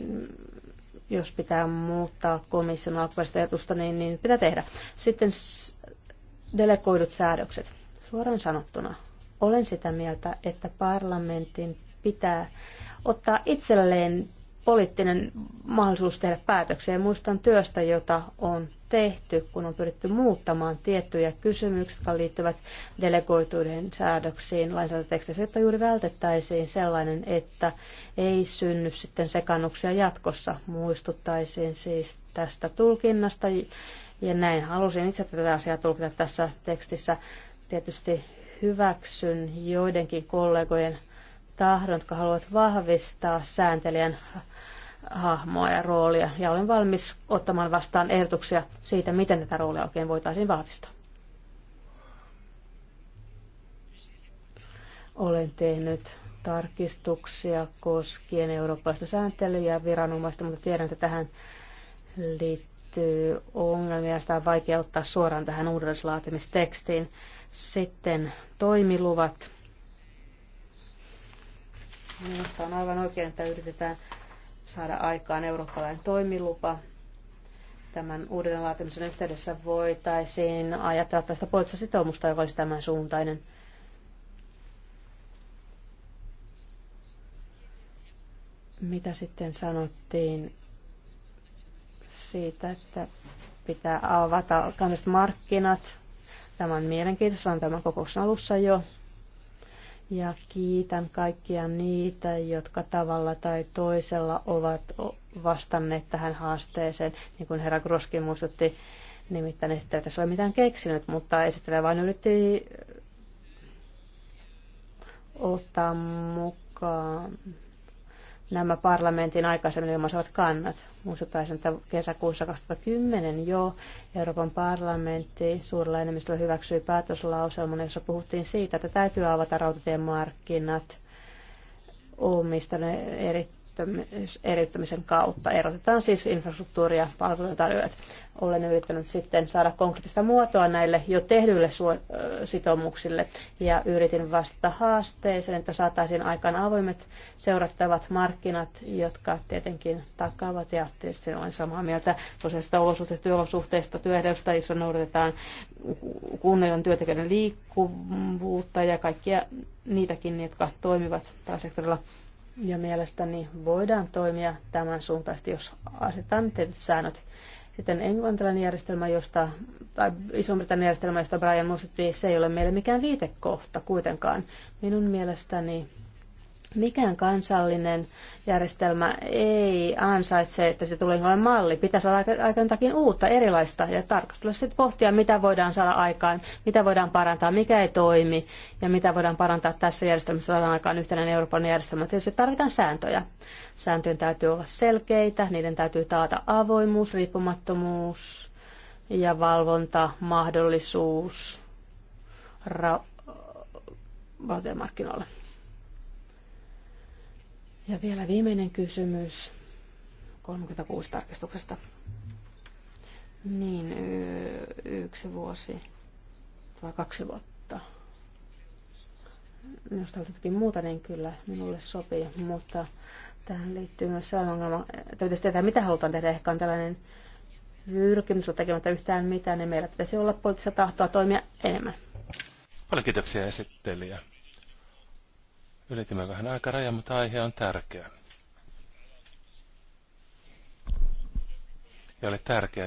jos pitää muuttaa komission alkuperäistä niin, niin pitää tehdä. Sitten delegoidut säädökset. Suoraan sanottuna olen sitä mieltä, että parlamentin pitää ottaa itselleen poliittinen mahdollisuus tehdä päätöksiä. Muistan työstä, jota on tehty, kun on pyritty muuttamaan tiettyjä kysymyksiä, jotka liittyvät delegoituiden säädöksiin lainsäädäntöteksteissä, jotta juuri vältettäisiin sellainen, että ei synny sitten sekannuksia jatkossa. Muistuttaisiin siis tästä tulkinnasta, ja näin halusin itse tätä asiaa tulkita tässä tekstissä. Tietysti hyväksyn joidenkin kollegojen tahdon, jotka haluavat vahvistaa sääntelijän hahmoa ja roolia, ja olen valmis ottamaan vastaan ehdotuksia siitä, miten tätä roolia oikein voitaisiin vahvistaa. Olen tehnyt tarkistuksia koskien eurooppalaista sääntelyä ja viranomaista, mutta tiedän, että tähän liittyy ongelmia ja sitä on vaikea ottaa suoraan tähän uudelleenlaatimistekstiin. Sitten toimiluvat. Minusta on aivan oikein, että yritetään saada aikaan eurooppalainen toimilupa. Tämän uuden laatimisen yhteydessä voitaisiin ajatella tästä poissa sitoumusta, joka olisi tämän suuntainen. Mitä sitten sanottiin siitä, että pitää avata kansalliset markkinat Tämä on mielenkiintoista, on tämän kokouksen alussa jo. Ja kiitän kaikkia niitä, jotka tavalla tai toisella ovat vastanneet tähän haasteeseen. Niin kuin herra Groskin muistutti, nimittäin esittelijä tässä ei ole mitään keksinyt, mutta esittelee vain yritti ottaa mukaan nämä parlamentin aikaisemmin ilmaisevat kannat. Muistuttaisin, että kesäkuussa 2010 jo Euroopan parlamentti suurella enemmistöllä hyväksyi päätöslauselman, jossa puhuttiin siitä, että täytyy avata rautatiemarkkinat omistaneet eri eriyttämisen kautta. Erotetaan siis infrastruktuuri- ja palveluntarjoajat. Olen yrittänyt sitten saada konkreettista muotoa näille jo tehdyille suo- sitoumuksille ja yritin vastata haasteeseen, että saataisiin aikaan avoimet seurattavat markkinat, jotka tietenkin takaavat ja tietysti olen samaa mieltä sosiaalista olosuhteista, työolosuhteista, työehdosta, jossa noudatetaan kunnioitan työntekijöiden liikkuvuutta ja kaikkia niitäkin, jotka toimivat tällä sektorilla ja mielestäni voidaan toimia tämän suuntaisesti, jos asetetaan tietyt säännöt. Sitten englantilainen järjestelmä, josta, tai iso-britannian järjestelmä, josta Brian muistutti, se ei ole meille mikään viitekohta kuitenkaan. Minun mielestäni Mikään kansallinen järjestelmä ei ansaitse, että se tulee olemaan malli. Pitäisi olla aika jotakin uutta, erilaista ja tarkastella sitten pohtia, mitä voidaan saada aikaan, mitä voidaan parantaa, mikä ei toimi ja mitä voidaan parantaa tässä järjestelmässä saadaan aikaan yhtenäinen Euroopan järjestelmä. Tietysti tarvitaan sääntöjä. Sääntöjen täytyy olla selkeitä, niiden täytyy taata avoimuus, riippumattomuus ja valvonta, mahdollisuus ra- valtiomarkkinoilla. Ja vielä viimeinen kysymys 36 tarkistuksesta. Niin, yksi vuosi vai kaksi vuotta. Jos jotakin muuta, niin kyllä minulle sopii, mutta tähän liittyy myös sellainen ongelma, että tietää, mitä halutaan tehdä. Ehkä on tällainen pyrkimys tekemättä yhtään mitään, niin meillä pitäisi olla poliittista tahtoa toimia enemmän. Paljon kiitoksia esittelijä. Ylitimme vähän aikaraja, mutta aihe on tärkeä. Ja oli tärkeää,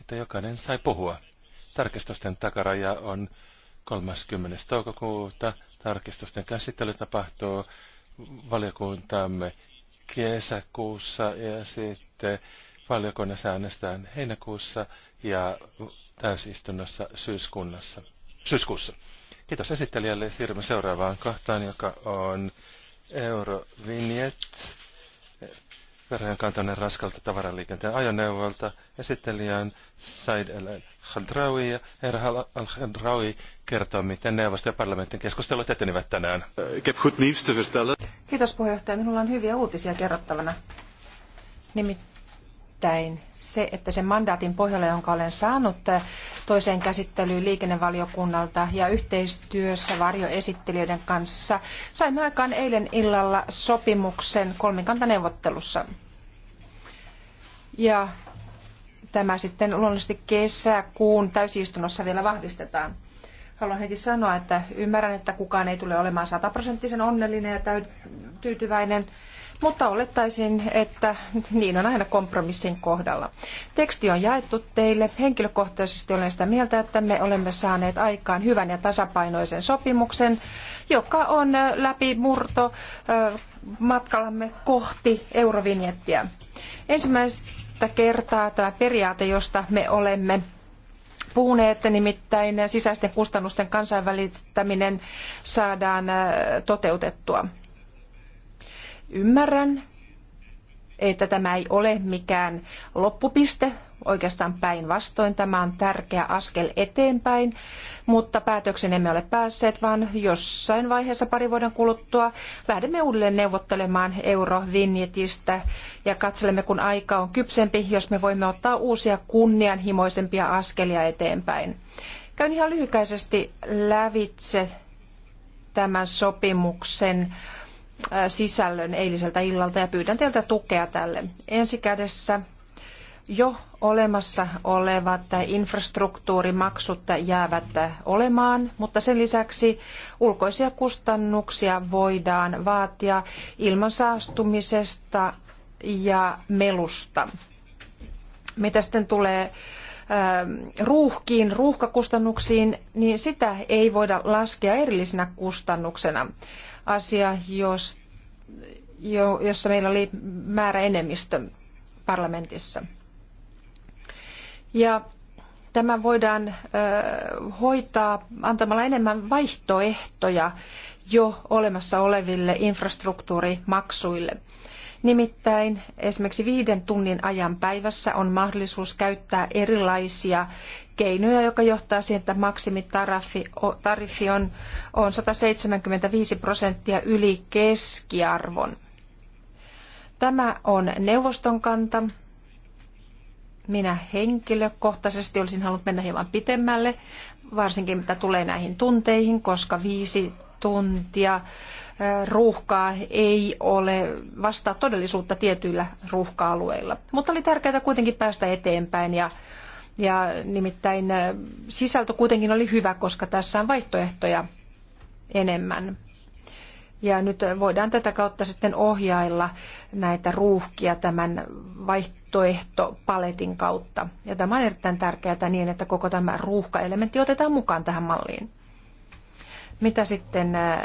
että jokainen sai puhua. Tarkistusten takaraja on 30. toukokuuta. Tarkistusten käsittely tapahtuu valiokuntamme kesäkuussa ja sitten valiokunnassa äänestään heinäkuussa ja täysistunnossa syyskunnassa, syyskuussa. Kiitos esittelijälle. Siirrymme seuraavaan kahtaan, joka on Eurovignet. Verhojen kantainen raskalta tavaraliikenteen ajoneuvolta. Esittelijän Said El Khadraoui ja Erhal Al Khadraoui kertoo, miten neuvosto ja parlamentin keskustelut etenivät tänään. Eh, Kiitos puheenjohtaja. Minulla on hyviä uutisia kerrottavana. Nimittäin nimittäin se, että sen mandaatin pohjalle, jonka olen saanut eh, toiseen käsittelyyn liikennevaliokunnalta ja yhteistyössä varjoesittelijöiden kanssa, saimme aikaan eilen illalla sopimuksen kolmikantaneuvottelussa. Ja tämä sitten luonnollisesti kesäkuun täysistunnossa vielä vahvistetaan. Haluan heti sanoa, että ymmärrän, että kukaan ei tule olemaan sataprosenttisen onnellinen ja täy- tyytyväinen mutta olettaisin, että niin on aina kompromissin kohdalla. Teksti on jaettu teille. Henkilökohtaisesti olen sitä mieltä, että me olemme saaneet aikaan hyvän ja tasapainoisen sopimuksen, joka on läpimurto matkallamme kohti eurovinjettiä. Ensimmäistä kertaa tämä periaate, josta me olemme puhuneet, nimittäin sisäisten kustannusten kansainvälistäminen saadaan toteutettua. Ymmärrän, että tämä ei ole mikään loppupiste, oikeastaan päinvastoin tämä on tärkeä askel eteenpäin, mutta päätöksen emme ole päässeet, vaan jossain vaiheessa pari vuoden kuluttua lähdemme uudelleen neuvottelemaan eurovinjetistä ja katselemme, kun aika on kypsempi, jos me voimme ottaa uusia kunnianhimoisempia askelia eteenpäin. Käyn ihan lyhykäisesti lävitse tämän sopimuksen sisällön eiliseltä illalta ja pyydän teiltä tukea tälle. kädessä jo olemassa olevat infrastruktuurimaksut jäävät olemaan, mutta sen lisäksi ulkoisia kustannuksia voidaan vaatia ilmansaastumisesta ja melusta. Mitä sitten tulee ruuhkiin, ruuhkakustannuksiin, niin sitä ei voida laskea erillisenä kustannuksena asia, jos, jo, jossa meillä oli määrä enemmistö parlamentissa. Ja tämä voidaan hoitaa antamalla enemmän vaihtoehtoja jo olemassa oleville infrastruktuurimaksuille. Nimittäin esimerkiksi viiden tunnin ajan päivässä on mahdollisuus käyttää erilaisia keinoja, joka johtaa siihen, että maksimitariffi on, on 175 prosenttia yli keskiarvon. Tämä on neuvoston kanta. Minä henkilökohtaisesti olisin halunnut mennä hieman pitemmälle, varsinkin mitä tulee näihin tunteihin, koska viisi tuntia ruuhkaa ei ole vastaa todellisuutta tietyillä ruuhka-alueilla. Mutta oli tärkeää kuitenkin päästä eteenpäin ja, ja nimittäin sisältö kuitenkin oli hyvä, koska tässä on vaihtoehtoja enemmän. Ja nyt voidaan tätä kautta sitten ohjailla näitä ruuhkia tämän vaihtoehtopaletin kautta. Ja tämä on erittäin tärkeää niin, että koko tämä ruuhkaelementti otetaan mukaan tähän malliin. Mitä sitten äh,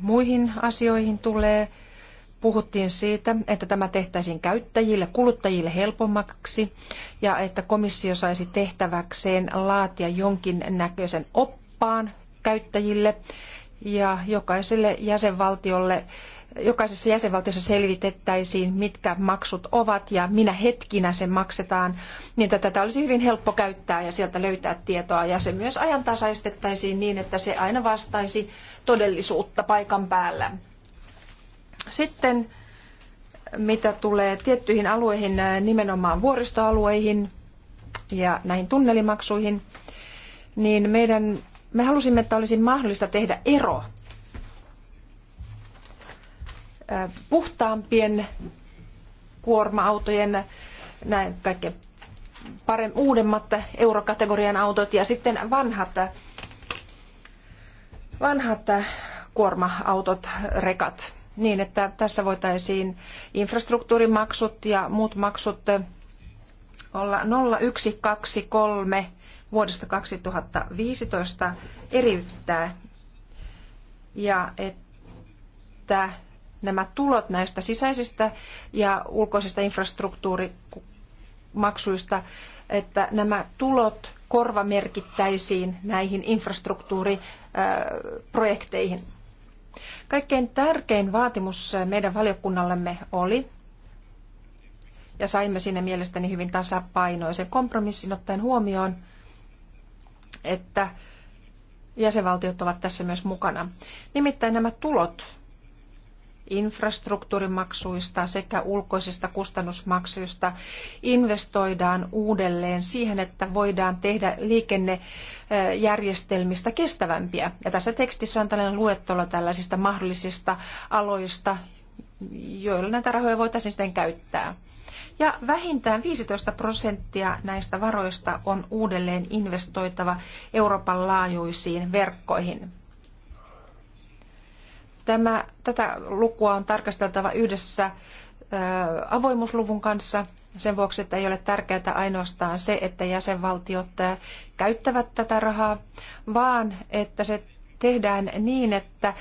muihin asioihin tulee, puhuttiin siitä, että tämä tehtäisiin käyttäjille, kuluttajille helpommaksi ja että komissio saisi tehtäväkseen laatia jonkin näköisen oppaan käyttäjille ja jokaiselle jäsenvaltiolle jokaisessa jäsenvaltiossa selvitettäisiin, mitkä maksut ovat ja minä hetkinä se maksetaan, niin että tätä olisi hyvin helppo käyttää ja sieltä löytää tietoa. Ja se myös ajantasaistettaisiin niin, että se aina vastaisi todellisuutta paikan päällä. Sitten mitä tulee tiettyihin alueihin, nimenomaan vuoristoalueihin ja näihin tunnelimaksuihin, niin meidän, me halusimme, että olisi mahdollista tehdä ero puhtaampien kuorma-autojen, näin kaikkein parem, uudemmat eurokategorian autot ja sitten vanhat, vanhat kuorma-autot, rekat. Niin, että tässä voitaisiin infrastruktuurimaksut ja muut maksut olla 0123 vuodesta 2015 eriyttää ja että nämä tulot näistä sisäisistä ja ulkoisista infrastruktuurimaksuista, että nämä tulot korvamerkittäisiin näihin infrastruktuuriprojekteihin. Kaikkein tärkein vaatimus meidän valiokunnallemme oli, ja saimme sinne mielestäni hyvin tasapainoisen kompromissin ottaen huomioon, että jäsenvaltiot ovat tässä myös mukana. Nimittäin nämä tulot infrastruktuurimaksuista sekä ulkoisista kustannusmaksuista investoidaan uudelleen siihen, että voidaan tehdä liikennejärjestelmistä kestävämpiä. Ja tässä tekstissä on tällainen luettelo tällaisista mahdollisista aloista, joilla näitä rahoja voitaisiin sitten käyttää. Ja vähintään 15 prosenttia näistä varoista on uudelleen investoitava Euroopan laajuisiin verkkoihin. Tämä, tätä lukua on tarkasteltava yhdessä avoimuusluvun kanssa sen vuoksi, että ei ole tärkeää ainoastaan se, että jäsenvaltiot käyttävät tätä rahaa, vaan että se tehdään niin, että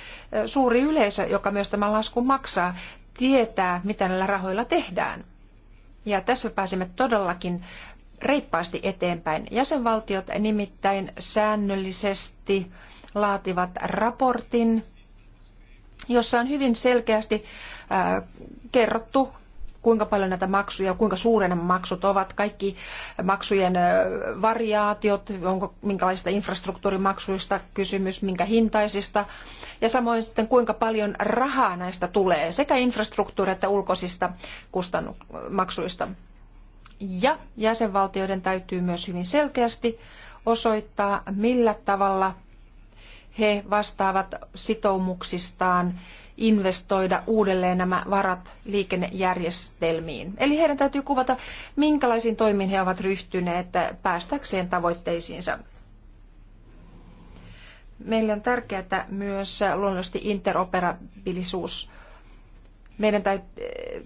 suuri yleisö, joka myös tämän laskun maksaa, tietää, mitä näillä rahoilla tehdään. Ja tässä pääsimme todellakin reippaasti eteenpäin. Jäsenvaltiot nimittäin säännöllisesti laativat raportin jossa on hyvin selkeästi kerrottu, kuinka paljon näitä maksuja, kuinka suurena maksut ovat, kaikki maksujen variaatiot, onko minkälaisista infrastruktuurimaksuista kysymys, minkä hintaisista, ja samoin sitten kuinka paljon rahaa näistä tulee, sekä infrastruktuuri- että ulkoisista kustannu- maksuista. Ja jäsenvaltioiden täytyy myös hyvin selkeästi osoittaa, millä tavalla he vastaavat sitoumuksistaan investoida uudelleen nämä varat liikennejärjestelmiin. Eli heidän täytyy kuvata, minkälaisiin toimiin he ovat ryhtyneet päästäkseen tavoitteisiinsa. Meille on tärkeää myös luonnollisesti interoperabilisuus. Meidän täytyy,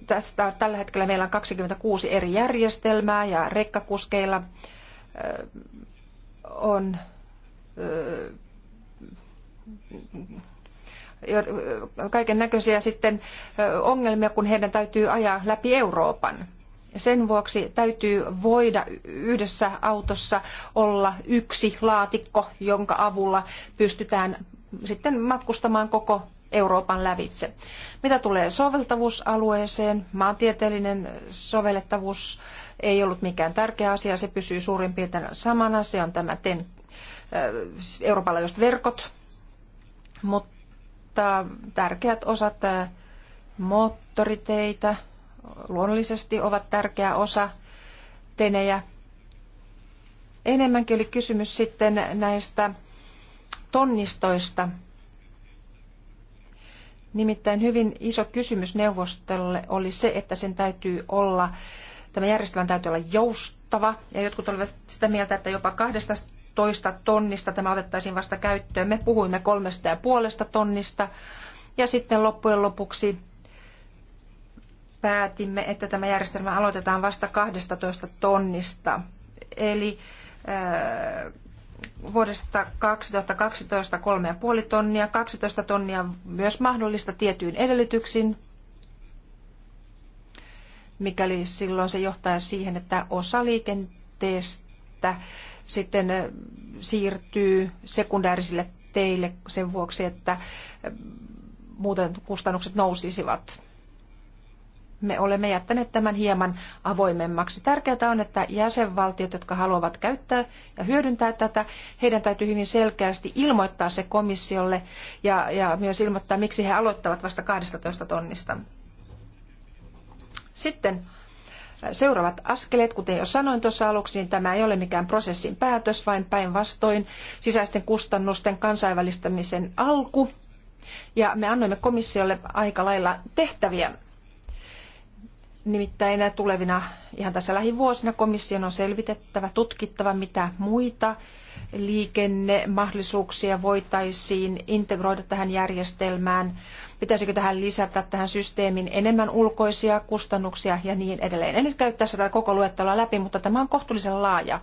tästä, tällä hetkellä meillä on 26 eri järjestelmää ja rekkakuskeilla on kaiken näköisiä sitten ongelmia, kun heidän täytyy ajaa läpi Euroopan. Sen vuoksi täytyy voida yhdessä autossa olla yksi laatikko, jonka avulla pystytään sitten matkustamaan koko Euroopan lävitse. Mitä tulee soveltavuusalueeseen, maantieteellinen sovellettavuus ei ollut mikään tärkeä asia, se pysyy suurin piirtein samana. Se on tämä TEN Euroopan laajuiset verkot, mutta tärkeät osat moottoriteitä luonnollisesti ovat tärkeä osa tenejä. Enemmänkin oli kysymys sitten näistä tonnistoista. Nimittäin hyvin iso kysymys neuvostolle oli se, että sen täytyy olla, tämä järjestelmän täytyy olla joustava. Ja jotkut olivat sitä mieltä, että jopa 200 toista tonnista tämä otettaisiin vasta käyttöön. Me puhuimme kolmesta ja puolesta tonnista ja sitten loppujen lopuksi päätimme, että tämä järjestelmä aloitetaan vasta 12 tonnista. Eli äh, vuodesta 2012 3,5 tonnia, 12 tonnia myös mahdollista tietyin edellytyksin, mikäli silloin se johtaa siihen, että osa liikenteestä sitten äh, siirtyy sekundäärisille teille sen vuoksi, että äh, muuten kustannukset nousisivat. Me olemme jättäneet tämän hieman avoimemmaksi. Tärkeää on, että jäsenvaltiot, jotka haluavat käyttää ja hyödyntää tätä, heidän täytyy hyvin selkeästi ilmoittaa se komissiolle ja, ja myös ilmoittaa, miksi he aloittavat vasta 12 tonnista. Sitten seuraavat askeleet, kuten jo sanoin tuossa aluksi, niin tämä ei ole mikään prosessin päätös, vaan päinvastoin sisäisten kustannusten kansainvälistämisen alku. Ja me annoimme komissiolle aika lailla tehtäviä. Nimittäin tulevina ihan tässä lähivuosina komission on selvitettävä, tutkittava, mitä muita liikennemahdollisuuksia voitaisiin integroida tähän järjestelmään? Pitäisikö tähän lisätä tähän systeemin enemmän ulkoisia kustannuksia ja niin edelleen? En nyt käy tässä tätä koko luettelua läpi, mutta tämä on kohtuullisen laaja.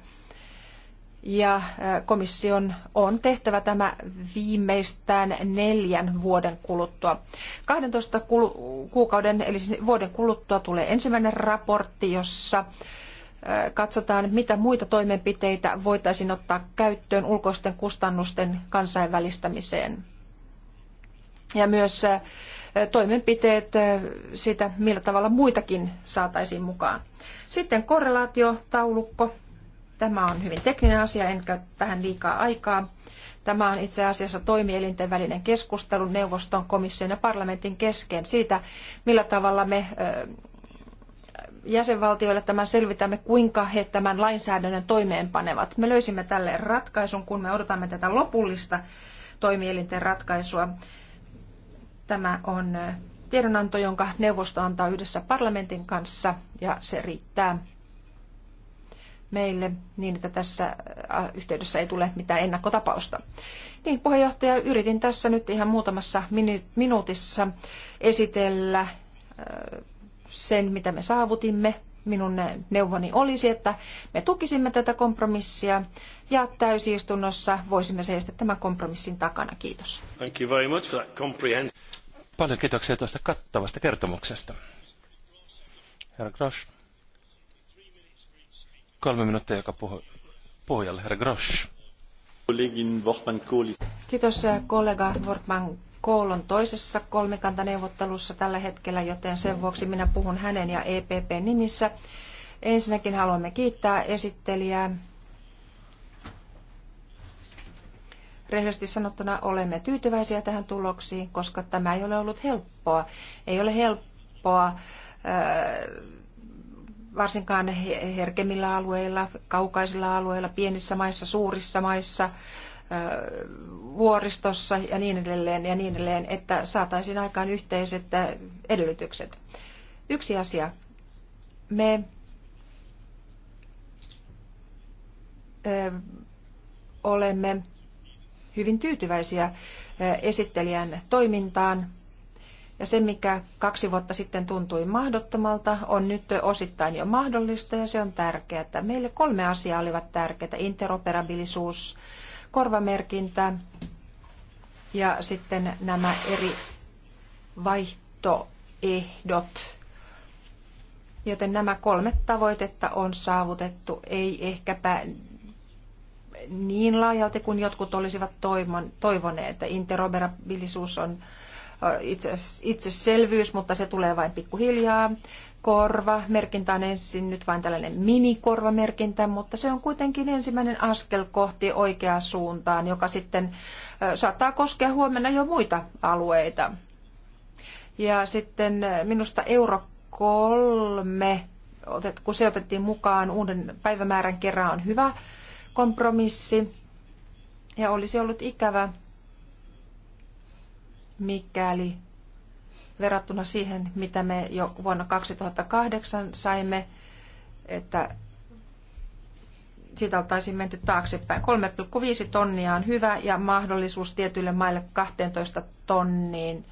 Ja komission on tehtävä tämä viimeistään neljän vuoden kuluttua. 12 kuukauden eli siis vuoden kuluttua tulee ensimmäinen raportti, jossa katsotaan, mitä muita toimenpiteitä voitaisiin ottaa käyttöön ulkoisten kustannusten kansainvälistämiseen. Ja myös toimenpiteet siitä, millä tavalla muitakin saataisiin mukaan. Sitten korrelaatiotaulukko. Tämä on hyvin tekninen asia, en käy tähän liikaa aikaa. Tämä on itse asiassa toimielinten välinen keskustelu neuvoston, komission ja parlamentin kesken siitä, millä tavalla me jäsenvaltioille tämän selvitämme, kuinka he tämän lainsäädännön toimeenpanevat. Me löysimme tälle ratkaisun, kun me odotamme tätä lopullista toimielinten ratkaisua. Tämä on tiedonanto, jonka neuvosto antaa yhdessä parlamentin kanssa ja se riittää meille niin, että tässä yhteydessä ei tule mitään ennakkotapausta. Niin, puheenjohtaja, yritin tässä nyt ihan muutamassa minuutissa esitellä sen, mitä me saavutimme. Minun neuvoni olisi, että me tukisimme tätä kompromissia ja täysistunnossa voisimme seistä tämän kompromissin takana. Kiitos. Thank you very much for that comprehensive... Paljon kiitoksia tuosta kattavasta kertomuksesta. Herra Grosch. Kolme minuuttia, joka puhujalle. Herra Grosch. Kiitos kollega Wortman on toisessa kolmikantaneuvottelussa tällä hetkellä, joten sen vuoksi minä puhun hänen ja EPP nimissä. Ensinnäkin haluamme kiittää esittelijää. Rehellisesti sanottuna olemme tyytyväisiä tähän tuloksiin, koska tämä ei ole ollut helppoa. Ei ole helppoa äh, varsinkaan herkemmillä alueilla, kaukaisilla alueilla, pienissä maissa, suurissa maissa – vuoristossa ja niin edelleen ja niin edelleen, että saataisiin aikaan yhteiset edellytykset. Yksi asia. Me olemme hyvin tyytyväisiä esittelijän toimintaan. Ja se, mikä kaksi vuotta sitten tuntui mahdottomalta, on nyt osittain jo mahdollista ja se on tärkeää. Meille kolme asiaa olivat tärkeitä. Interoperabilisuus, korvamerkintä ja sitten nämä eri vaihtoehdot. Joten nämä kolme tavoitetta on saavutettu, ei ehkäpä niin laajalti kuin jotkut olisivat toivoneet. Interoperabilisuus on itse selvyys, mutta se tulee vain pikkuhiljaa korvamerkintä on ensin nyt vain tällainen minikorvamerkintä, mutta se on kuitenkin ensimmäinen askel kohti oikeaa suuntaan, joka sitten saattaa koskea huomenna jo muita alueita. Ja sitten minusta euro kolme, kun se otettiin mukaan uuden päivämäärän kerran, on hyvä kompromissi. Ja olisi ollut ikävä, mikäli verrattuna siihen, mitä me jo vuonna 2008 saimme, että siitä oltaisiin menty taaksepäin. 3,5 tonnia on hyvä ja mahdollisuus tietyille maille 12 tonniin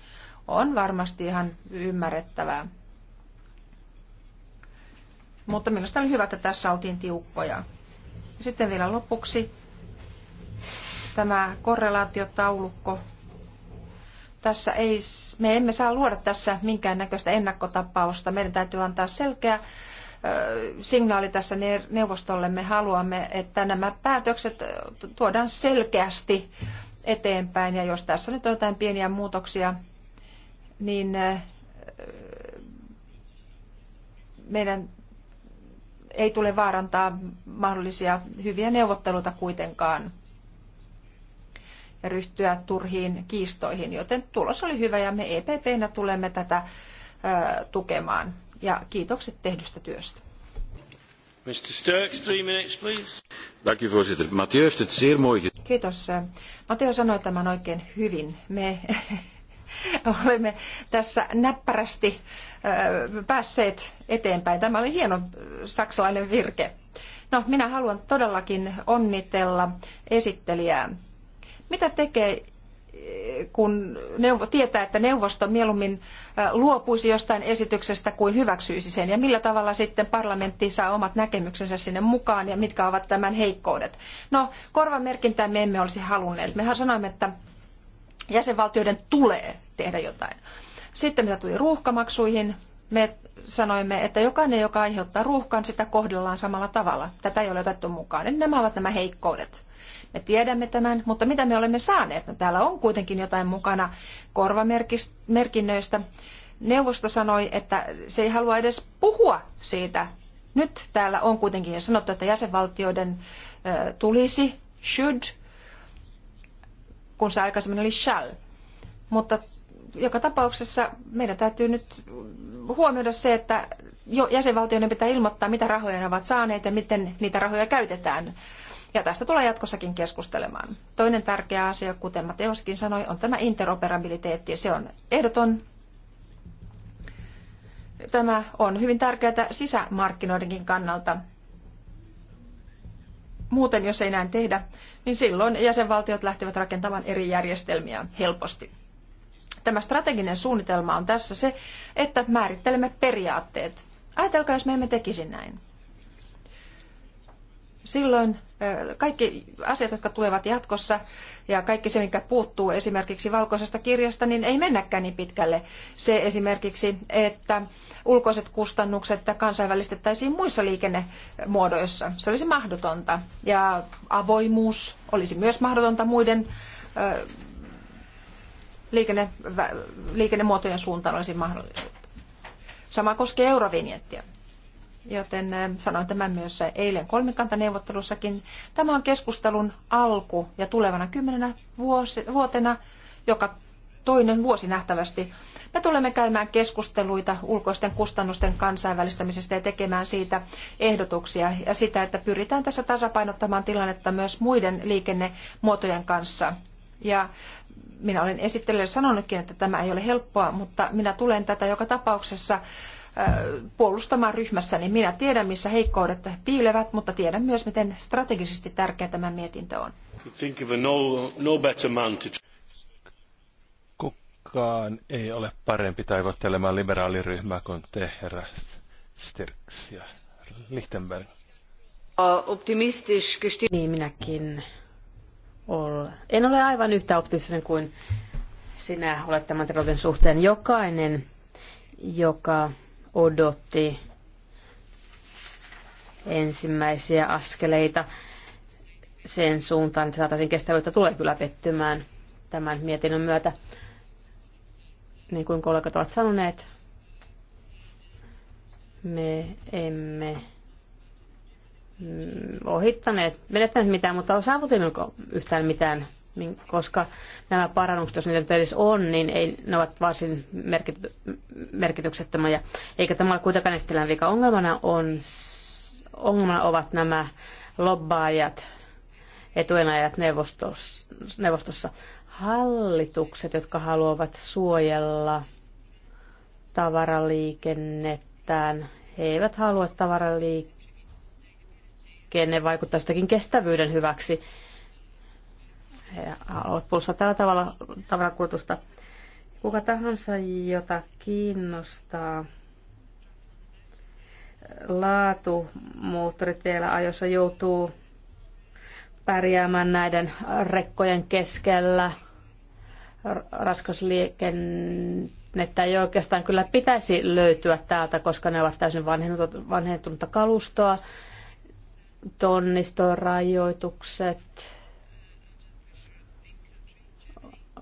on varmasti ihan ymmärrettävää. Mutta mielestäni oli hyvä, että tässä oltiin tiukkoja. Sitten vielä lopuksi tämä korrelaatiotaulukko tässä ei, me emme saa luoda tässä minkäännäköistä ennakkotapausta. Meidän täytyy antaa selkeä signaali tässä neuvostolle. Me haluamme, että nämä päätökset tuodaan selkeästi eteenpäin. Ja jos tässä nyt on jotain pieniä muutoksia, niin meidän ei tule vaarantaa mahdollisia hyviä neuvotteluita kuitenkaan ryhtyä turhiin kiistoihin, joten tulos oli hyvä ja me EPPnä tulemme tätä tukemaan. Ja kiitokset tehdystä työstä. Mr. Sturks, three minutes, please. Dank u, voorzitter. Mathieu heeft het zeer mooi Kiitos. Mateo sanoi tämän oikein hyvin. Me olemme tässä näppärästi päässeet eteenpäin. Tämä oli hieno saksalainen virke. No, minä haluan todellakin onnitella esittelijää. Mitä tekee, eh, kun neuvo, tietää, että neuvosto mieluummin eh, luopuisi jostain esityksestä kuin hyväksyisi sen? Ja millä tavalla sitten parlamentti saa omat näkemyksensä sinne mukaan ja mitkä ovat tämän heikkoudet? No, korvamerkintää me emme olisi halunneet. Mehän sanoimme, että jäsenvaltioiden tulee tehdä jotain. Sitten mitä tuli ruuhkamaksuihin, me sanoimme, että jokainen, joka aiheuttaa ruuhkan, sitä kohdellaan samalla tavalla. Tätä ei ole otettu mukaan. nämä ovat nämä heikkoudet. Me tiedämme tämän, mutta mitä me olemme saaneet? No, täällä on kuitenkin jotain mukana korvamerkinnöistä. Neuvosto sanoi, että se ei halua edes puhua siitä. Nyt täällä on kuitenkin jo sanottu, että jäsenvaltioiden tulisi, should, kun se aikaisemmin oli shall. Mutta joka tapauksessa meidän täytyy nyt huomioida se, että jo jäsenvaltioiden pitää ilmoittaa, mitä rahoja ne ovat saaneet ja miten niitä rahoja käytetään. Ja tästä tulee jatkossakin keskustelemaan. Toinen tärkeä asia, kuten Mateoskin sanoi, on tämä interoperabiliteetti. Se on ehdoton. Tämä on hyvin tärkeää sisämarkkinoidenkin kannalta. Muuten, jos ei näin tehdä, niin silloin jäsenvaltiot lähtevät rakentamaan eri järjestelmiä helposti. Tämä strateginen suunnitelma on tässä se, että määrittelemme periaatteet. Ajatelkaa, jos me emme tekisi näin silloin kaikki asiat, jotka tulevat jatkossa ja kaikki se, mikä puuttuu esimerkiksi valkoisesta kirjasta, niin ei mennäkään niin pitkälle. Se esimerkiksi, että ulkoiset kustannukset kansainvälistettäisiin muissa liikennemuodoissa. Se olisi mahdotonta. Ja avoimuus olisi myös mahdotonta muiden liikenne, liikennemuotojen suuntaan olisi mahdollisuutta. Sama koskee eurovinjettiä joten eh, sanoin tämän myös eilen kolmikantaneuvottelussakin. Tämä on keskustelun alku ja tulevana kymmenenä vuosi, vuotena, joka toinen vuosi nähtävästi, me tulemme käymään keskusteluita ulkoisten kustannusten kansainvälistämisestä ja tekemään siitä ehdotuksia ja sitä, että pyritään tässä tasapainottamaan tilannetta myös muiden liikennemuotojen kanssa. Ja minä olen esittelijälle sanonutkin, että tämä ei ole helppoa, mutta minä tulen tätä joka tapauksessa puolustamaan ryhmässä, niin minä tiedän, missä heikkoudet piilevät, mutta tiedän myös, miten strategisesti tärkeä tämä mietintö on. No, no Kukaan ei ole parempi taivottelemaan liberaaliryhmää kuin te, herra Stirks ja Lichtenberg. Niin minäkin olen. En ole aivan yhtä optimistinen kuin sinä olet tämän terveyden suhteen. Jokainen, joka odotti ensimmäisiä askeleita sen suuntaan, että saataisiin kestävyyttä tulee kyllä pettymään tämän mietinnön myötä. Niin kuin kollegat ovat sanoneet, me emme mm, ohittaneet, menettäneet mitään, mutta saavutimmeko yhtään mitään koska nämä parannukset, jos niitä edes on, niin ei, ne ovat varsin merkity, merkityksettömiä. Eikä tämä ole kuitenkaan estilän vika. Ongelmana, on, ongelmana ovat nämä lobbaajat, etuenajat neuvostossa, neuvostossa. Hallitukset, jotka haluavat suojella tavaraliikennettään, he eivät halua tavaraliikenne vaikuttaa sitäkin kestävyyden hyväksi he haluavat puolustaa tällä tavalla tavarakulutusta. Kuka tahansa, jota kiinnostaa laatu moottoriteillä ajossa joutuu pärjäämään näiden rekkojen keskellä. Raskas liikennettä ei oikeastaan kyllä pitäisi löytyä täältä, koska ne ovat täysin vanhentunutta kalustoa, tonnistorajoitukset,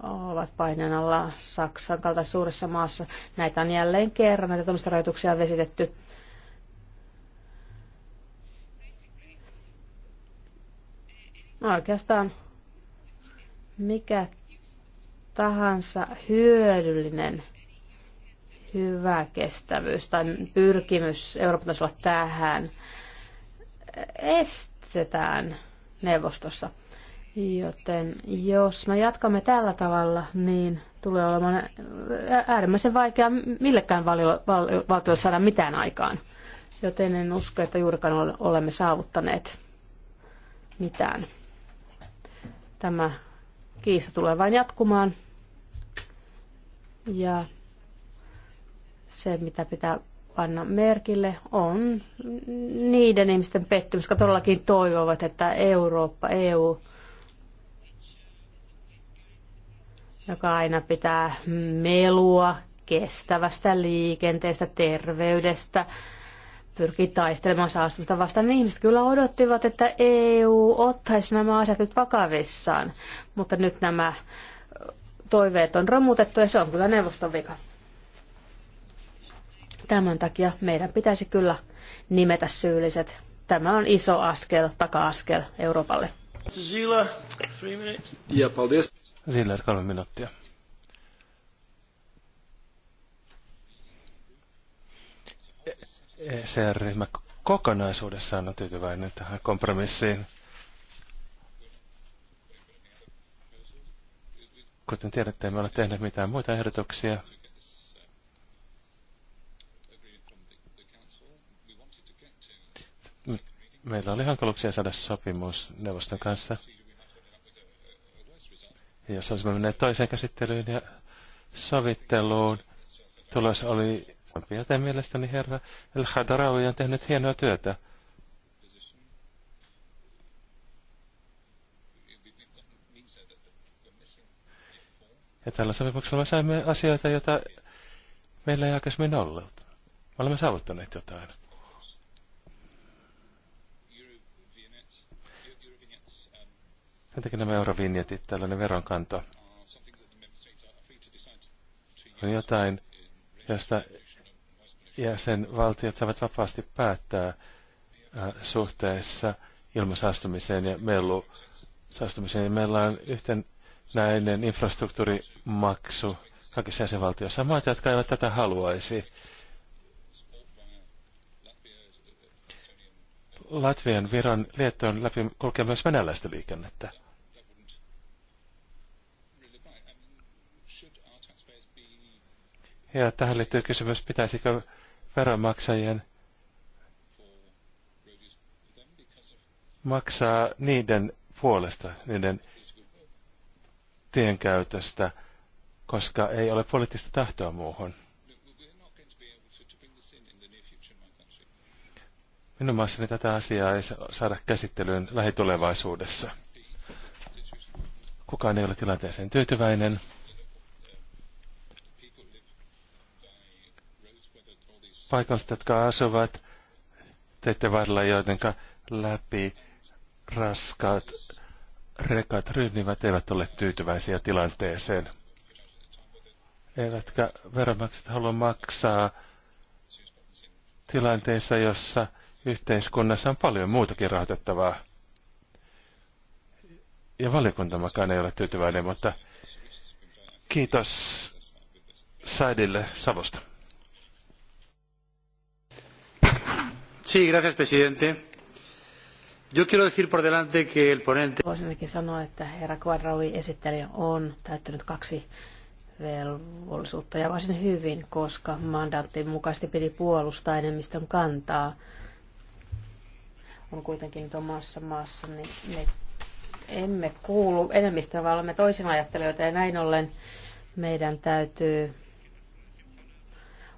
ovat paineen alla Saksan kaltaisessa suuressa maassa. Näitä on jälleen kerran, näitä tuollaista rajoituksia on vesitetty. No oikeastaan mikä tahansa hyödyllinen hyvä kestävyys tai pyrkimys Euroopan tasolla tähän estetään neuvostossa. Joten jos me jatkamme tällä tavalla, niin tulee olemaan äärimmäisen vaikea millekään valio, val, valtiolle saada mitään aikaan. Joten en usko, että juurikaan olemme saavuttaneet mitään. Tämä kiista tulee vain jatkumaan. Ja se, mitä pitää panna merkille, on niiden ihmisten pettymys, jotka todellakin toivovat, että Eurooppa, EU joka aina pitää melua kestävästä liikenteestä, terveydestä, pyrkii taistelemaan saastusta vastaan, niin ihmiset kyllä odottivat, että EU ottaisi nämä asiat nyt vakavissaan. Mutta nyt nämä toiveet on romutettu ja se on kyllä neuvoston vika. Tämän takia meidän pitäisi kyllä nimetä syylliset. Tämä on iso askel, taka-askel Euroopalle. Zila, three minutes. Ziller, kolme minuuttia. ECR-ryhmä e kokonaisuudessaan on tyytyväinen tähän kompromissiin. Kuten tiedätte, emme ole tehneet mitään muita ehdotuksia. Meillä oli hankaluuksia saada sopimus neuvoston kanssa. Ja jos olisimme menneet toiseen käsittelyyn ja sovitteluun, tulos oli joten mielestäni herra El Hadraoui on tehnyt hienoa työtä. Ja tällä sopimuksella me saimme asioita, joita meillä ei aikaisemmin ollut. Me olemme saavuttaneet jotain. Sen takia nämä eurovinjetit, tällainen veronkanto, on jotain, josta jäsenvaltiot saavat vapaasti päättää äh, suhteessa ilmasaastumiseen ja melu saastumiseen. Meillä on yhtenäinen infrastruktuurimaksu kaikissa jäsenvaltioissa. Maat, jotka eivät tätä haluaisi. Latvian, Viron, lietton läpi kulkee myös venäläistä liikennettä. Ja tähän liittyy kysymys, pitäisikö veronmaksajien maksaa niiden puolesta, niiden tienkäytöstä, koska ei ole poliittista tahtoa muuhun. Minun maassani tätä asiaa ei saada käsittelyyn lähitulevaisuudessa. Kukaan ei ole tilanteeseen tyytyväinen. paikallista, jotka asuvat teiden varrella, joiden läpi raskaat rekat ryhmivät, eivät ole tyytyväisiä tilanteeseen. Eivätkä veronmaksajat halua maksaa tilanteessa, jossa yhteiskunnassa on paljon muutakin rahoitettavaa. Ja valiokuntamakaan ei ole tyytyväinen, mutta kiitos Saidille Savosta. señor presidente yo quiero decir por delante que el ponente. voisimmekin sanoa että herra Quadraui esittelijä on täyttänyt kaksi velvollisuutta ja varsin hyvin, koska mandaattin mukaisesti piti puolustaa enemmistön kantaa. On kuitenkin omassa maassa, niin me emme kuulu enemmistöön, vaan olemme toisin ajattelijoita ja näin ollen meidän täytyy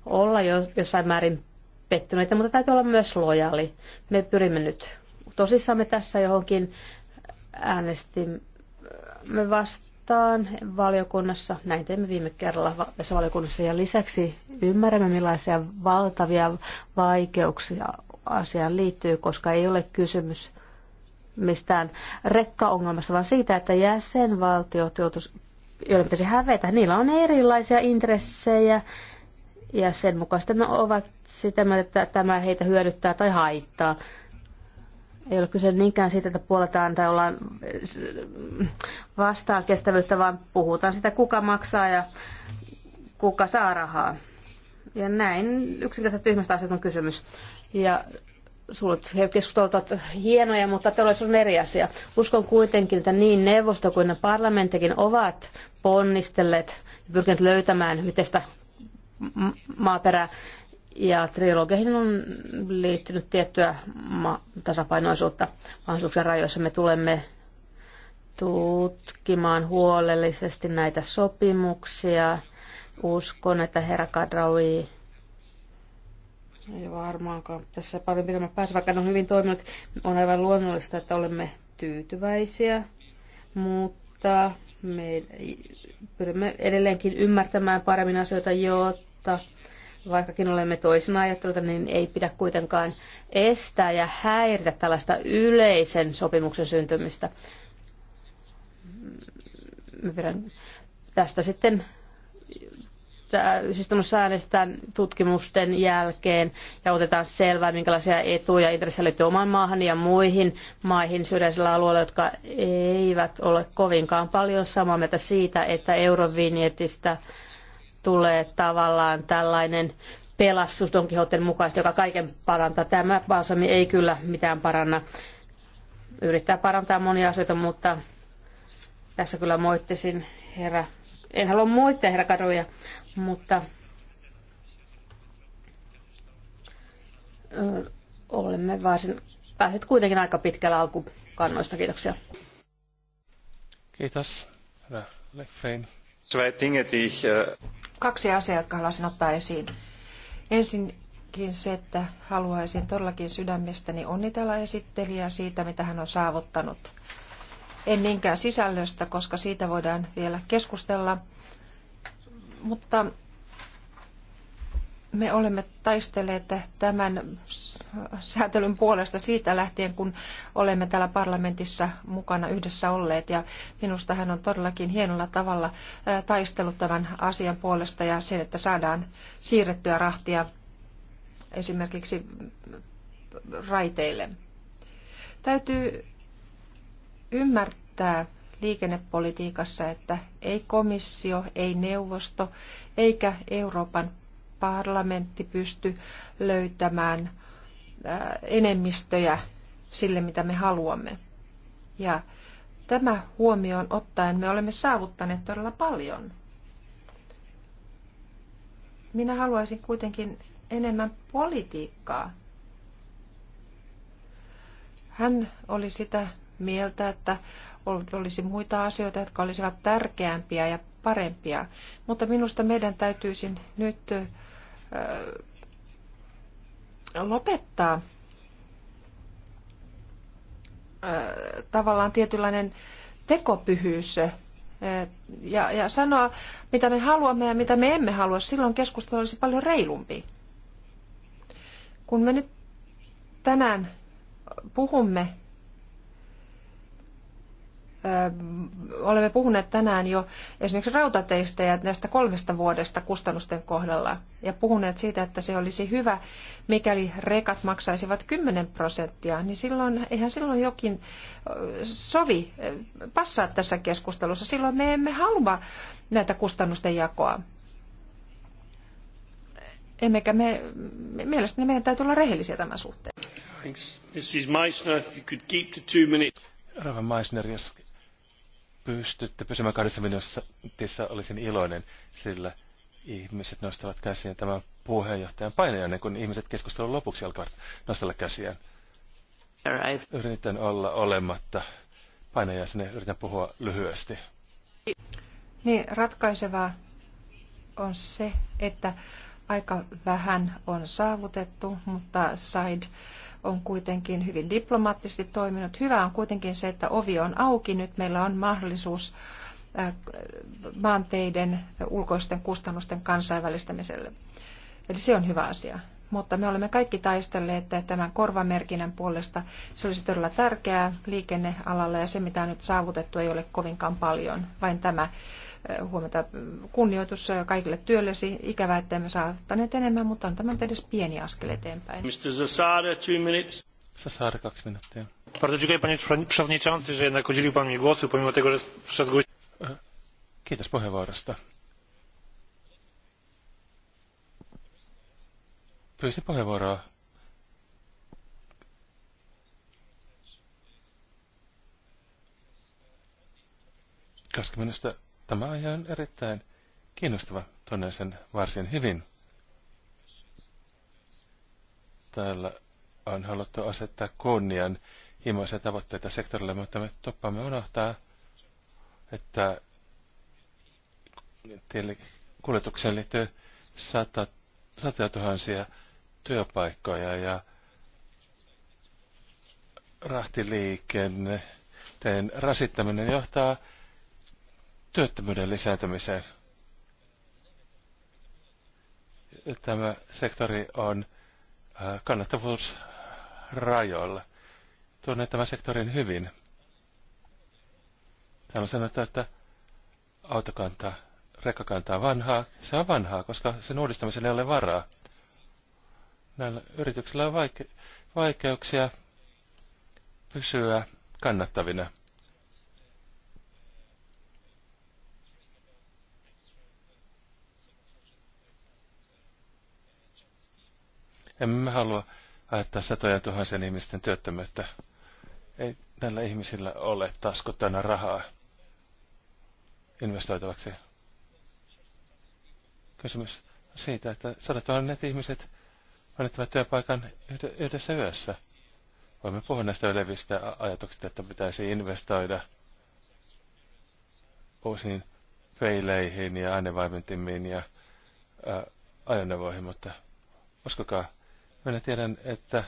olla jo, jossain määrin pettyneitä, mutta täytyy olla myös lojaali. Me pyrimme nyt tosissamme tässä johonkin äänestimme äh, vastaan valiokunnassa. Näin teimme viime kerralla tässä valiokunnassa. Ja lisäksi ymmärrämme, millaisia valtavia vaikeuksia asiaan liittyy, koska ei ole kysymys mistään rekkaongelmasta, vaan siitä, että jäsenvaltiot joutuisivat joiden pitäisi hävetä. Niillä on erilaisia intressejä ja sen mukaan sitten ovat sitä mieltä, että tämä heitä hyödyttää tai haittaa. Ei ole kyse niinkään siitä, että puoletaan tai ollaan mm, vastaan kestävyyttä, vaan puhutaan sitä, kuka maksaa ja kuka saa rahaa. Ja näin yksinkertaisesti tyhmästä asiat on kysymys. Ja sulut keskustelut ovat hienoja, mutta todellisuus on eri asia. Uskon kuitenkin, että niin neuvosto kuin parlamenttikin ovat ponnistelleet ja pyrkineet löytämään yhteistä maaperä Ja trilogeihin on liittynyt tiettyä tasapainoisuutta mahdollisuuksien rajoissa. Me tulemme tutkimaan huolellisesti näitä sopimuksia. Uskon, että herra Kadraui ei varmaankaan tässä paljon pidemmän päässä, vaikka ne on hyvin toiminut. On aivan luonnollista, että olemme tyytyväisiä, mutta me pyrimme edelleenkin ymmärtämään paremmin asioita, jotta mutta vaikkakin olemme toisena ajatteluta, niin ei pidä kuitenkaan estää ja häiritä tällaista yleisen sopimuksen syntymistä. Mä pidän tästä sitten täysistunnossa äänestetään tutkimusten jälkeen ja otetaan selvää, minkälaisia etuja intressejä liittyy oman maahan ja muihin maihin syrjäisellä alueilla, jotka eivät ole kovinkaan paljon samaa mieltä siitä, että eurovinjetistä tulee tavallaan tällainen pelastus Don Quixoten mukaisesti, joka kaiken parantaa. Tämä balsami ei kyllä mitään paranna. Yrittää parantaa monia asioita, mutta tässä kyllä moittisin herra. En halua moittaa herra Kadoja, mutta olemme varsin päässeet kuitenkin aika pitkällä alkukannoista. Kiitoksia. Kiitos. Zwei Dinge, die ich äh, kaksi asiaa, jotka haluaisin ottaa esiin. Ensinkin se, että haluaisin todellakin sydämestäni onnitella esittelijää siitä, mitä hän on saavuttanut. En niinkään sisällöstä, koska siitä voidaan vielä keskustella, mutta me olemme taistelleet tämän säätelyn puolesta siitä lähtien, kun olemme täällä parlamentissa mukana yhdessä olleet. Ja minusta hän on todellakin hienolla tavalla taistellut tämän asian puolesta ja sen, että saadaan siirrettyä rahtia esimerkiksi raiteille. Täytyy ymmärtää liikennepolitiikassa, että ei komissio, ei neuvosto eikä Euroopan parlamentti pysty löytämään enemmistöjä sille, mitä me haluamme. Ja tämä huomioon ottaen me olemme saavuttaneet todella paljon. Minä haluaisin kuitenkin enemmän politiikkaa. Hän oli sitä mieltä, että olisi muita asioita, jotka olisivat tärkeämpiä ja parempia. Mutta minusta meidän täytyisi nyt lopettaa tavallaan tietynlainen tekopyhyys ja, ja sanoa, mitä me haluamme ja mitä me emme halua, silloin keskustelu olisi paljon reilumpi. Kun me nyt tänään puhumme olemme puhuneet tänään jo esimerkiksi rautateistä ja näistä kolmesta vuodesta kustannusten kohdalla ja puhuneet siitä, että se olisi hyvä, mikäli rekat maksaisivat 10 prosenttia, niin silloin, eihän silloin jokin sovi passaa tässä keskustelussa. Silloin me emme halua näitä kustannusten jakoa. Emmekä me, mielestäni meidän täytyy olla rehellisiä tämän suhteen. Thanks. Mrs. Meissner, if you could keep to two minutes. Rava Meissner, jos pystytte pysymään kahdessa minuutissa, olisin iloinen, sillä ihmiset nostavat käsiä tämän puheenjohtajan painajan, kun ihmiset keskustelun lopuksi alkavat nostella käsiään. Yritän olla olematta painajaisena, yritän puhua lyhyesti. Niin, ratkaisevaa on se, että Aika vähän on saavutettu, mutta Said on kuitenkin hyvin diplomaattisesti toiminut. Hyvä on kuitenkin se, että ovi on auki. Nyt meillä on mahdollisuus maanteiden ulkoisten kustannusten kansainvälistämiselle. Eli se on hyvä asia. Mutta me olemme kaikki taistelleet että tämän korvamerkinnän puolesta. Se olisi todella tärkeää liikennealalla ja se, mitä on nyt saavutettu, ei ole kovinkaan paljon. Vain tämä huomata kunnioitus kaikille työllesi. Ikävää, että emme saattaneet enemmän, mutta on tämä edes pieni askel eteenpäin. Mr. Zasada, two minutes. Zasada, kaksi minuuttia. Bardzo dziękuję panie przewodniczący, że jednak udzielił pan mi głosu, pomimo tego, że przez gość... E, kiitos puheenvuorosta. Pyysin puheenvuoroa koska minusta Tämä aihe on erittäin kiinnostava. Tunnen sen varsin hyvin. Täällä on haluttu asettaa kunnian himoisia tavoitteita sektorille, mutta me toppamme unohtaa, että kuljetukseen liittyy sata, satoja tuhansia työpaikkoja ja rahtiliikenteen rasittaminen johtaa työttömyyden lisääntymiseen. Tämä sektori on äh, kannattavuusrajoilla. Tunne tämän sektorin hyvin. Täällä on sanottu, että autokanta, rekkakanta on vanhaa. Se on vanhaa, koska sen uudistamiselle ei ole varaa. Näillä yrityksillä on vaike- vaikeuksia pysyä kannattavina. Emme halua ajattaa satoja tuhansien ihmisten työttömyyttä. Ei näillä ihmisillä ole taskut rahaa investoitavaksi. Kysymys siitä, että sadat tuhannet ihmiset annettavat työpaikan yhdessä yössä. Voimme puhua näistä ylevistä ajatuksista, että pitäisi investoida uusiin peileihin ja ainevaimentimiin ja ää, ajoneuvoihin, mutta uskokaa, minä tiedän, että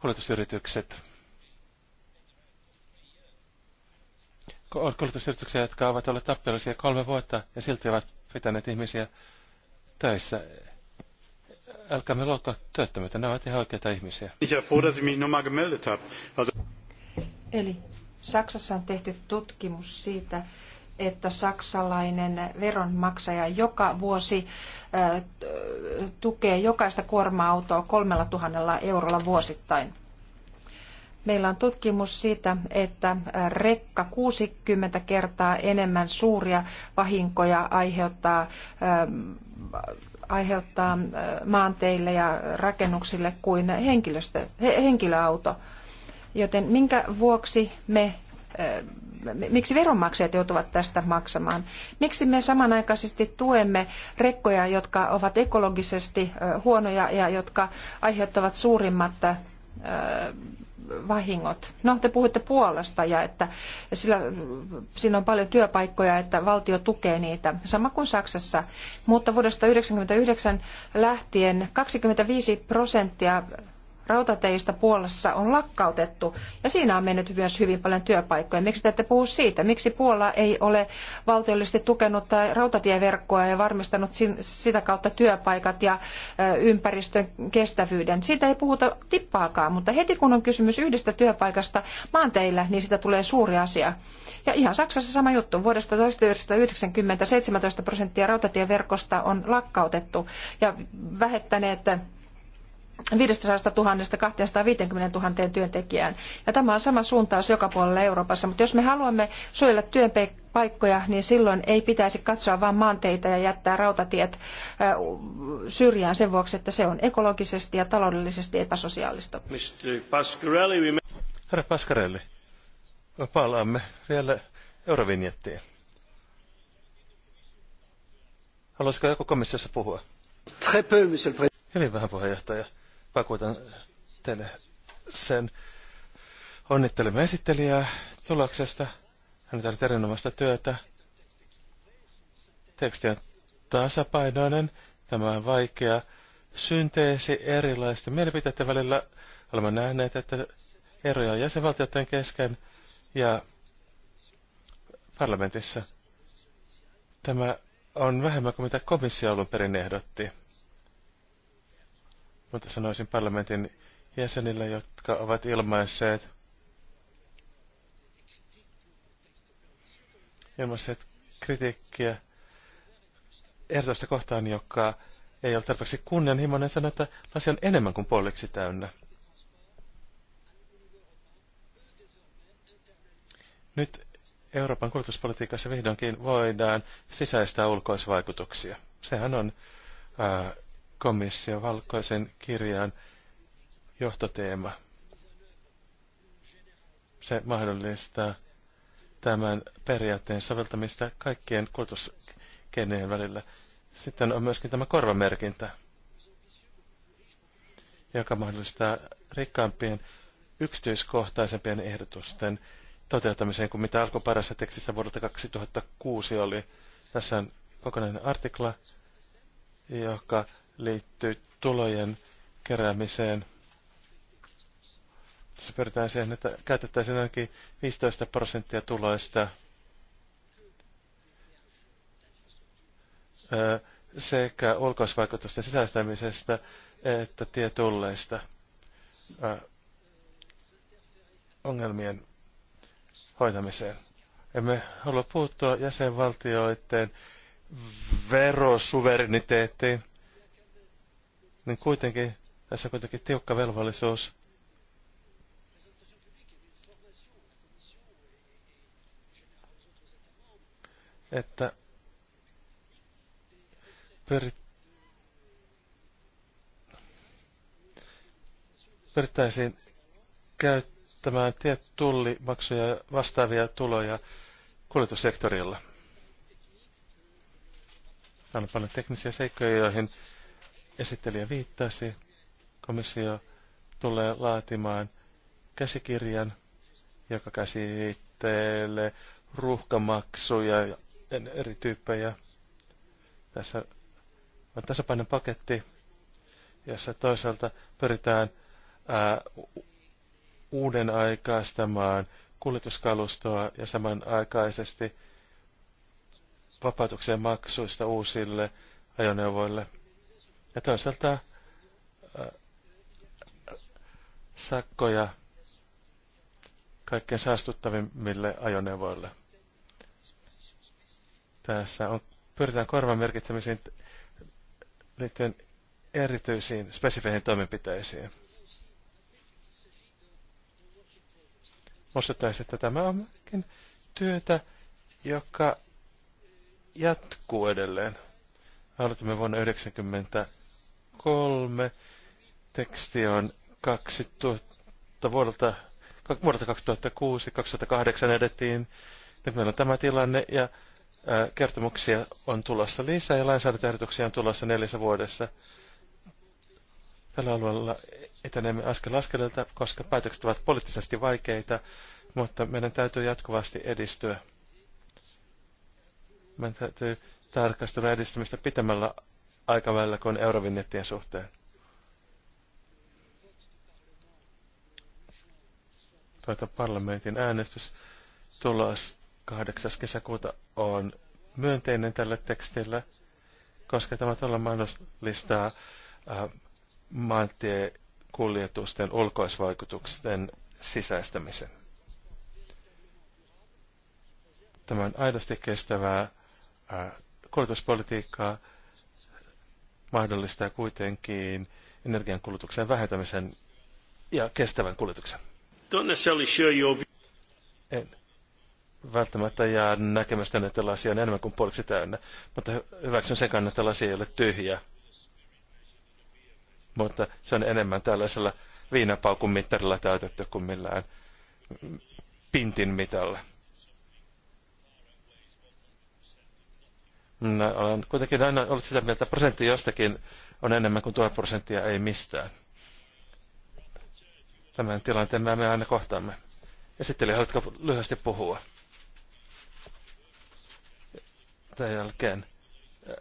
kuljetusyritykset, kuljetusyrityksiä, jotka ovat olleet tappelisia kolme vuotta ja silti ovat pitäneet ihmisiä töissä. me luokkaa työttömyyttä, ne ovat ihan oikeita ihmisiä. Eli Saksassa on tehty tutkimus siitä, että saksalainen veronmaksaja joka vuosi tukee jokaista kuorma-autoa kolmella tuhannella eurolla vuosittain. Meillä on tutkimus siitä, että rekka 60 kertaa enemmän suuria vahinkoja aiheuttaa, aiheuttaa maanteille ja rakennuksille kuin henkilöstö, henkilöauto. Joten minkä vuoksi me Äh, miksi veronmaksajat joutuvat tästä maksamaan? Miksi me samanaikaisesti tuemme rekkoja, jotka ovat ekologisesti äh, huonoja ja jotka aiheuttavat suurimmat äh, vahingot. No, te puhutte Puolasta ja että sillä, siinä on paljon työpaikkoja, että valtio tukee niitä, sama kuin Saksassa. Mutta vuodesta 1999 lähtien 25 prosenttia rautateistä Puolassa on lakkautettu ja siinä on mennyt myös hyvin paljon työpaikkoja. Miksi te ette puhu siitä? Miksi Puola ei ole valtiollisesti tukenut rautatieverkkoa ja varmistanut sitä kautta työpaikat ja ympäristön kestävyyden? Siitä ei puhuta tippaakaan, mutta heti kun on kysymys yhdestä työpaikasta maanteillä, niin sitä tulee suuri asia. Ja ihan Saksassa sama juttu. Vuodesta 1990 17 prosenttia rautatieverkosta on lakkautettu ja vähettäneet 500 000 250 000 työntekijään. Ja tämä on sama suuntaus joka puolella Euroopassa, mutta jos me haluamme suojella työpaikkoja, niin silloin ei pitäisi katsoa vain maanteitä ja jättää rautatiet syrjään sen vuoksi, että se on ekologisesti ja taloudellisesti epäsosiaalista. Mr. Pascarelli, we... Herra Pascarelli, palaamme vielä eurovinjettiin. Haluaisiko joku komissiossa puhua? Très peu, monsieur le Hyvin vähän puheenjohtaja. Vakuutan tänne sen. Onnittelemme esittelijää tuloksesta. Hän on erinomaista työtä. Teksti on tasapainoinen. Tämä on vaikea synteesi erilaisten mielipiteiden välillä. Olemme nähneet, että eroja on jäsenvaltioiden kesken ja parlamentissa. Tämä on vähemmän kuin mitä komissio alun perin ehdotti. Mutta sanoisin parlamentin jäsenille, jotka ovat ilmaisseet, ilmaisseet kritiikkiä ehdotusta kohtaan, joka ei ole tarpeeksi kunnianhimoinen sanoa, että lasi on enemmän kuin puoliksi täynnä. Nyt Euroopan kulutuspolitiikassa vihdoinkin voidaan sisäistää ulkoisvaikutuksia. Sehän on ää, komissio valkoisen kirjan johtoteema. Se mahdollistaa tämän periaatteen soveltamista kaikkien kulutuskeinojen välillä. Sitten on myöskin tämä korvamerkintä, joka mahdollistaa rikkaampien yksityiskohtaisempien ehdotusten toteutamiseen kuin mitä alkuperäisessä tekstissä vuodelta 2006 oli. Tässä on kokonainen artikla, joka liittyy tulojen keräämiseen. Tässä pyritään siihen, että käytettäisiin ainakin 15 prosenttia tuloista sekä ulkoisvaikutusten sisäistämisestä, että tietulleista ongelmien hoitamiseen. Emme halua puuttua jäsenvaltioiden verosuvereniteettiin, niin kuitenkin tässä on kuitenkin tiukka velvollisuus että pyrit, pyrittäisiin käyttämään tiet tullimaksuja vastaavia tuloja kuljetussektorilla. Täällä on paljon teknisiä seikkoja, joihin esittelijä viittasi, komissio tulee laatimaan käsikirjan, joka käsittelee ruuhkamaksuja ja eri tyyppejä. Tässä on tasapainon paketti, jossa toisaalta pyritään ää, uuden aikaistamaan kuljetuskalustoa ja samanaikaisesti vapautuksen maksuista uusille ajoneuvoille – ja toisaalta äh, sakkoja kaikkein saastuttavimmille ajoneuvoille. Tässä on, pyritään korvamerkitsemisiin liittyen erityisiin spesifeihin toimenpiteisiin. Muistuttaisi, että tämä onkin työtä, joka jatkuu edelleen. Aloitimme vuonna 1990 kolme teksti on 2000, vuodelta, vuodelta 2006-2008 edettiin. Nyt meillä on tämä tilanne ja kertomuksia on tulossa lisää ja lainsäädäntöehdotuksia on tulossa neljässä vuodessa. Tällä alueella etenemme askel askeleelta, koska päätökset ovat poliittisesti vaikeita, mutta meidän täytyy jatkuvasti edistyä. Meidän täytyy tarkastella edistymistä pitämällä aikavälillä kuin eurovinnettien suhteen. Tuota parlamentin äänestys tulos 8. kesäkuuta on myönteinen tälle tekstille, koska tämä tuolla mahdollistaa maantiekuljetusten ulkoisvaikutusten sisäistämisen. Tämä on aidosti kestävää kuljetuspolitiikkaa, mahdollistaa kuitenkin energiankulutuksen vähentämisen ja kestävän kuljetuksen. En välttämättä jää näkemästä, että lasia on enemmän kuin puoliksi täynnä, mutta hyväksyn sen kannalta, että lasi ei ole tyhjä. Mutta se on enemmän tällaisella viinapaukun mittarilla täytetty kuin millään pintin mitalla. No, olen kuitenkin aina ollut sitä mieltä, että prosentti jostakin on enemmän kuin tuo prosenttia ei mistään. Tämän tilanteen me aina kohtaamme. Esittelijä, haluatko lyhyesti puhua? Tämän jälkeen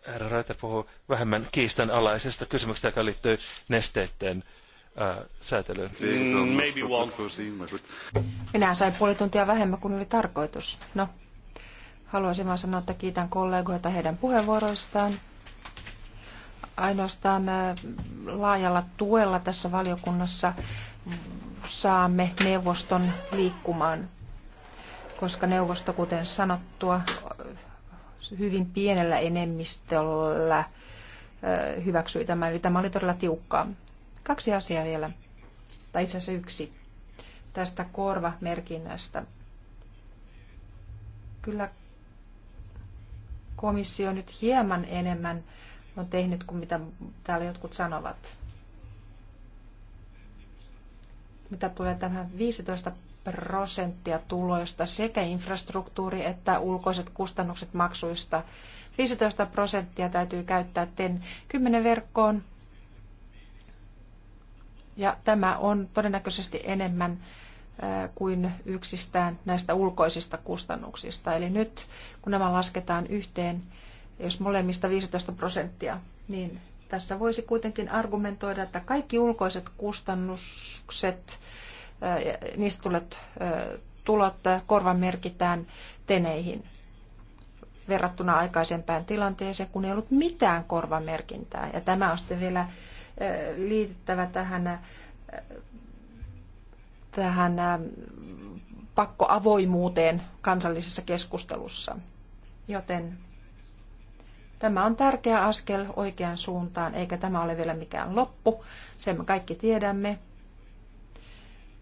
herra Raita puhuu vähemmän kiistanalaisesta kysymyksestä, joka liittyy nesteiden ää, äh, säätelyyn. Mm, maybe one. Minä sain puoli tuntia vähemmän kuin oli tarkoitus. No, Haluaisin vain sanoa, että kiitän kollegoita heidän puheenvuoroistaan. Ainoastaan äh, laajalla tuella tässä valiokunnassa saamme neuvoston liikkumaan, koska neuvosto, kuten sanottua, hyvin pienellä enemmistöllä äh, hyväksyi tämän. Eli tämä oli todella tiukkaa. Kaksi asiaa vielä, tai itse asiassa yksi, tästä korvamerkinnästä. Kyllä komissio nyt hieman enemmän on tehnyt kuin mitä täällä jotkut sanovat. Mitä tulee tähän 15 prosenttia tuloista sekä infrastruktuuri että ulkoiset kustannukset maksuista. 15 prosenttia täytyy käyttää TEN 10 verkkoon. Ja tämä on todennäköisesti enemmän kuin yksistään näistä ulkoisista kustannuksista. Eli nyt kun nämä lasketaan yhteen, jos molemmista 15 prosenttia, niin tässä voisi kuitenkin argumentoida, että kaikki ulkoiset kustannukset, niistä tulet, tulot merkitään teneihin verrattuna aikaisempään tilanteeseen, kun ei ollut mitään korvamerkintää. Ja tämä on sitten vielä liitettävä tähän tähän pakkoavoimuuteen kansallisessa keskustelussa. Joten tämä on tärkeä askel oikeaan suuntaan, eikä tämä ole vielä mikään loppu. Sen me kaikki tiedämme.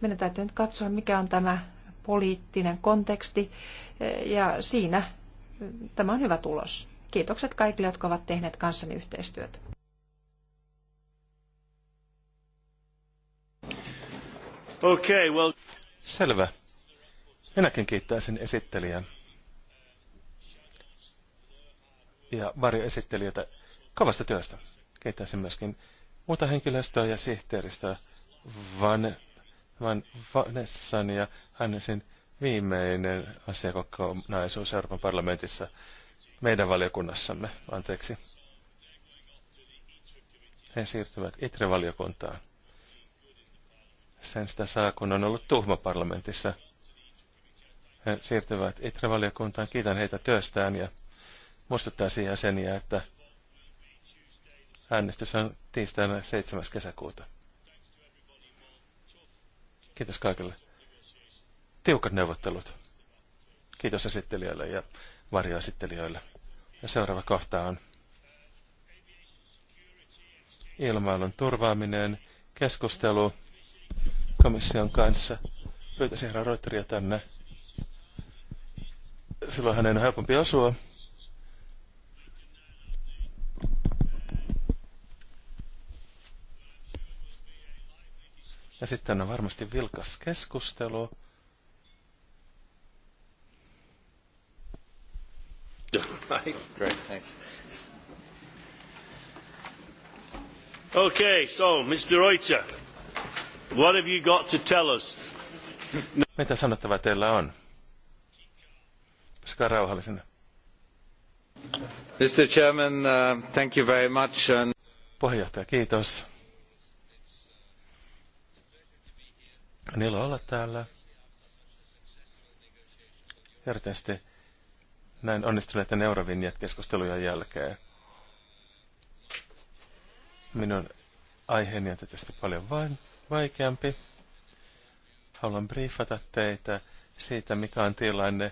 Meidän täytyy nyt katsoa, mikä on tämä poliittinen konteksti, ja siinä tämä on hyvä tulos. Kiitokset kaikille, jotka ovat tehneet kanssani yhteistyötä. Okay, well... Selvä. Minäkin kiittäisin esittelijää. Ja varjoesittelijöitä kovasta työstä. Kiittäisin myöskin muuta henkilöstöä ja sihteeristöä. Van, van Vanessan ja Hannesin viimeinen asiakokonaisuus Euroopan parlamentissa meidän valiokunnassamme, anteeksi. He siirtyvät ITRE-valiokuntaan sen sitä saa, kun on ollut tuhma parlamentissa. He siirtyvät Itravaliokuntaan. Kiitän heitä työstään ja siihen jäseniä, että äänestys on tiistaina 7. kesäkuuta. Kiitos kaikille. Tiukat neuvottelut. Kiitos esittelijöille ja varjoesittelijöille. Ja seuraava kohta on ilmailun turvaaminen, keskustelu komission kanssa. Pyytäisin herra Reuteria tänne. Silloin hänen on helpompi asua. Ja sitten on varmasti vilkas keskustelu. Great, thanks. Okay, so Mr. Reuter. What have you got to tell us? Mitä sanottavaa teillä on? Pysykää rauhallisena. Mr. Chairman, uh, thank you very much. And... Puheenjohtaja, kiitos. On ilo olla täällä. Erityisesti näin onnistuneiden eurovinjat keskustelujen jälkeen. Minun aiheeni on tietysti paljon vain vaikeampi. Haluan briefata teitä siitä, mikä on tilanne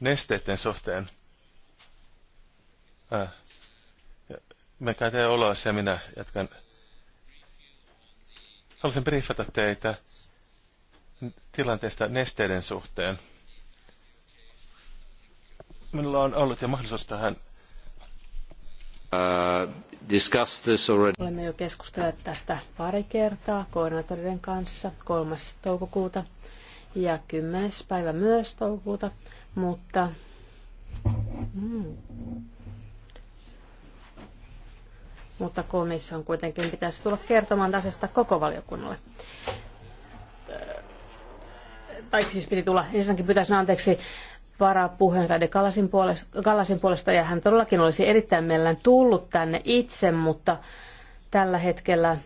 nesteiden suhteen. Äh. Me käytän oloas ja minä jatkan. Haluaisin briefata teitä tilanteesta nesteiden suhteen. Minulla on ollut jo mahdollisuus tähän Uh, Olemme jo keskustelleet tästä pari kertaa koordinaattoreiden kanssa 3. toukokuuta ja 10. päivä myös toukokuuta, mutta mm, mutta komission kuitenkin pitäisi tulla kertomaan asiasta koko valiokunnalle. Äh, tai siis piti tulla, ensinnäkin pitäisi anteeksi varapuheenjohtaja De Kallasin puolesta, Kallasin puolesta, ja hän todellakin olisi erittäin mielellään tullut tänne itse, mutta tällä hetkellä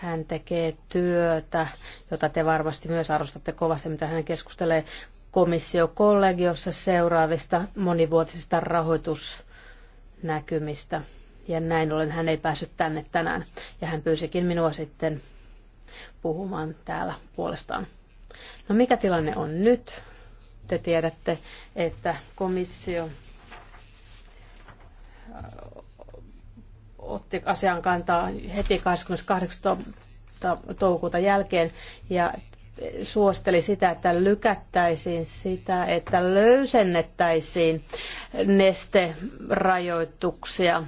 hän tekee työtä, jota te varmasti myös arvostatte kovasti, mitä hän keskustelee komissiokollegiossa seuraavista monivuotisista rahoitusnäkymistä. Ja näin ollen hän ei päässyt tänne tänään. Ja hän pyysikin minua sitten puhumaan täällä puolestaan. No mikä tilanne on nyt? Te tiedätte, että komissio äh, otti asian kantaa heti 28. toukokuuta jälkeen ja suosteli sitä, että lykättäisiin sitä, että löysennettäisiin nesterajoituksia äh,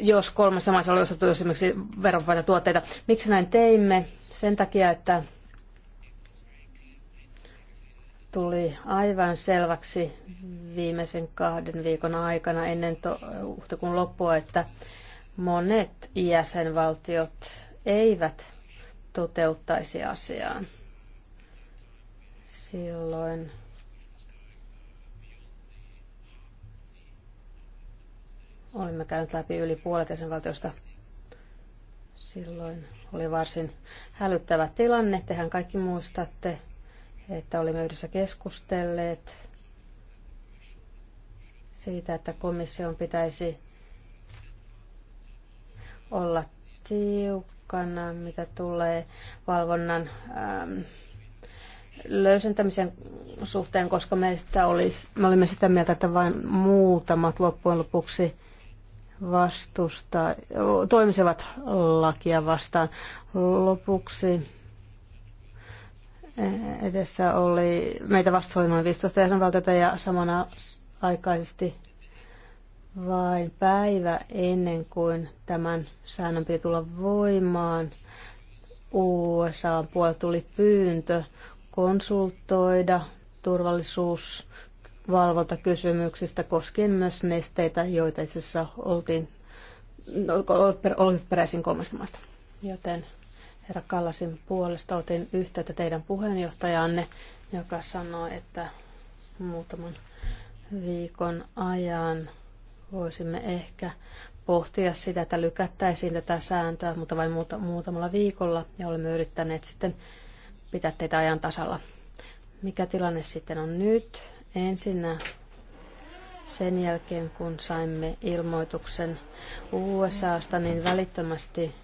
jos kolmessa maassa oli ostettu esimerkiksi verovaita tuotteita. Miksi näin teimme? Sen takia, että tuli aivan selväksi viimeisen kahden viikon aikana ennen to- huhtikuun loppua, että monet jäsenvaltiot eivät toteuttaisi asiaan. Silloin olimme käyneet läpi yli puolet jäsenvaltiosta. Silloin oli varsin hälyttävä tilanne. Tehän kaikki muistatte että olimme yhdessä keskustelleet siitä, että komission pitäisi olla tiukkana, mitä tulee valvonnan ähm, löysentämisen suhteen, koska meistä olisi, me olimme sitä mieltä, että vain muutamat loppujen lopuksi vastusta, toimisivat lakia vastaan. Lopuksi edessä oli, meitä vastasi noin 15 jäsenvaltiota ja samana aikaisesti vain päivä ennen kuin tämän säännön piti tulla voimaan. USA puolella tuli pyyntö konsultoida turvallisuusvalvontakysymyksistä koskien myös nesteitä, joita itse asiassa oltiin, no, olivat peräisin kolmesta maasta. Joten herra Kallasin puolesta otin yhteyttä teidän puheenjohtajanne, joka sanoi, että muutaman viikon ajan voisimme ehkä pohtia sitä, että lykättäisiin tätä sääntöä, mutta vain muuta, muutamalla viikolla, ja olemme yrittäneet sitten pitää teitä ajan tasalla. Mikä tilanne sitten on nyt? Ensinnä sen jälkeen, kun saimme ilmoituksen USAsta, niin välittömästi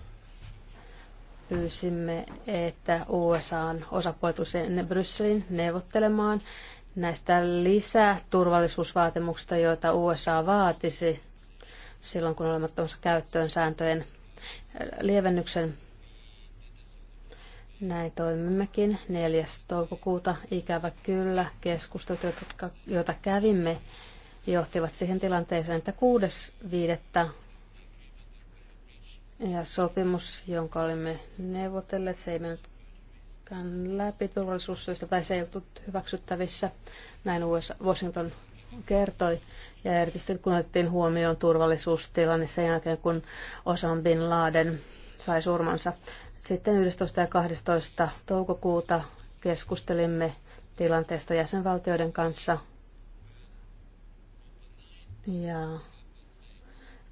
pyysimme, että USA osapuoltu osapuolet Brysselin neuvottelemaan näistä lisäturvallisuusvaatimuksista, joita USA vaatisi silloin, kun olemattomassa käyttöön sääntöjen lievennyksen. Näin toimimmekin 4. toukokuuta. Ikävä kyllä keskustelut, joita kävimme, johtivat siihen tilanteeseen, että ja sopimus, jonka olimme neuvotelleet, se ei mennytkään läpi turvallisuussyistä tai se ei ollut hyväksyttävissä. Näin USA, Washington kertoi. Ja erityisesti kun otettiin huomioon turvallisuustilanne sen jälkeen, kun osan Bin Laden sai surmansa. Sitten 11. ja 12. toukokuuta keskustelimme tilanteesta jäsenvaltioiden kanssa. Ja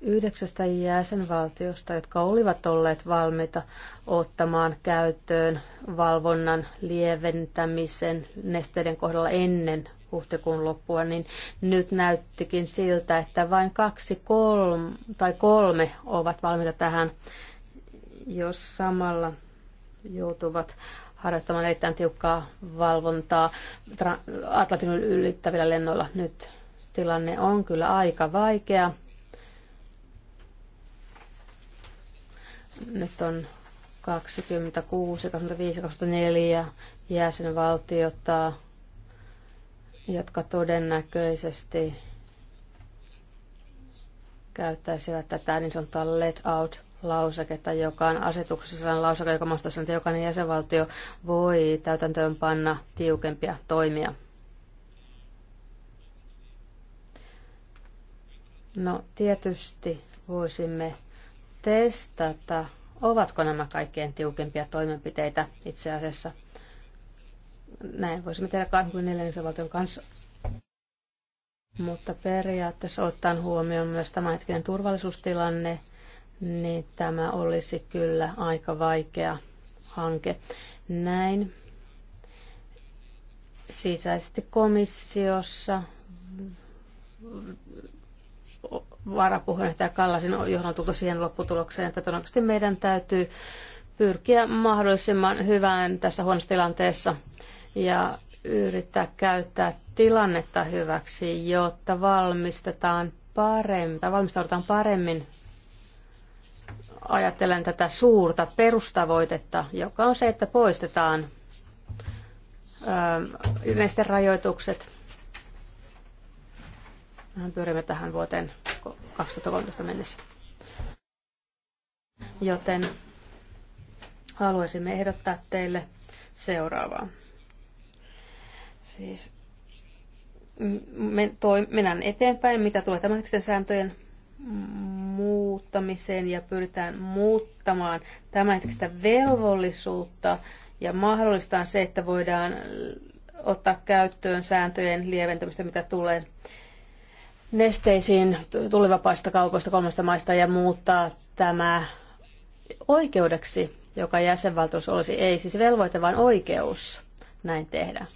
yhdeksästä jäsenvaltiosta, jotka olivat olleet valmiita ottamaan käyttöön valvonnan lieventämisen nesteiden kohdalla ennen huhtikuun loppua, niin nyt näyttikin siltä, että vain kaksi kolm tai kolme ovat valmiita tähän, jos samalla joutuvat harjoittamaan erittäin tiukkaa valvontaa Atlantin ylittävillä lennoilla. Nyt tilanne on kyllä aika vaikea Nyt on 26, 25, 24 jäsenvaltiota, jotka todennäköisesti käyttäisivät tätä niin sanottua let out lauseketta, joka on asetuksessa lauseke, joka maastaa että jokainen jäsenvaltio voi täytäntöön panna tiukempia toimia. No tietysti voisimme testata, ovatko nämä kaikkein tiukempia toimenpiteitä itse asiassa. Näin voisimme tehdä 24. valtion kanssa. Mutta periaatteessa ottaen huomioon myös tämänhetkinen turvallisuustilanne, niin tämä olisi kyllä aika vaikea hanke. Näin sisäisesti komissiossa varapuheenjohtaja Kallasin johdon tultu siihen lopputulokseen, että todennäköisesti meidän täytyy pyrkiä mahdollisimman hyvään tässä huonossa tilanteessa ja yrittää käyttää tilannetta hyväksi, jotta valmistetaan paremmin, tai valmistaudutaan paremmin ajattelen tätä suurta perustavoitetta, joka on se, että poistetaan näistä rajoitukset Mehän pyörimme tähän vuoteen 2013 mennessä. Joten haluaisimme ehdottaa teille seuraavaa. Siis mennään eteenpäin, mitä tulee tämän sääntöjen muuttamiseen ja pyritään muuttamaan tämän velvollisuutta ja mahdollistaan se, että voidaan ottaa käyttöön sääntöjen lieventämistä, mitä tulee nesteisiin tullivapaista kaupoista kolmesta maista ja muuttaa tämä oikeudeksi, joka jäsenvaltuus olisi. Ei siis velvoite, vaan oikeus näin tehdä.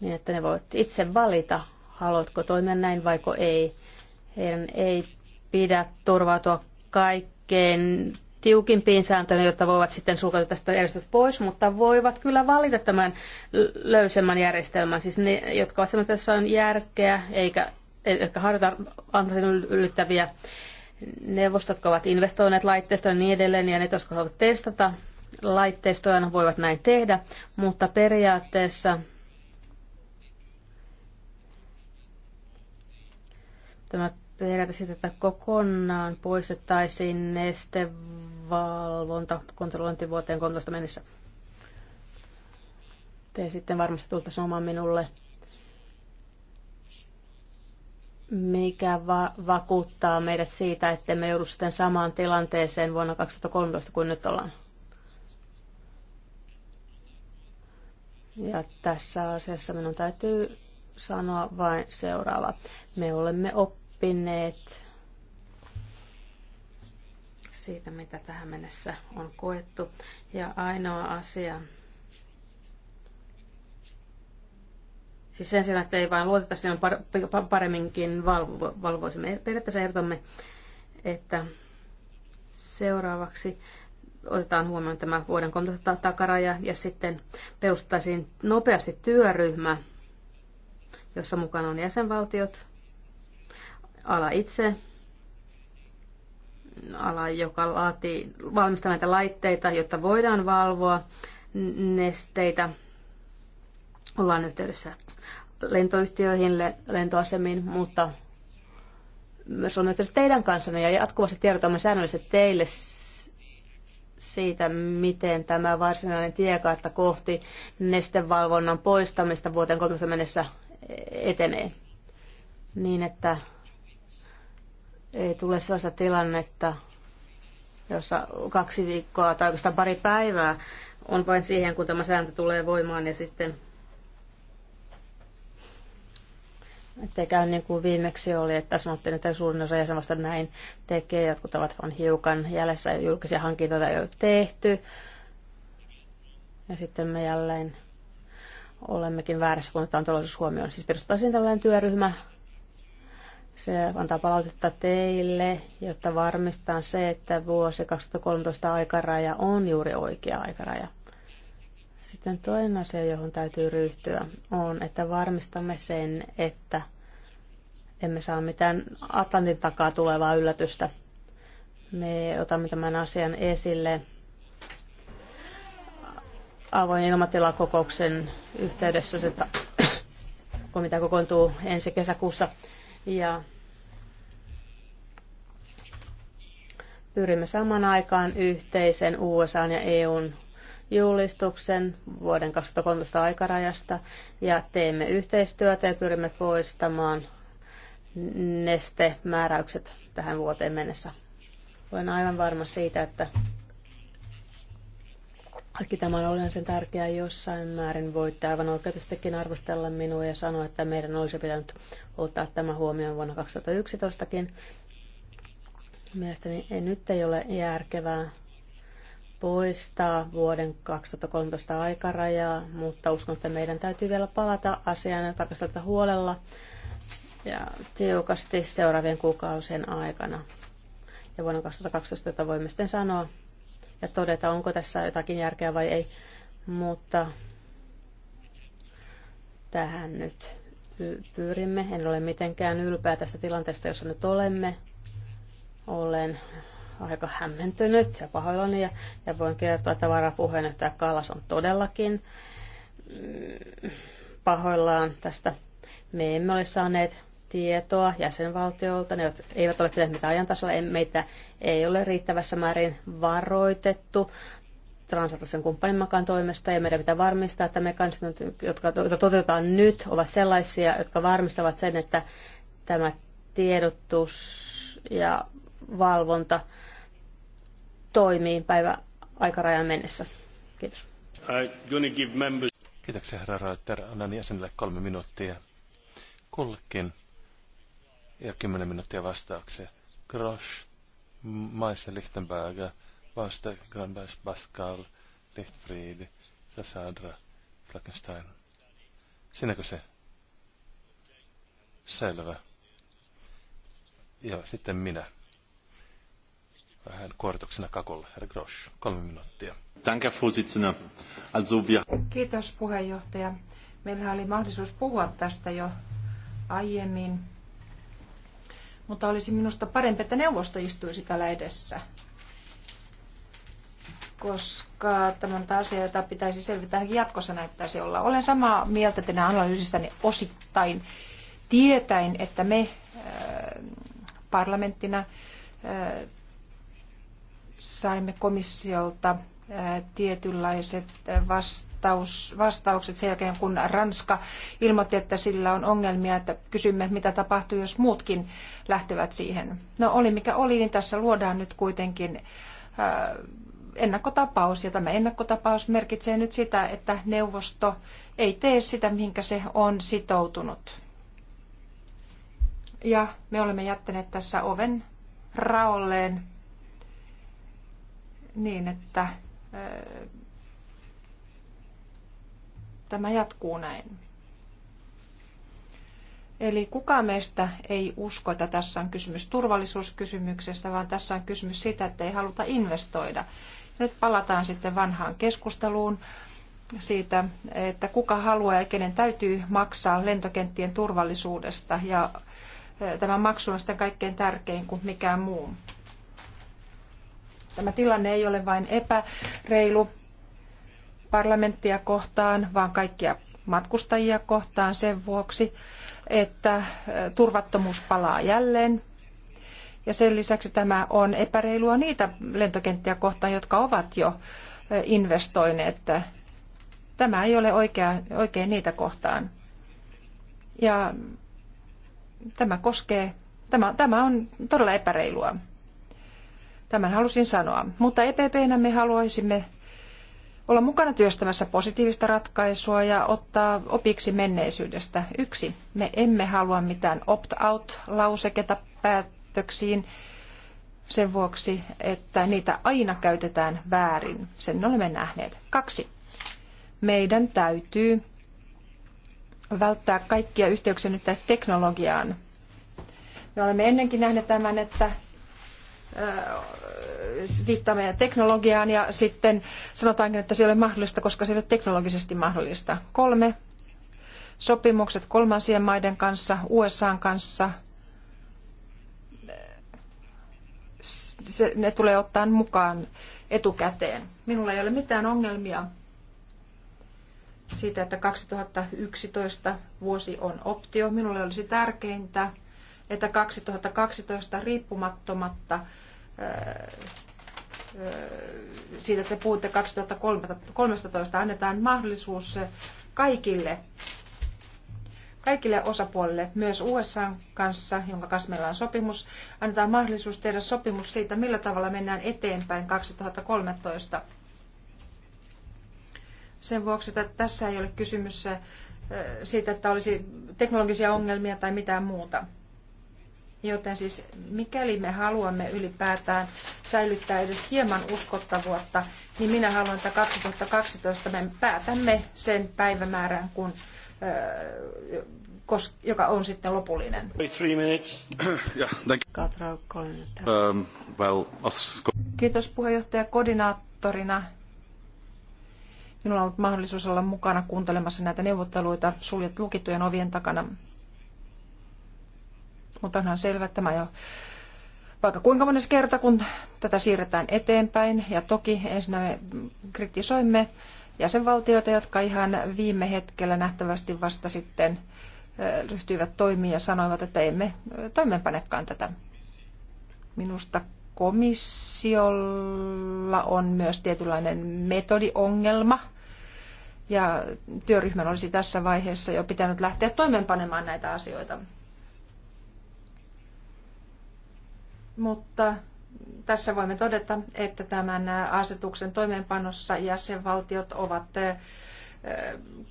Niin, että ne voivat itse valita, haluatko toimia näin vaiko ei. Heidän ei pidä turvautua kaikkein tiukimpiin sääntöihin, jotta voivat sitten sulkata tästä järjestöstä pois, mutta voivat kyllä valita tämän löysemmän järjestelmän, siis ne, jotka ovat tässä on järkeä, eikä ehkä harjoitan yllättäviä neuvostot, jotka ovat investoineet laitteistoon ja niin edelleen, ja ne, jotka haluavat testata laitteistoja, voivat näin tehdä, mutta periaatteessa tämä periaate siitä, että kokonaan poistettaisiin nestevalvonta kontrollointi vuoteen 13 mennessä. Te sitten varmasti tulta sanomaan minulle mikä va- vakuuttaa meidät siitä, että me joudu sitten samaan tilanteeseen vuonna 2013 kuin nyt ollaan. Ja tässä asiassa minun täytyy sanoa vain seuraava. Me olemme oppineet siitä, mitä tähän mennessä on koettu. Ja ainoa asia, Siis sen sijaan, että ei vain luoteta, sinne paremminkin valvo, Me Periaatteessa ehdotamme, että seuraavaksi otetaan huomioon tämä vuoden 13 takaraja ja sitten perustaisiin nopeasti työryhmä, jossa mukana on jäsenvaltiot, ala itse, ala, joka laatii, valmistaa näitä laitteita, jotta voidaan valvoa nesteitä. Ollaan yhteydessä lentoyhtiöihin, lentoasemiin, mutta myös on yhteydessä teidän kanssanne ja jatkuvasti tiedotamme säännöllisesti teille siitä, miten tämä varsinainen tiekartta kohti nestevalvonnan poistamista vuoteen 30 mennessä etenee. Niin, että ei tule sellaista tilannetta, jossa kaksi viikkoa tai oikeastaan pari päivää on vain siihen, kun tämä sääntö tulee voimaan ja sitten ettei käy niin kuin viimeksi oli, että sanottiin, että suurin osa jäsenvasta näin tekee, jotkut ovat vain hiukan jäljessä, julkisia hankintoja ei ole tehty. Ja sitten me jälleen olemmekin väärässä, kun otetaan tuloisuus huomioon. Siis perustettaisiin tällainen työryhmä, se antaa palautetta teille, jotta varmistaa se, että vuosi 2013 aikaraja on juuri oikea aikaraja. Sitten toinen asia, johon täytyy ryhtyä, on, että varmistamme sen, että emme saa mitään Atlantin takaa tulevaa yllätystä. Me otamme tämän asian esille avoin ilmatilakokouksen yhteydessä, että komitea kokoontuu ensi kesäkuussa. Ja pyrimme saman aikaan yhteisen USA ja EUn julistuksen vuoden 2013 aikarajasta ja teemme yhteistyötä ja pyrimme poistamaan nestemääräykset tähän vuoteen mennessä. Olen aivan varma siitä, että kaikki tämä on sen tärkeää jossain määrin. Voitte aivan oikeutustikin arvostella minua ja sanoa, että meidän olisi pitänyt ottaa tämä huomioon vuonna 2011kin. Mielestäni ei, nyt ei ole järkevää poistaa vuoden 2013 aikarajaa, mutta uskon, että meidän täytyy vielä palata asiaan ja tarkastella huolella ja tiukasti seuraavien kuukausien aikana. Ja vuonna 2012 tätä voimme sitten sanoa ja todeta, onko tässä jotakin järkeä vai ei. Mutta tähän nyt pyrimme. En ole mitenkään ylpeä tästä tilanteesta, jossa nyt olemme. Olen aika hämmentynyt ja pahoillani ja, ja voin kertoa, että että Kallas on todellakin mm, pahoillaan tästä. Me emme ole saaneet tietoa jäsenvaltioilta, ne eivät ole tehneet mitään ajan tasolla, meitä ei ole riittävässä määrin varoitettu transatlantisen kumppanimmakaan toimesta ja meidän pitää varmistaa, että mekanismit, jotka toteutetaan nyt, ovat sellaisia, jotka varmistavat sen, että tämä tiedotus ja valvonta toimii päivä aikarajan mennessä. Kiitos. Kiitoksia herra Reuter. Annan jäsenille kolme minuuttia kullekin ja kymmenen minuuttia vastauksia. Grosch, Maisse Lichtenberger, Vaste Granberg, Pascal, Lichtfried, Sassadra, Flakenstein. Sinäkö se? Selvä. Ja sitten minä vähän kakolle. Herra Grosch, kolme minuuttia. Danke, Also wir... Kiitos puheenjohtaja. Meillähän oli mahdollisuus puhua tästä jo aiemmin, mutta olisi minusta parempi, että neuvosto istuisi täällä edessä, koska tämä on asia, jota pitäisi selvitä ainakin jatkossa näyttäisi olla. Olen samaa mieltä teidän analyysistäni osittain tietäen, että me äh, parlamenttina äh, saimme komissiolta tietynlaiset vastaus, vastaukset sen jälkeen, kun Ranska ilmoitti, että sillä on ongelmia, että kysymme, mitä tapahtuu, jos muutkin lähtevät siihen. No oli mikä oli, niin tässä luodaan nyt kuitenkin ennakkotapaus, ja tämä ennakkotapaus merkitsee nyt sitä, että neuvosto ei tee sitä, mihinkä se on sitoutunut. Ja me olemme jättäneet tässä oven raolleen niin, että tämä jatkuu näin. Eli kukaan meistä ei usko, että tässä on kysymys turvallisuuskysymyksestä, vaan tässä on kysymys sitä, että ei haluta investoida. Nyt palataan sitten vanhaan keskusteluun siitä, että kuka haluaa ja kenen täytyy maksaa lentokenttien turvallisuudesta. Ja tämä maksu on sitten kaikkein tärkein kuin mikään muu. Tämä tilanne ei ole vain epäreilu parlamenttia kohtaan, vaan kaikkia matkustajia kohtaan sen vuoksi, että turvattomuus palaa jälleen. Ja sen lisäksi tämä on epäreilua niitä lentokenttiä kohtaan, jotka ovat jo investoineet. Tämä ei ole oikea, oikein niitä kohtaan. Ja tämä koskee, tämä, tämä on todella epäreilua. Tämän halusin sanoa. Mutta EPPnä me haluaisimme olla mukana työstämässä positiivista ratkaisua ja ottaa opiksi menneisyydestä. Yksi, me emme halua mitään opt-out-lauseketa päätöksiin sen vuoksi, että niitä aina käytetään väärin. Sen olemme nähneet. Kaksi, meidän täytyy välttää kaikkia yhteyksiä nyt teknologiaan. Me olemme ennenkin nähneet tämän, että viittaa meidän teknologiaan ja sitten sanotaankin, että se ei ole mahdollista, koska se ei ole teknologisesti mahdollista. Kolme, sopimukset kolmansien maiden kanssa, USAn kanssa, se, ne tulee ottaa mukaan etukäteen. Minulla ei ole mitään ongelmia siitä, että 2011 vuosi on optio. Minulle olisi tärkeintä, että 2012 riippumattomatta öö, öö, siitä, että puhutte 2013, annetaan mahdollisuus kaikille, kaikille osapuolille, myös USA kanssa, jonka kanssa meillä on sopimus, annetaan mahdollisuus tehdä sopimus siitä, millä tavalla mennään eteenpäin 2013. Sen vuoksi, että tässä ei ole kysymys öö, siitä, että olisi teknologisia ongelmia tai mitään muuta. Joten siis mikäli me haluamme ylipäätään säilyttää edes hieman uskottavuutta, niin minä haluan, että 2012 me päätämme sen päivämäärän, kun, joka on sitten lopullinen. Three minutes. thank you. Um, well, as... Kiitos puheenjohtaja koordinaattorina. Minulla on ollut mahdollisuus olla mukana kuuntelemassa näitä neuvotteluita suljet lukittujen ovien takana mutta onhan selvä, että tämä jo vaikka kuinka monessa kerta, kun tätä siirretään eteenpäin. Ja toki ensin me kritisoimme jäsenvaltioita, jotka ihan viime hetkellä nähtävästi vasta sitten ryhtyivät toimiin ja sanoivat, että emme toimeenpanekaan tätä. Minusta komissiolla on myös tietynlainen metodiongelma. Ja työryhmän olisi tässä vaiheessa jo pitänyt lähteä toimeenpanemaan näitä asioita. Mutta tässä voimme todeta, että tämän asetuksen toimeenpanossa jäsenvaltiot ovat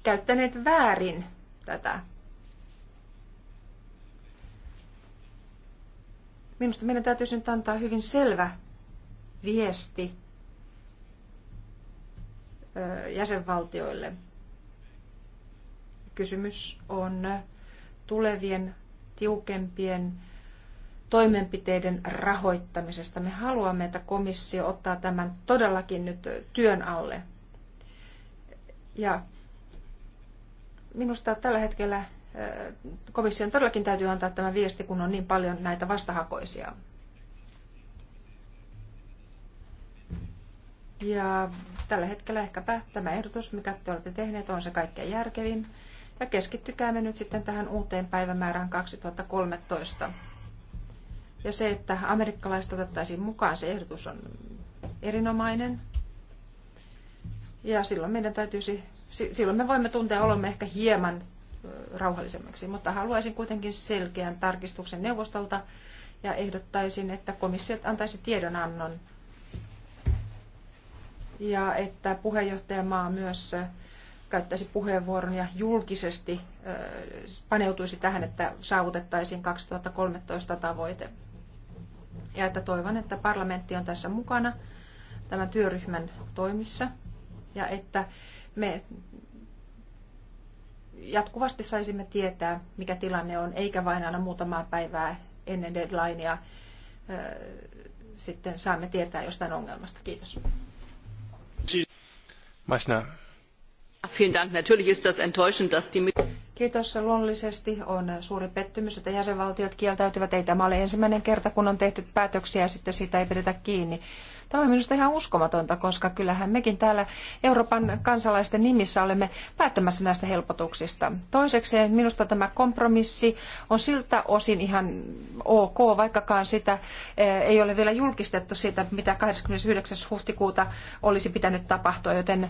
käyttäneet väärin tätä. Minusta meidän täytyisi nyt antaa hyvin selvä viesti jäsenvaltioille. Kysymys on tulevien tiukempien toimenpiteiden rahoittamisesta. Me haluamme, että komissio ottaa tämän todellakin nyt työn alle. Ja minusta tällä hetkellä komission todellakin täytyy antaa tämä viesti, kun on niin paljon näitä vastahakoisia. Ja tällä hetkellä ehkäpä tämä ehdotus, mikä te olette tehneet, on se kaikkein järkevin. Ja keskittykäämme nyt sitten tähän uuteen päivämäärään 2013. Ja se, että amerikkalaiset otettaisiin mukaan, se ehdotus on erinomainen. Ja silloin meidän täytyisi, silloin me voimme tuntea olomme ehkä hieman rauhallisemmaksi, mutta haluaisin kuitenkin selkeän tarkistuksen neuvostolta ja ehdottaisin, että komissio antaisi tiedonannon ja että puheenjohtajamaa myös käyttäisi puheenvuoron ja julkisesti paneutuisi tähän, että saavutettaisiin 2013 tavoite ja että toivon, että parlamentti on tässä mukana tämän työryhmän toimissa ja että me jatkuvasti saisimme tietää, mikä tilanne on, eikä vain aina muutamaa päivää ennen deadlinea sitten saamme tietää jostain ongelmasta. Kiitos. Meissner. Vielen Dank. Natürlich ist das enttäuschend, dass die Kiitos. Luonnollisesti on suuri pettymys, että jäsenvaltiot kieltäytyvät. Ei tämä ole ensimmäinen kerta, kun on tehty päätöksiä ja sitten siitä ei pidetä kiinni. Tämä on minusta ihan uskomatonta, koska kyllähän mekin täällä Euroopan kansalaisten nimissä olemme päättämässä näistä helpotuksista. Toiseksi minusta tämä kompromissi on siltä osin ihan ok, vaikkakaan sitä eh, ei ole vielä julkistettu siitä, mitä 29. huhtikuuta olisi pitänyt tapahtua, joten eh,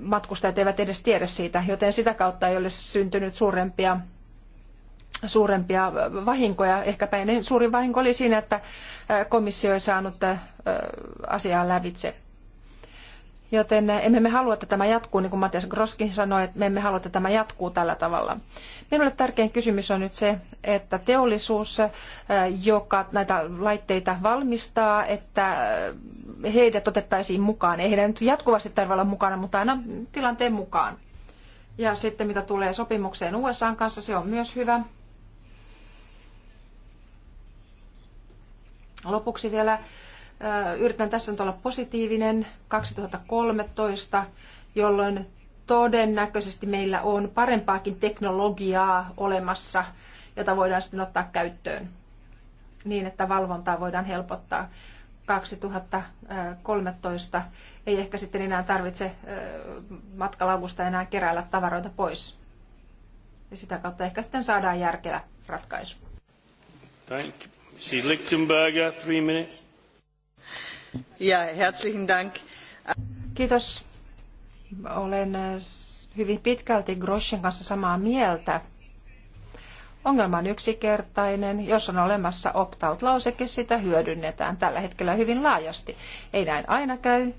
matkustajat eivät edes tiedä siitä, joten sitä kautta ei ole syntynyt suurempia suurempia vahinkoja. Ehkäpä ennen suurin vahinko oli siinä, että komissio ei saanut asiaa lävitse. Joten emme me halua, että tämä jatkuu, niin kuin Matias Groskin sanoi, että me emme halua, että tämä jatkuu tällä tavalla. Minulle tärkein kysymys on nyt se, että teollisuus, joka näitä laitteita valmistaa, että heidät otettaisiin mukaan. Ei heidän nyt jatkuvasti tarvitse olla mukana, mutta aina tilanteen mukaan. Ja sitten mitä tulee sopimukseen USAn kanssa, se on myös hyvä. Lopuksi vielä yritän tässä nyt olla positiivinen 2013, jolloin todennäköisesti meillä on parempaakin teknologiaa olemassa, jota voidaan sitten ottaa käyttöön niin, että valvontaa voidaan helpottaa. 2013 ei ehkä sitten enää tarvitse matkalaukusta enää keräällä tavaroita pois. Ja sitä kautta ehkä sitten saadaan järkevä ratkaisu. Thank you. Sie Lichtenberger, three minutes. Ja, herzlichen Dank. Kiitos. Olen äh, hyvin pitkälti Groschen kanssa samaa mieltä. Ongelma on yksinkertainen. Jos on olemassa opt-out-lauseke, sitä hyödynnetään tällä hetkellä hyvin laajasti. Ei näin aina käy,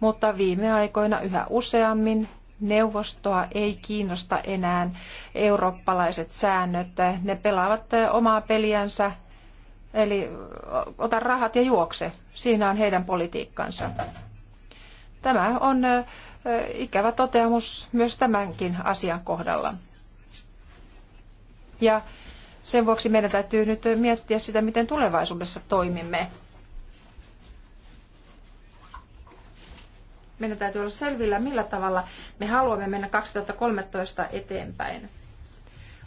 mutta viime aikoina yhä useammin neuvostoa ei kiinnosta enää eurooppalaiset säännöt. Ne pelaavat äh, omaa peliänsä Eli ota rahat ja juokse. Siinä on heidän politiikkansa. Tämä on ikävä toteamus myös tämänkin asian kohdalla. Ja sen vuoksi meidän täytyy nyt miettiä sitä, miten tulevaisuudessa toimimme. Meidän täytyy olla selvillä, millä tavalla me haluamme mennä 2013 eteenpäin.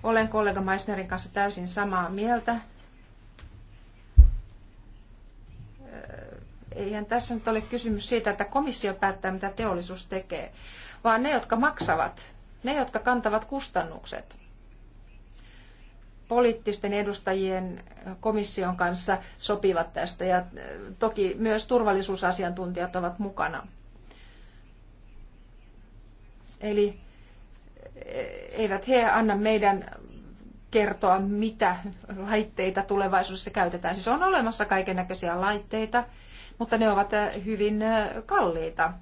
Olen kollega Meissnerin kanssa täysin samaa mieltä. eihän tässä nyt ole kysymys siitä, että komissio päättää, mitä teollisuus tekee, vaan ne, jotka maksavat, ne, jotka kantavat kustannukset poliittisten edustajien komission kanssa sopivat tästä ja äh, toki myös turvallisuusasiantuntijat ovat mukana. Eli äh, eivät he anna meidän kertoa, mitä laitteita tulevaisuudessa käytetään. Siis on olemassa kaiken näköisiä laitteita, mutta ne ovat äh, hyvin äh, kalliita.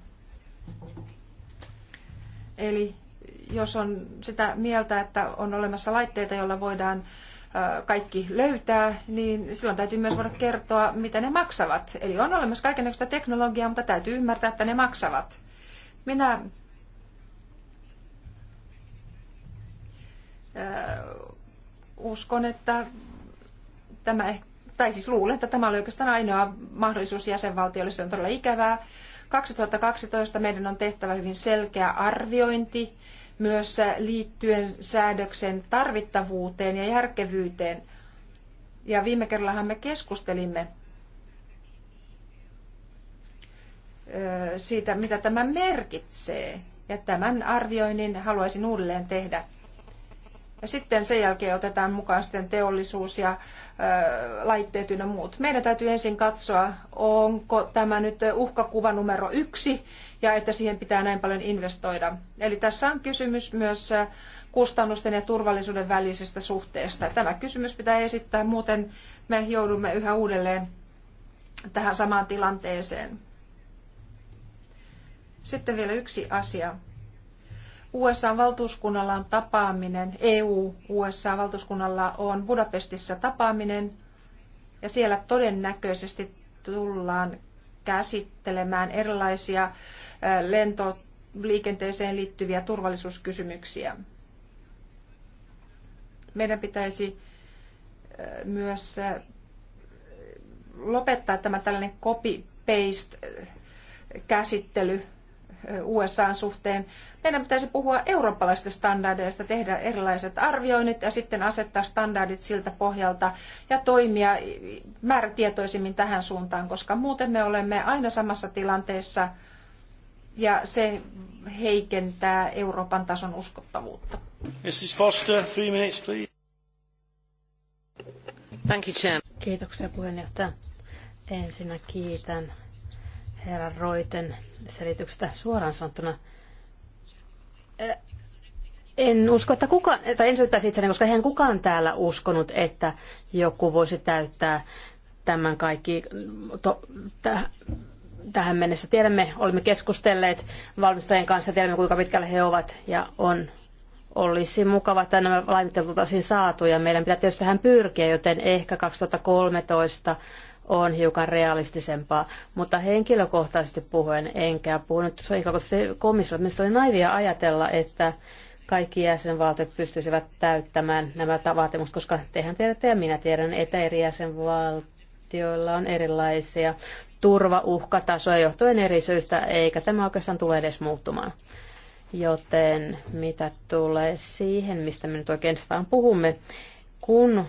Eli jos on sitä mieltä, että on olemassa laitteita, joilla voidaan äh, kaikki löytää, niin silloin täytyy myös voida kertoa, mitä ne maksavat. Eli on olemassa kaikenlaista teknologiaa, mutta täytyy ymmärtää, että ne maksavat. Minä uskon, että tämä tai siis luulen, että tämä oli oikeastaan ainoa mahdollisuus jäsenvaltiolle, se on todella ikävää. 2012 meidän on tehtävä hyvin selkeä arviointi myös liittyen säädöksen tarvittavuuteen ja järkevyyteen. Ja viime kerrallahan me keskustelimme siitä, mitä tämä merkitsee. Ja tämän arvioinnin haluaisin uudelleen tehdä ja sitten sen jälkeen otetaan mukaan sitten teollisuus ja ö, laitteet ynnä muut. Meidän täytyy ensin katsoa, onko tämä nyt uhkakuva numero yksi ja että siihen pitää näin paljon investoida. Eli tässä on kysymys myös kustannusten ja turvallisuuden välisestä suhteesta. Tämä kysymys pitää esittää, muuten me joudumme yhä uudelleen tähän samaan tilanteeseen. Sitten vielä yksi asia. USA-valtuuskunnalla on tapaaminen, EU-USA-valtuuskunnalla on Budapestissa tapaaminen, ja siellä todennäköisesti tullaan käsittelemään erilaisia lentoliikenteeseen liittyviä turvallisuuskysymyksiä. Meidän pitäisi myös lopettaa tämä tällainen copy-paste-käsittely USAn suhteen. Meidän pitäisi puhua eurooppalaisista standardeista, tehdä erilaiset arvioinnit ja sitten asettaa standardit siltä pohjalta ja toimia määrätietoisemmin tähän suuntaan, koska muuten me olemme aina samassa tilanteessa ja se heikentää Euroopan tason uskottavuutta. Mrs. Foster, three minutes, please. Thank you, Chair. Kiitoksia puheenjohtaja. Ensinnä kiitän herra Roiten selityksestä suoraan sanottuna. En usko, että kukaan, tai en syyttäisi itseäni, koska eihän kukaan täällä uskonut, että joku voisi täyttää tämän kaikki to, täh, tähän mennessä. Tiedämme, olemme keskustelleet valmistajien kanssa, tiedämme kuinka pitkälle he ovat ja on olisi mukava, että nämä laimittelut saatu ja meidän pitää tietysti tähän pyrkiä, joten ehkä 2013 on hiukan realistisempaa. Mutta henkilökohtaisesti puhuen, enkä puhunut henkilökohtaisesti komissio, mistä oli naivia ajatella, että kaikki jäsenvaltiot pystyisivät täyttämään nämä vaatimukset, koska tehän tiedätte ja minä tiedän, että eri jäsenvaltioilla on erilaisia turvauhkatasoja johtuen eri syistä, eikä tämä oikeastaan tule edes muuttumaan. Joten mitä tulee siihen, mistä me nyt oikeastaan puhumme, kun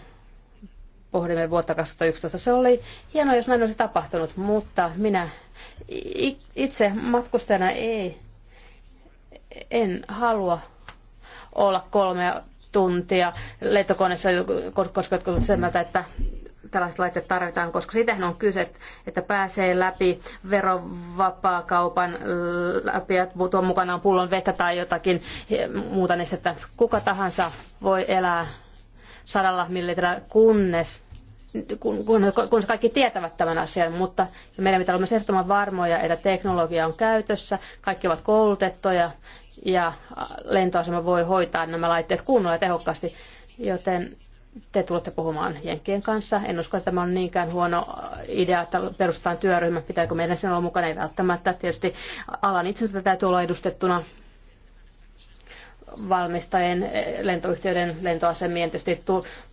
pohdimme vuotta 2011. Se oli hienoa, jos näin olisi tapahtunut, mutta minä itse matkustajana ei, en halua olla kolme tuntia lentokoneessa, koska jotkut sen mieltä, että tällaiset laitteet tarvitaan, koska sitähän on kyse, että pääsee läpi verovapaakaupan läpi ja tuo mukanaan pullon vettä tai jotakin muuta, niin että kuka tahansa voi elää sadalla millilitralla, kunnes kun, kun, kun kaikki tietävät tämän asian, mutta meidän pitää olla myös ehdottoman varmoja, että teknologia on käytössä, kaikki ovat koulutettuja ja lentoasema voi hoitaa nämä laitteet kunnolla ja tehokkaasti, joten te tulette puhumaan Jenkkien kanssa. En usko, että tämä on niinkään huono idea, että perustetaan työryhmä, pitääkö meidän sen olla mukana, ei välttämättä. Tietysti alan itsensä täytyy olla edustettuna valmistajien, eh, lentoyhtiöiden, lentoasemien tietysti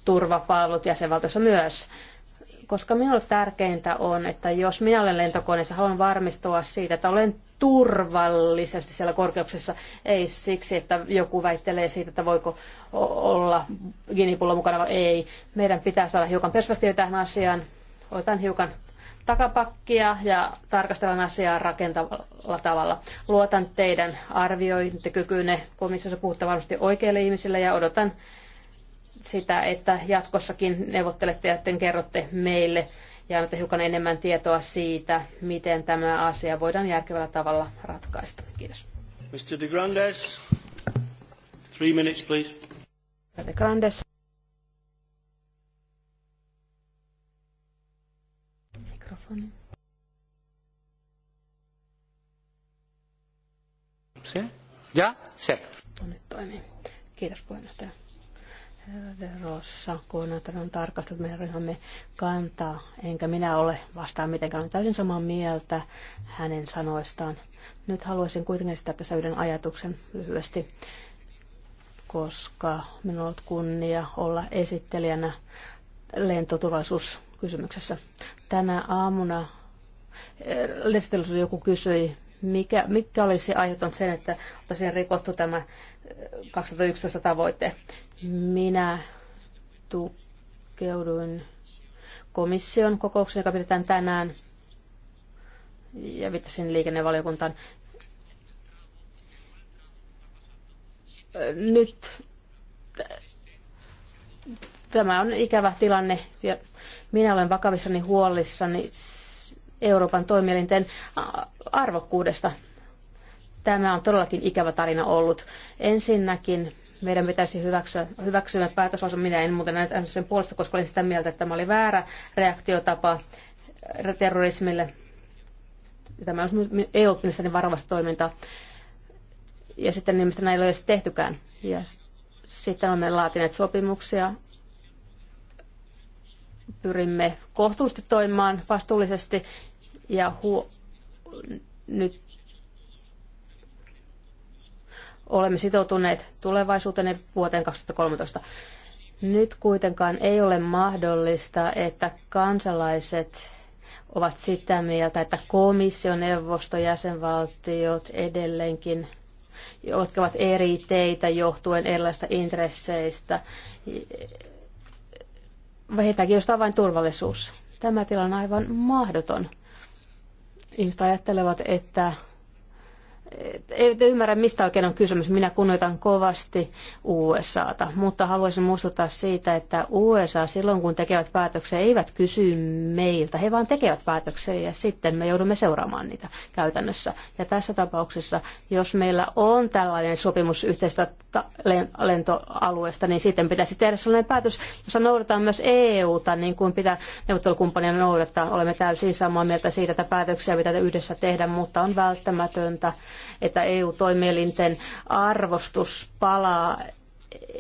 turvapalvelut jäsenvaltiossa myös. Koska minulle tärkeintä on, että jos minä olen lentokoneessa, haluan varmistua siitä, että olen turvallisesti siellä korkeuksessa, ei siksi, että joku väittelee siitä, että voiko olla ginipullo mukana vai ei. Meidän pitää saada hiukan perspektiiviä tähän asiaan. Otan hiukan takapakkia ja tarkastellaan asiaa rakentavalla tavalla. Luotan teidän arviointikykyynne komissiossa puhutte varmasti oikeille ihmisille ja odotan sitä, että jatkossakin neuvottelette ja kerrotte meille ja annatte hiukan enemmän tietoa siitä, miten tämä asia voidaan järkevällä tavalla ratkaista. Kiitos. Mr. De Grandes, three minutes please. De Grandes. microfone. Se? Ja se. nyt toimii. Kiitos puheenjohtaja. Rossa, kun on tarkasteltu meidän ryhmämme kantaa, enkä minä ole vastaan mitenkään, olen täysin samaa mieltä hänen sanoistaan. Nyt haluaisin kuitenkin sitä tässä yhden ajatuksen lyhyesti, koska minulla on ollut kunnia olla esittelijänä lentoturvallisuus kysymyksessä. Tänä aamuna eh, lestelussa joku kysyi, mikä, mikä olisi aiheuttanut sen, että tosiaan rikottu tämä 2011 eh, tavoite. Minä tukeuduin komission kokoukseen, joka pidetään tänään, ja viittasin liikennevaliokuntaan. Eh, nyt Tämä on ikävä tilanne ja minä olen vakavissani huolissani Euroopan toimielinten arvokkuudesta. Tämä on todellakin ikävä tarina ollut. Ensinnäkin meidän pitäisi hyväksyä, hyväksyä päätöslausun. Minä en muuten näitä sen puolesta, koska olin sitä mieltä, että tämä oli väärä reaktiotapa terrorismille. Tämä ei ollut mielestäni varovasta toimintaa. Ja sitten niistä näillä ei ole edes tehtykään. Ja sitten olemme laatineet sopimuksia pyrimme kohtuullisesti toimimaan vastuullisesti ja nyt olemme sitoutuneet tulevaisuuteen vuoteen 2013. Nyt kuitenkaan ei ole mahdollista, että kansalaiset ovat sitä mieltä, että neuvosto, jäsenvaltiot edelleenkin jotka ovat eri teitä johtuen erilaisista intresseistä heitä kiinnostaa vain turvallisuus. Tämä tilanne on aivan mahdoton. Ihmiset ajattelevat, että ei ymmärrä, mistä oikein on kysymys. Minä kunnioitan kovasti USAta, mutta haluaisin muistuttaa siitä, että USA silloin, kun tekevät päätöksiä, eivät kysy meiltä. He vaan tekevät päätöksiä ja sitten me joudumme seuraamaan niitä käytännössä. Ja tässä tapauksessa, jos meillä on tällainen sopimus yhteistä lentoalueesta, niin sitten pitäisi tehdä sellainen päätös, jossa noudataan myös EUta, niin kuin pitää neuvottelukumppania noudattaa. Olemme täysin samaa mieltä siitä, että päätöksiä pitää yhdessä tehdä, mutta on välttämätöntä, että EU-toimielinten arvostus palaa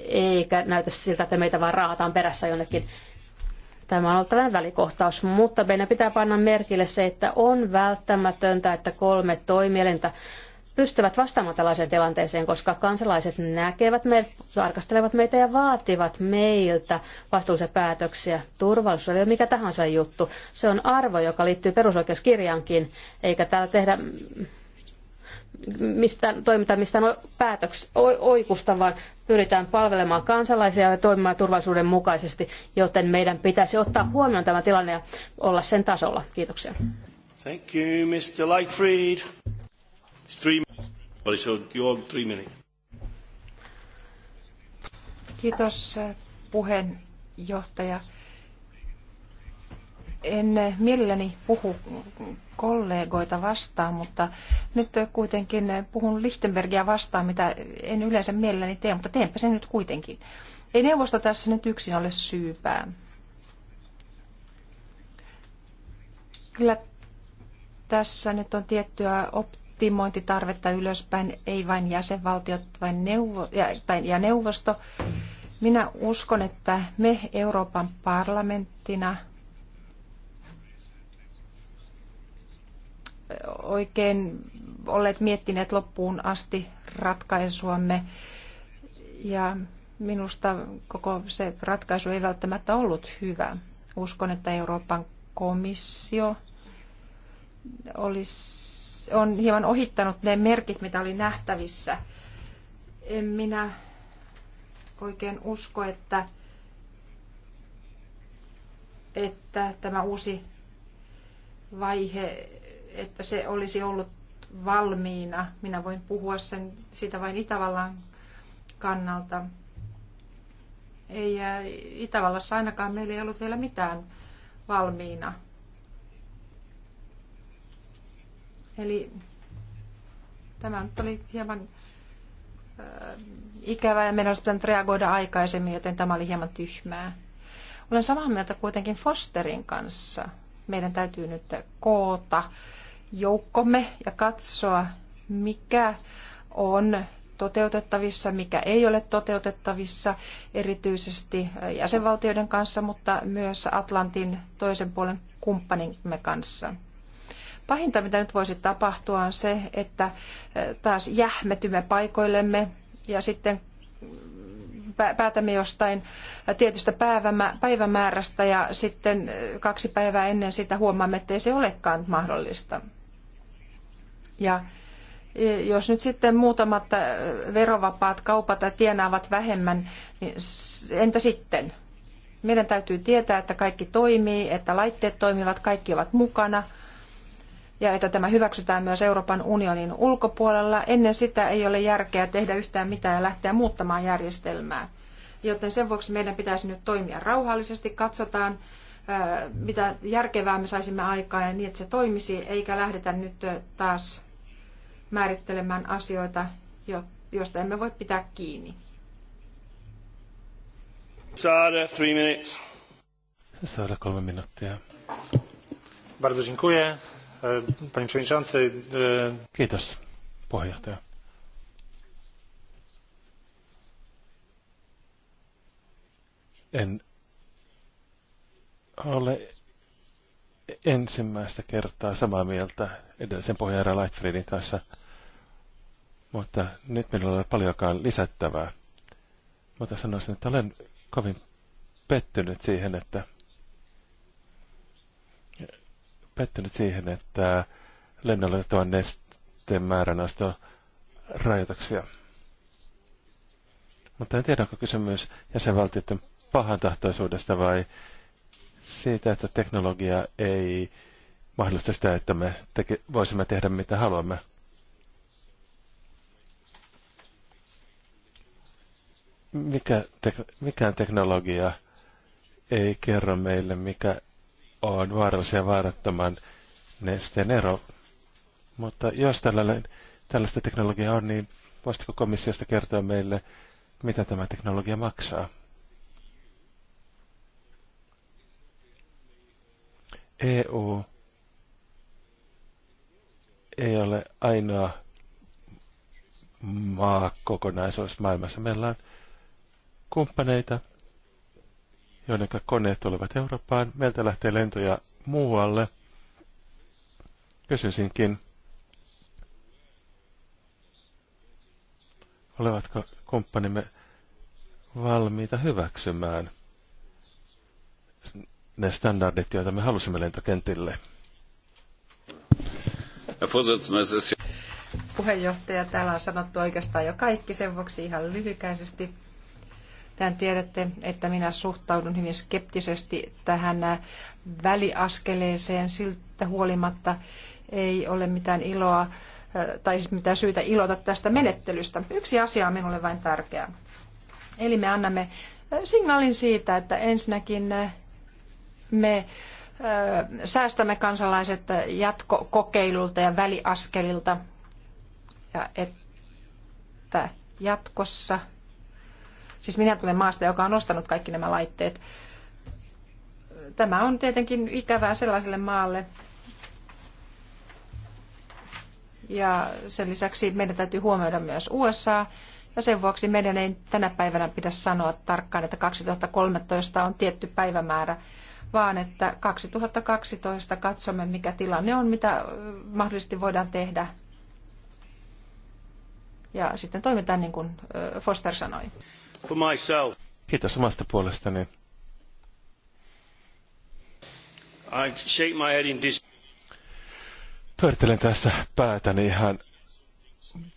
eikä näytä siltä, että meitä vaan raahataan perässä jonnekin. Tämä on ollut tällainen välikohtaus, mutta meidän pitää panna merkille se, että on välttämätöntä, että kolme toimielintä pystyvät vastaamaan tällaiseen tilanteeseen, koska kansalaiset näkevät meidät, tarkastelevat meitä ja vaativat meiltä vastuullisia päätöksiä. Turvallisuus ei ole mikä tahansa juttu. Se on arvo, joka liittyy perusoikeuskirjaankin, eikä täällä tehdä mistä toimita mistään päätöks, oikusta, vaan pyritään palvelemaan kansalaisia ja toimimaan turvallisuuden mukaisesti, joten meidän pitäisi ottaa huomioon tämä tilanne ja olla sen tasolla. Kiitoksia. Thank you, Mr. Lightfried. Kiitos eh, puheenjohtaja en mielelläni puhu kollegoita vastaan, mutta nyt kuitenkin puhun Lichtenbergia vastaan, mitä en yleensä mielelläni tee, mutta teenpä sen nyt kuitenkin. Ei neuvosto tässä nyt yksin ole syypää. Kyllä tässä nyt on tiettyä optimointitarvetta ylöspäin, ei vain jäsenvaltiot vai neuvo, ja, tai, ja neuvosto. Minä uskon, että me Euroopan parlamenttina – oikein olleet miettineet loppuun asti ratkaisuamme. Ja minusta koko se ratkaisu ei välttämättä ollut hyvä. Uskon, että Euroopan komissio olisi, on hieman ohittanut ne merkit, mitä oli nähtävissä. En minä oikein usko, että, että tämä uusi vaihe että se olisi ollut valmiina. Minä voin puhua sen, siitä vain Itävallan kannalta. Ei Itävallassa ainakaan meillä ei ollut vielä mitään valmiina. Eli tämä nyt oli hieman äh, ikävää ja meidän olisi pitänyt reagoida aikaisemmin, joten tämä oli hieman tyhmää. Olen samaa mieltä kuitenkin Fosterin kanssa. Meidän täytyy nyt koota äh, joukkomme ja katsoa, mikä on toteutettavissa, mikä ei ole toteutettavissa, erityisesti äh, jäsenvaltioiden kanssa, mutta myös Atlantin toisen puolen kumppanimme kanssa. Pahinta, mitä nyt voisi tapahtua, on se, että äh, taas jähmetymme paikoillemme ja sitten mm, päätämme jostain äh, tietystä päivämäärästä ja sitten kaksi päivää ennen sitä huomaamme, että ei se olekaan mahdollista. Ja e, jos nyt sitten muutamat e, verovapaat kaupat tienaavat vähemmän, niin entä sitten? Meidän täytyy tietää, että kaikki toimii, että laitteet toimivat, kaikki ovat mukana ja että tämä hyväksytään myös Euroopan unionin ulkopuolella. Ennen sitä ei ole järkeä tehdä yhtään mitään ja lähteä muuttamaan järjestelmää. Joten sen vuoksi meidän pitäisi nyt toimia rauhallisesti, katsotaan e, mitä järkevää me saisimme aikaan ja niin, että se toimisi, eikä lähdetä nyt taas määrittelemään asioita, joista emme voi pitää kiinni. Saada, three minutes. Saada kolme minuuttia. Bardzo dziękuję, e, panie przewodniczący. E, Kiitos, puheenjohtaja. En ole ensimmäistä kertaa samaa mieltä edellisen puheenjohtaja Lightfriedin kanssa – mutta nyt meillä ei ole paljonkaan lisättävää. Mutta sanoisin, että olen kovin pettynyt siihen, että pettynyt siihen, että lennolle tuon nesteen määrän asti rajoituksia. Mutta en tiedä, onko kysymys jäsenvaltioiden pahantahtoisuudesta vai siitä, että teknologia ei mahdollista sitä, että me teke, voisimme tehdä mitä haluamme. mikä te- mikään teknologia ei kerro meille, mikä on vaarallisen ja vaarattoman nesteen ero. Mutta jos tällainen, tällaista teknologiaa on, niin voisitko komissiosta kertoa meille, mitä tämä teknologia maksaa? EU ei ole ainoa maakokonaisuus maailmassa. Meillä on kumppaneita, joiden koneet tulevat Eurooppaan. Meiltä lähtee lentoja muualle. Kysyisinkin, olevatko kumppanimme valmiita hyväksymään ne standardit, joita me halusimme lentokentille. Puheenjohtaja, täällä on sanottu oikeastaan jo kaikki, sen vuoksi ihan lyhykäisesti Tämän tiedätte, että minä suhtaudun hyvin skeptisesti tähän väliaskeleeseen siltä huolimatta. Ei ole mitään iloa äh, tai siis mitään syytä ilota tästä menettelystä. Yksi asia on minulle vain tärkeä. Eli me annamme äh, signaalin siitä, että ensinnäkin äh, me säästämme kansalaiset jatkokokeilulta ja väliaskelilta ja että jatkossa – Siis minä tulen maasta, joka on ostanut kaikki nämä laitteet. Tämä on tietenkin ikävää sellaiselle maalle. Ja sen lisäksi meidän täytyy huomioida myös USA. Ja sen vuoksi meidän ei tänä päivänä pidä sanoa tarkkaan, että 2013 on tietty päivämäärä, vaan että 2012 katsomme, mikä tilanne on, mitä mahdollisesti voidaan tehdä. Ja sitten toimitaan niin kuin Foster sanoi. For myself. Kiitos omasta puolestani. I shake my head in this. Pyörittelen tässä päätäni ihan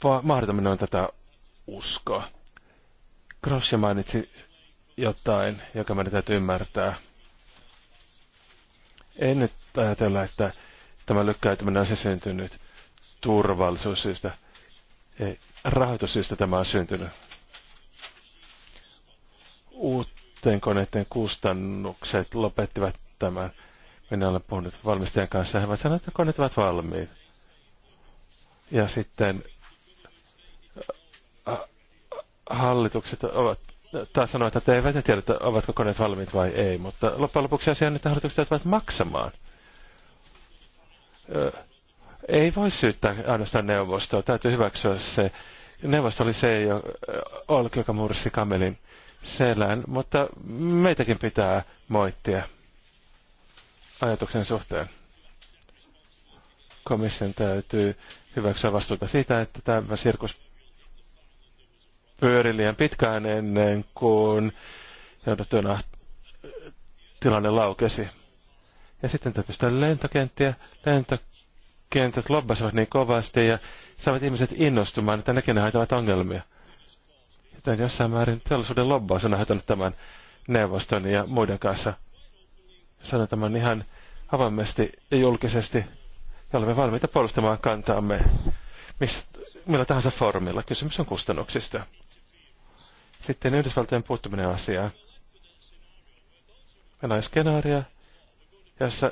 va- mahdotamme tätä uskoa. Grossi mainitsi jotain, joka meidän täytyy ymmärtää. En nyt ajatella, että tämä lykkäytyminen on se syntynyt turvallisuussyistä. Ei, rahoitussyistä tämä on syntynyt uuteen koneiden kustannukset lopettivat tämän. Minä olen puhunut valmistajan kanssa, he ovat sanoneet, että koneet ovat valmiit. Ja sitten äh, äh, hallitukset ovat taas sanoa, että eivät ne tiedä, ovatko koneet valmiit vai ei, mutta loppujen lopuksi asia on, että hallitukset joutuvat maksamaan. Äh, ei voi syyttää ainoastaan neuvostoa, täytyy hyväksyä se. Neuvosto oli se, joka mursi kamelin selän, mutta meitäkin pitää moittia ajatuksen suhteen. Komission täytyy hyväksyä vastuuta siitä, että tämä sirkus pyöri liian pitkään ennen kuin jouduttuna ah- tilanne laukesi. Ja sitten sitä lentokenttiä, lentokentät lobbasivat niin kovasti ja saavat ihmiset innostumaan, että nekin haitavat ongelmia. Sitten jossain määrin teollisuuden lobbaus on aiheuttanut tämän neuvoston ja muiden kanssa. Sano tämän ihan avoimesti ja julkisesti. Ja olemme valmiita puolustamaan kantaamme missä, millä tahansa foorumilla. Kysymys on kustannuksista. Sitten Yhdysvaltojen puuttuminen asiaa. Meillä on skenaario, jossa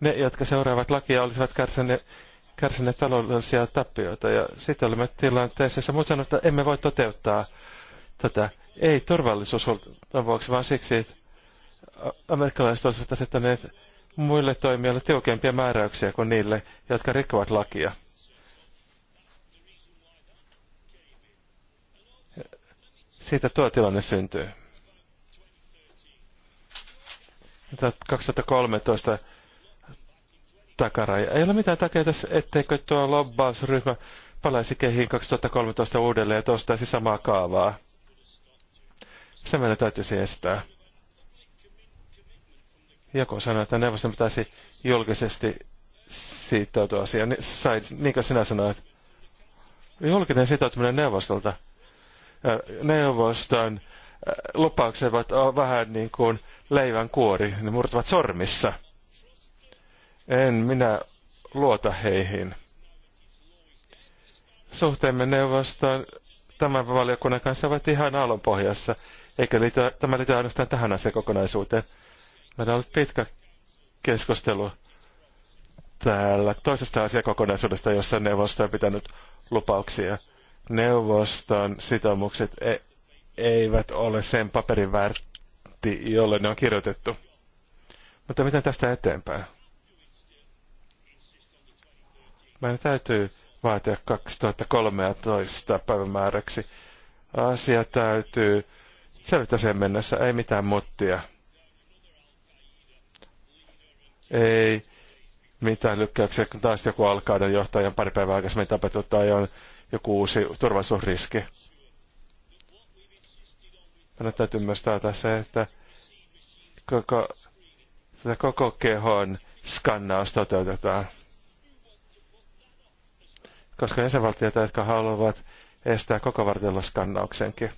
ne, jotka seuraavat lakia, olisivat kärsineet kärsineet taloudellisia tappioita ja sitten olemme tilanteessa, jossa muut että emme voi toteuttaa tätä. Ei turvallisuus vuoksi, vaan siksi, että amerikkalaiset olisivat asettaneet muille toimijoille tiukempia määräyksiä kuin niille, jotka rikkovat lakia. Siitä tuo tilanne syntyy. 2013 takaraja. Ei ole mitään takeita, etteikö tuo lobbausryhmä palaisi kehiin 2013 uudelleen ja toistaisi samaa kaavaa. Se meidän täytyisi estää. Joku sanoi, että neuvoston pitäisi julkisesti sitoutua asiaan. Niin, niin kuin sinä sanoit. Julkinen sitoutuminen neuvostolta. Neuvoston lupaukset ovat vähän niin kuin leivän kuori. Ne murtuvat sormissa. En minä luota heihin. Suhteemme neuvostoon tämän valiokunnan kanssa ovat ihan aallonpohjassa, eikä liity, tämä liity ainoastaan tähän asiakokonaisuuteen. Meillä on ollut pitkä keskustelu täällä toisesta asiakokonaisuudesta, jossa neuvosto on pitänyt lupauksia. Neuvoston sitoumukset e- eivät ole sen paperin väärti, jolle ne on kirjoitettu. Mutta miten tästä eteenpäin? Meidän täytyy vaatia 2013 päivämääräksi. Asia täytyy selvittää sen mennessä, ei mitään muttia. Ei mitään lykkäyksiä, kun taas joku alkauden johtajan pari päivää aikaisemmin tapetut tai on joku uusi turvallisuusriski. Meidän täytyy myös taata se, että koko, tätä koko kehon skannaus toteutetaan koska jäsenvaltiot jotka haluavat estää koko vartiollaskannaukseenkin.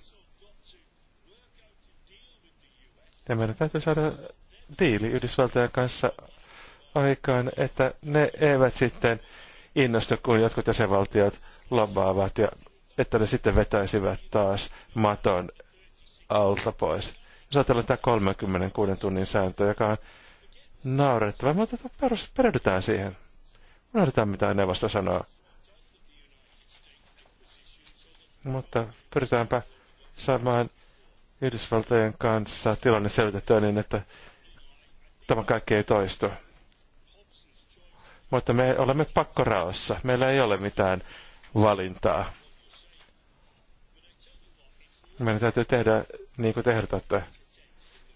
Ja meidän täytyy saada diili Yhdysvaltojen kanssa aikaan, että ne eivät sitten innostu, kun jotkut jäsenvaltiot lobbaavat ja että ne sitten vetäisivät taas maton alta pois. Jos ajatellaan tämä 36 tunnin sääntö, joka on naurettava, mutta perus, perehdytään siihen. Unohdetaan, mitä neuvosto sanoo. Mutta pyritäänpä saamaan Yhdysvaltojen kanssa tilanne selvitettyä niin, että tämä kaikki ei toistu. Mutta me olemme pakkoraossa. Meillä ei ole mitään valintaa. Meidän täytyy tehdä niin kuin te ehdotatte.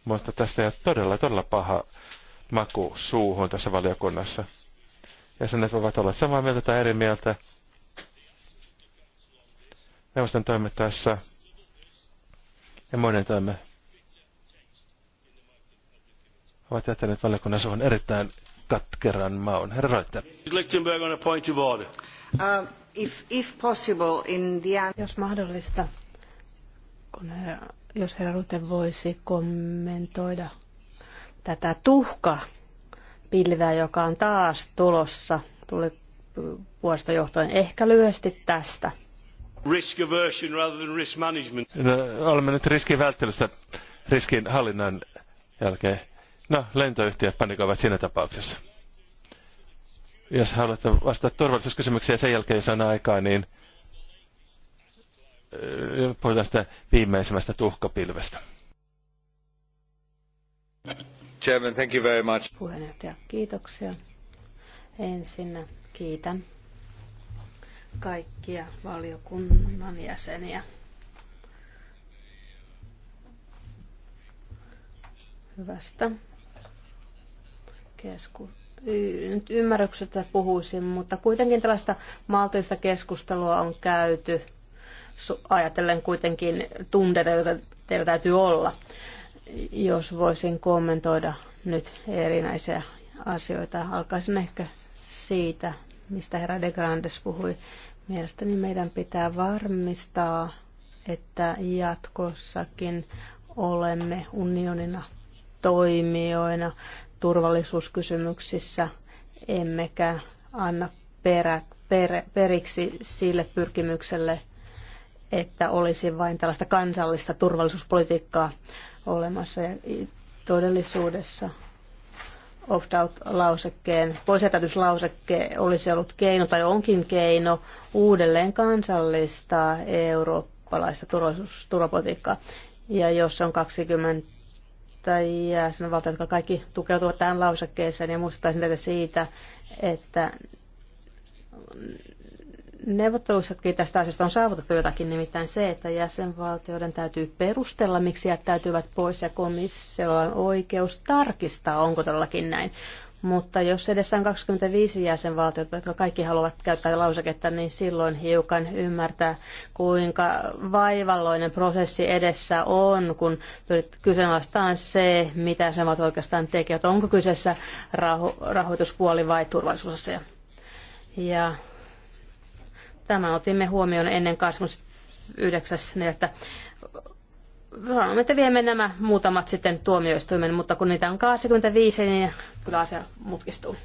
Mutta tästä ei ole todella, todella paha maku suuhun tässä valiokunnassa. Ja sen voivat olla samaa mieltä tai eri mieltä neuvoston toimittaessa ja monen toimme ovat jättäneet valiokunnan suhun erittäin katkeran maun. Herra Reuter. Lichtenberg on a point of order. Uh, if, if possible, in the... Jos mahdollista, kun herra, jos herra Rute voisi kommentoida tätä tuhka pilveä, joka on taas tulossa, tuli vuosta johtuen. Ehkä lyhyesti tästä risk aversion rather than risk management. No, olemme nyt riskin välttelystä riskin hallinnan jälkeen. No, lentoyhtiöt panikoivat siinä tapauksessa. Jos haluatte vastata turvallisuuskysymyksiä sen jälkeen, jos on aikaa, niin puhutaan sitä viimeisimmästä tuhkapilvestä. Chairman, thank you very much. Puheenjohtaja, kiitoksia. Ensinnä kiitän kaikkia valiokunnan jäseniä. Hyvästä kesku- nyt ymmärryksestä puhuisin, mutta kuitenkin tällaista maltillista keskustelua on käyty, ajatellen kuitenkin tunteita, joita teillä täytyy olla. Jos voisin kommentoida nyt erinäisiä asioita, alkaisin ehkä siitä, mistä herra de Grandes puhui. Mielestäni meidän pitää varmistaa, että jatkossakin olemme unionina toimijoina turvallisuuskysymyksissä, emmekä anna perä, per, periksi sille pyrkimykselle, että olisi vain tällaista kansallista turvallisuuspolitiikkaa olemassa. Ja todellisuudessa opt-out-lausekkeen, poisjätätyslauseke olisi ollut keino tai onkin keino uudelleen kansallistaa eurooppalaista turvapolitiikkaa. Ja jos on 20 jäsenvaltioita, jotka kaikki tukeutuvat tähän lausekkeeseen, ja niin muistuttaisin teitä siitä, että neuvotteluissakin tästä asiasta on saavutettu jotakin, nimittäin se, että jäsenvaltioiden täytyy perustella, miksi jättäytyvät pois ja komissiolla on oikeus tarkistaa, onko todellakin näin. Mutta jos edessä on 25 jäsenvaltiota, jotka kaikki haluavat käyttää lauseketta, niin silloin hiukan ymmärtää, kuinka vaivalloinen prosessi edessä on, kun pyrit se, mitä jäsenvaltiot oikeastaan tekevät. Onko kyseessä raho- rahoituspuoli vai turvallisuusasia? Ja Tämä otimme huomioon ennen 29.4. Sanoimme, että viemme nämä muutamat sitten tuomioistuimen, mutta kun niitä on 25, niin kyllä asia mutkistuu.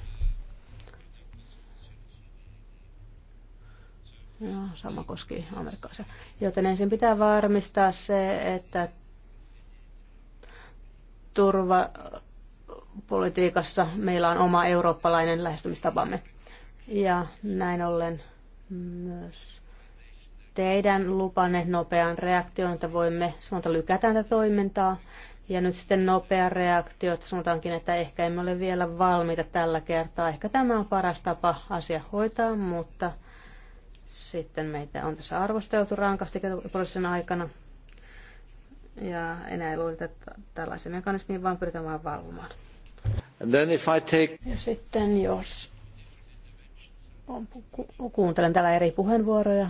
No, sama koski amerikkalaisia. Joten ensin pitää varmistaa se, että turvapolitiikassa meillä on oma eurooppalainen lähestymistapamme. Ja näin ollen myös teidän lupanne nopean reaktion, että voimme, sanotaan, lykätään tätä toimintaa. Ja nyt sitten nopea reaktio, että sanotaankin, että ehkä emme ole vielä valmiita tällä kertaa. Ehkä tämä on paras tapa asia hoitaa, mutta sitten meitä on tässä arvosteltu rankasti prosessin aikana. Ja enää ei että tällaisen mekanismiin, vaan pyritään vaan valvomaan. And then if I take... Ja sitten jos kuuntelen täällä eri puheenvuoroja,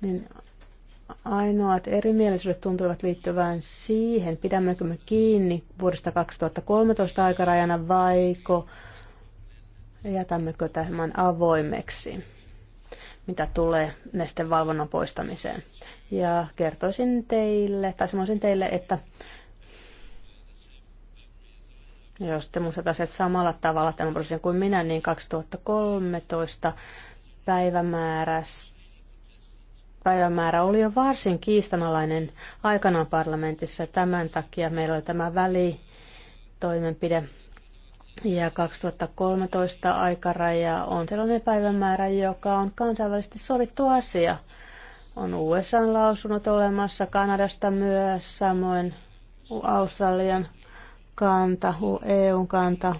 niin ainoat erimielisyydet tuntuivat liittyvän siihen, pidämmekö me kiinni vuodesta 2013 aikarajana vaiko jätämmekö tämän avoimeksi, mitä tulee nesten valvonnan poistamiseen. Ja kertoisin teille, tai sanoisin teille, että jos te muistat asiat samalla tavalla tämän prosessin kuin minä, niin 2013 päivämäärästä päivämäärä oli jo varsin kiistanalainen aikanaan parlamentissa. Tämän takia meillä oli tämä välitoimenpide. Ja 2013 aikaraja on sellainen päivämäärä, joka on kansainvälisesti sovittu asia. On USA lausunnot olemassa, Kanadasta myös, samoin Australian kanta, EUn kanta.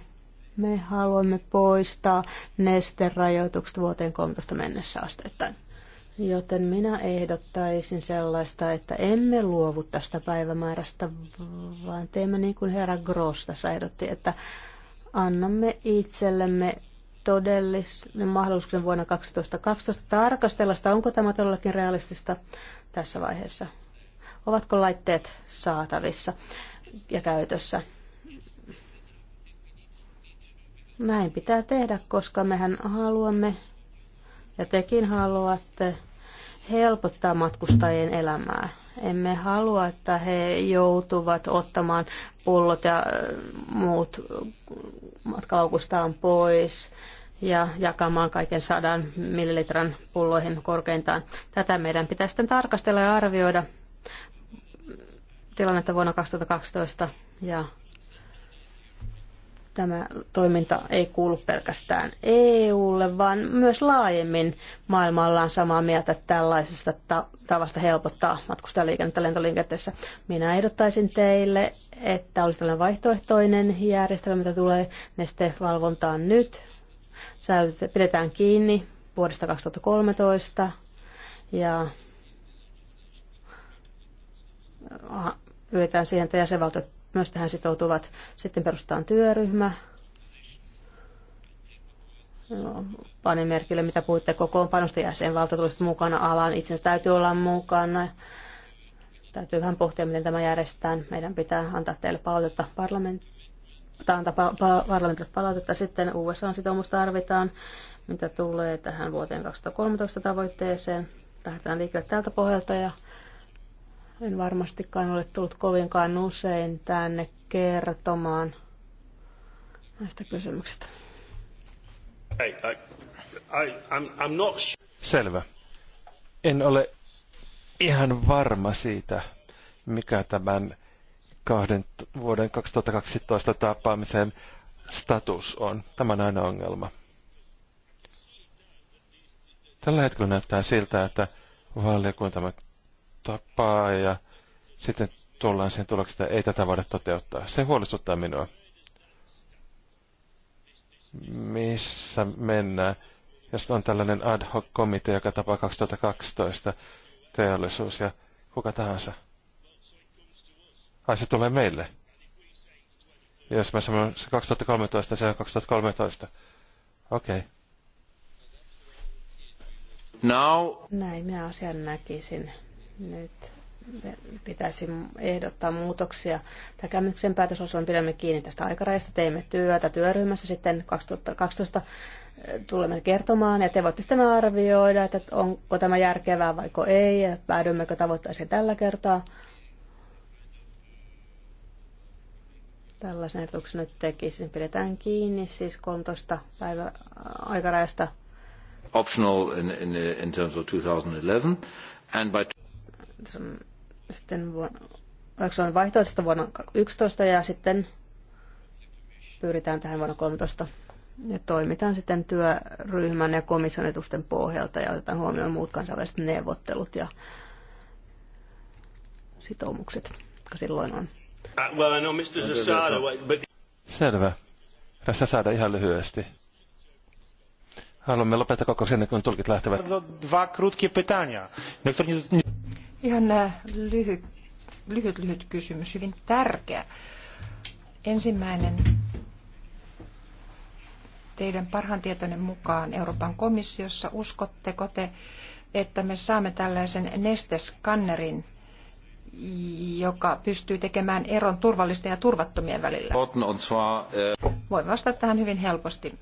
Me haluamme poistaa nesterajoitukset vuoteen 13 mennessä asteittain. Joten minä ehdottaisin sellaista, että emme luovu tästä päivämäärästä, vaan teemme niin kuin herra Gross tässä ehdotti, että annamme itsellemme todellisen mahdollisuuden vuonna 2012 tarkastella sitä, onko tämä todellakin realistista tässä vaiheessa. Ovatko laitteet saatavissa ja käytössä? Näin pitää tehdä, koska mehän haluamme ja tekin haluatte helpottaa matkustajien elämää. Emme halua, että he joutuvat ottamaan pullot ja äh, muut matkalaukustaan pois ja jakamaan kaiken sadan millilitran pulloihin korkeintaan. Tätä meidän pitää sitten tarkastella ja arvioida tilannetta vuonna 2012 ja tämä toiminta ei kuulu pelkästään EUlle, vaan myös laajemmin maailmalla on samaa mieltä tällaisesta tavasta helpottaa matkustajaliikennettä lentoliikenteessä. Minä ehdottaisin teille, että olisi tällainen vaihtoehtoinen järjestelmä, mitä tulee nestevalvontaan nyt. pidetään kiinni vuodesta 2013 ja yritetään siihen, että jäsenvaltiot myös tähän sitoutuvat. Sitten perustetaan työryhmä. No, panin merkille, mitä puhuitte kokoonpanosta jäsenvaltiotulosta mukana alaan Itse täytyy olla mukana. Täytyy vähän pohtia, miten tämä järjestetään. Meidän pitää antaa teille palautetta parlamenttiin tai antaa parlamentille palautetta. Sitten USA-sitoumus tarvitaan, mitä tulee tähän vuoteen 2013 tavoitteeseen. Lähdetään liikkeelle tältä pohjalta ja en varmastikaan ole tullut kovinkaan usein tänne kertomaan näistä kysymyksistä. Hey, I, I, I'm, I'm not... Selvä. En ole ihan varma siitä, mikä tämän kahden vuoden 2012 tapaamisen status on. Tämä on aina ongelma. Tällä hetkellä näyttää siltä, että valiokuntamme tapaa ja sitten tullaan siihen tulokseen, että ei tätä voida toteuttaa. Se huolestuttaa minua. Missä mennään? Jos on tällainen ad hoc komitea, joka tapaa 2012 teollisuus ja kuka tahansa. Ai se tulee meille. Jos mä sanon se 2013, se on 2013. Okei. Okay. Now. Näin minä asian näkisin. Nyt pitäisi ehdottaa muutoksia. Täkämyksen on pidämme kiinni tästä aikarajasta. Teimme työtä työryhmässä sitten 2012 tulemme kertomaan ja te voitte sitten arvioida, että onko tämä järkevää vai ei ja päädymmekö tavoitteeseen tällä kertaa. Tällaisen ehdotuksen nyt tekisin. Pidetään kiinni siis 13 päivä aikarajasta. Optional in, in, in terms of 2011 and by sitten vuonna, se on vaihtoehtoista vuonna 2011 ja sitten pyritään tähän vuonna 13 ja toimitaan sitten työryhmän ja komission etusten pohjalta ja otetaan huomioon muut kansainväliset neuvottelut ja sitoumukset, jotka silloin on. Uh, well, I know Mr. but... Selvä. Tässä saada ihan lyhyesti. Haluamme lopettaa koko ennen kuin tulkit lähtevät. Dwa krótkie pytania. Ihan äh, lyhyt, lyhyt, lyhyt kysymys, hyvin tärkeä. Ensimmäinen teidän parhaan tietoinen mukaan Euroopan komissiossa, uskotteko te, että me saamme tällaisen nesteskannerin, joka pystyy tekemään eron turvallisten ja turvattomien välillä? Äh, Voin vastata tähän hyvin helposti.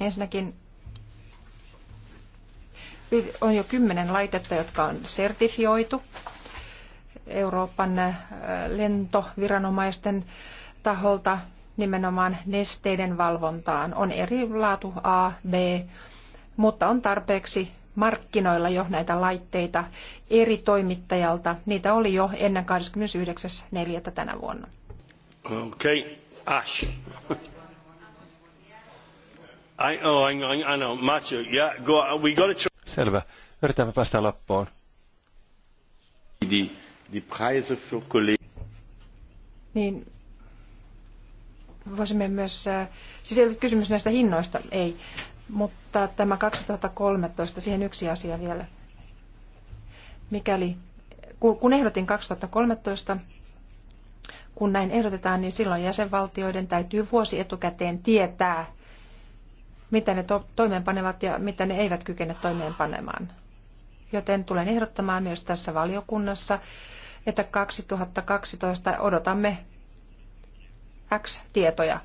Ensinnäkin on jo kymmenen laitetta, jotka on sertifioitu Euroopan äh, lentoviranomaisten taholta nimenomaan nesteiden valvontaan. On eri laatu A, B, mutta on tarpeeksi markkinoilla jo näitä laitteita eri toimittajalta. Niitä oli jo ennen 29.4. tänä vuonna. Okei, okay. Ash. I, oh, I, I know, Matthew, yeah, go, we got to... Selvä. Yritämme päästä lappuun. Die, die Preise für niin voisimme myös, äh, siis ei ollut kysymys näistä hinnoista, ei, mutta tämä 2013, siihen yksi asia vielä. Mikäli, kun ehdotin 2013, kun näin ehdotetaan, niin silloin jäsenvaltioiden täytyy vuosi etukäteen tietää, mitä ne to- toimeenpanevat ja mitä ne eivät kykene toimeenpanemaan. Joten tulen ehdottamaan myös tässä valiokunnassa, että 2012 odotamme X-tietoja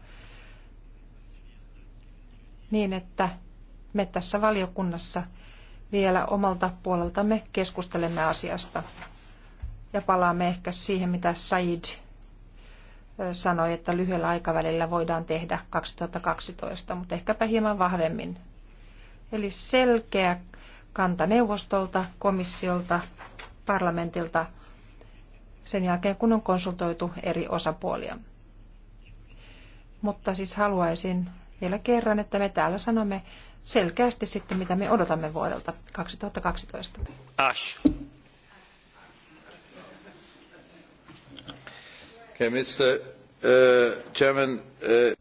niin, että me tässä valiokunnassa vielä omalta puoleltamme keskustelemme asiasta ja palaamme ehkä siihen, mitä Said sanoi, että lyhyellä aikavälillä voidaan tehdä 2012, mutta ehkäpä hieman vahvemmin. Eli selkeä kanta neuvostolta, komissiolta, parlamentilta sen jälkeen, kun on konsultoitu eri osapuolia. Mutta siis haluaisin vielä kerran, että me täällä sanomme selkeästi sitten, mitä me odotamme vuodelta 2012. Ash. Herr uh, uh,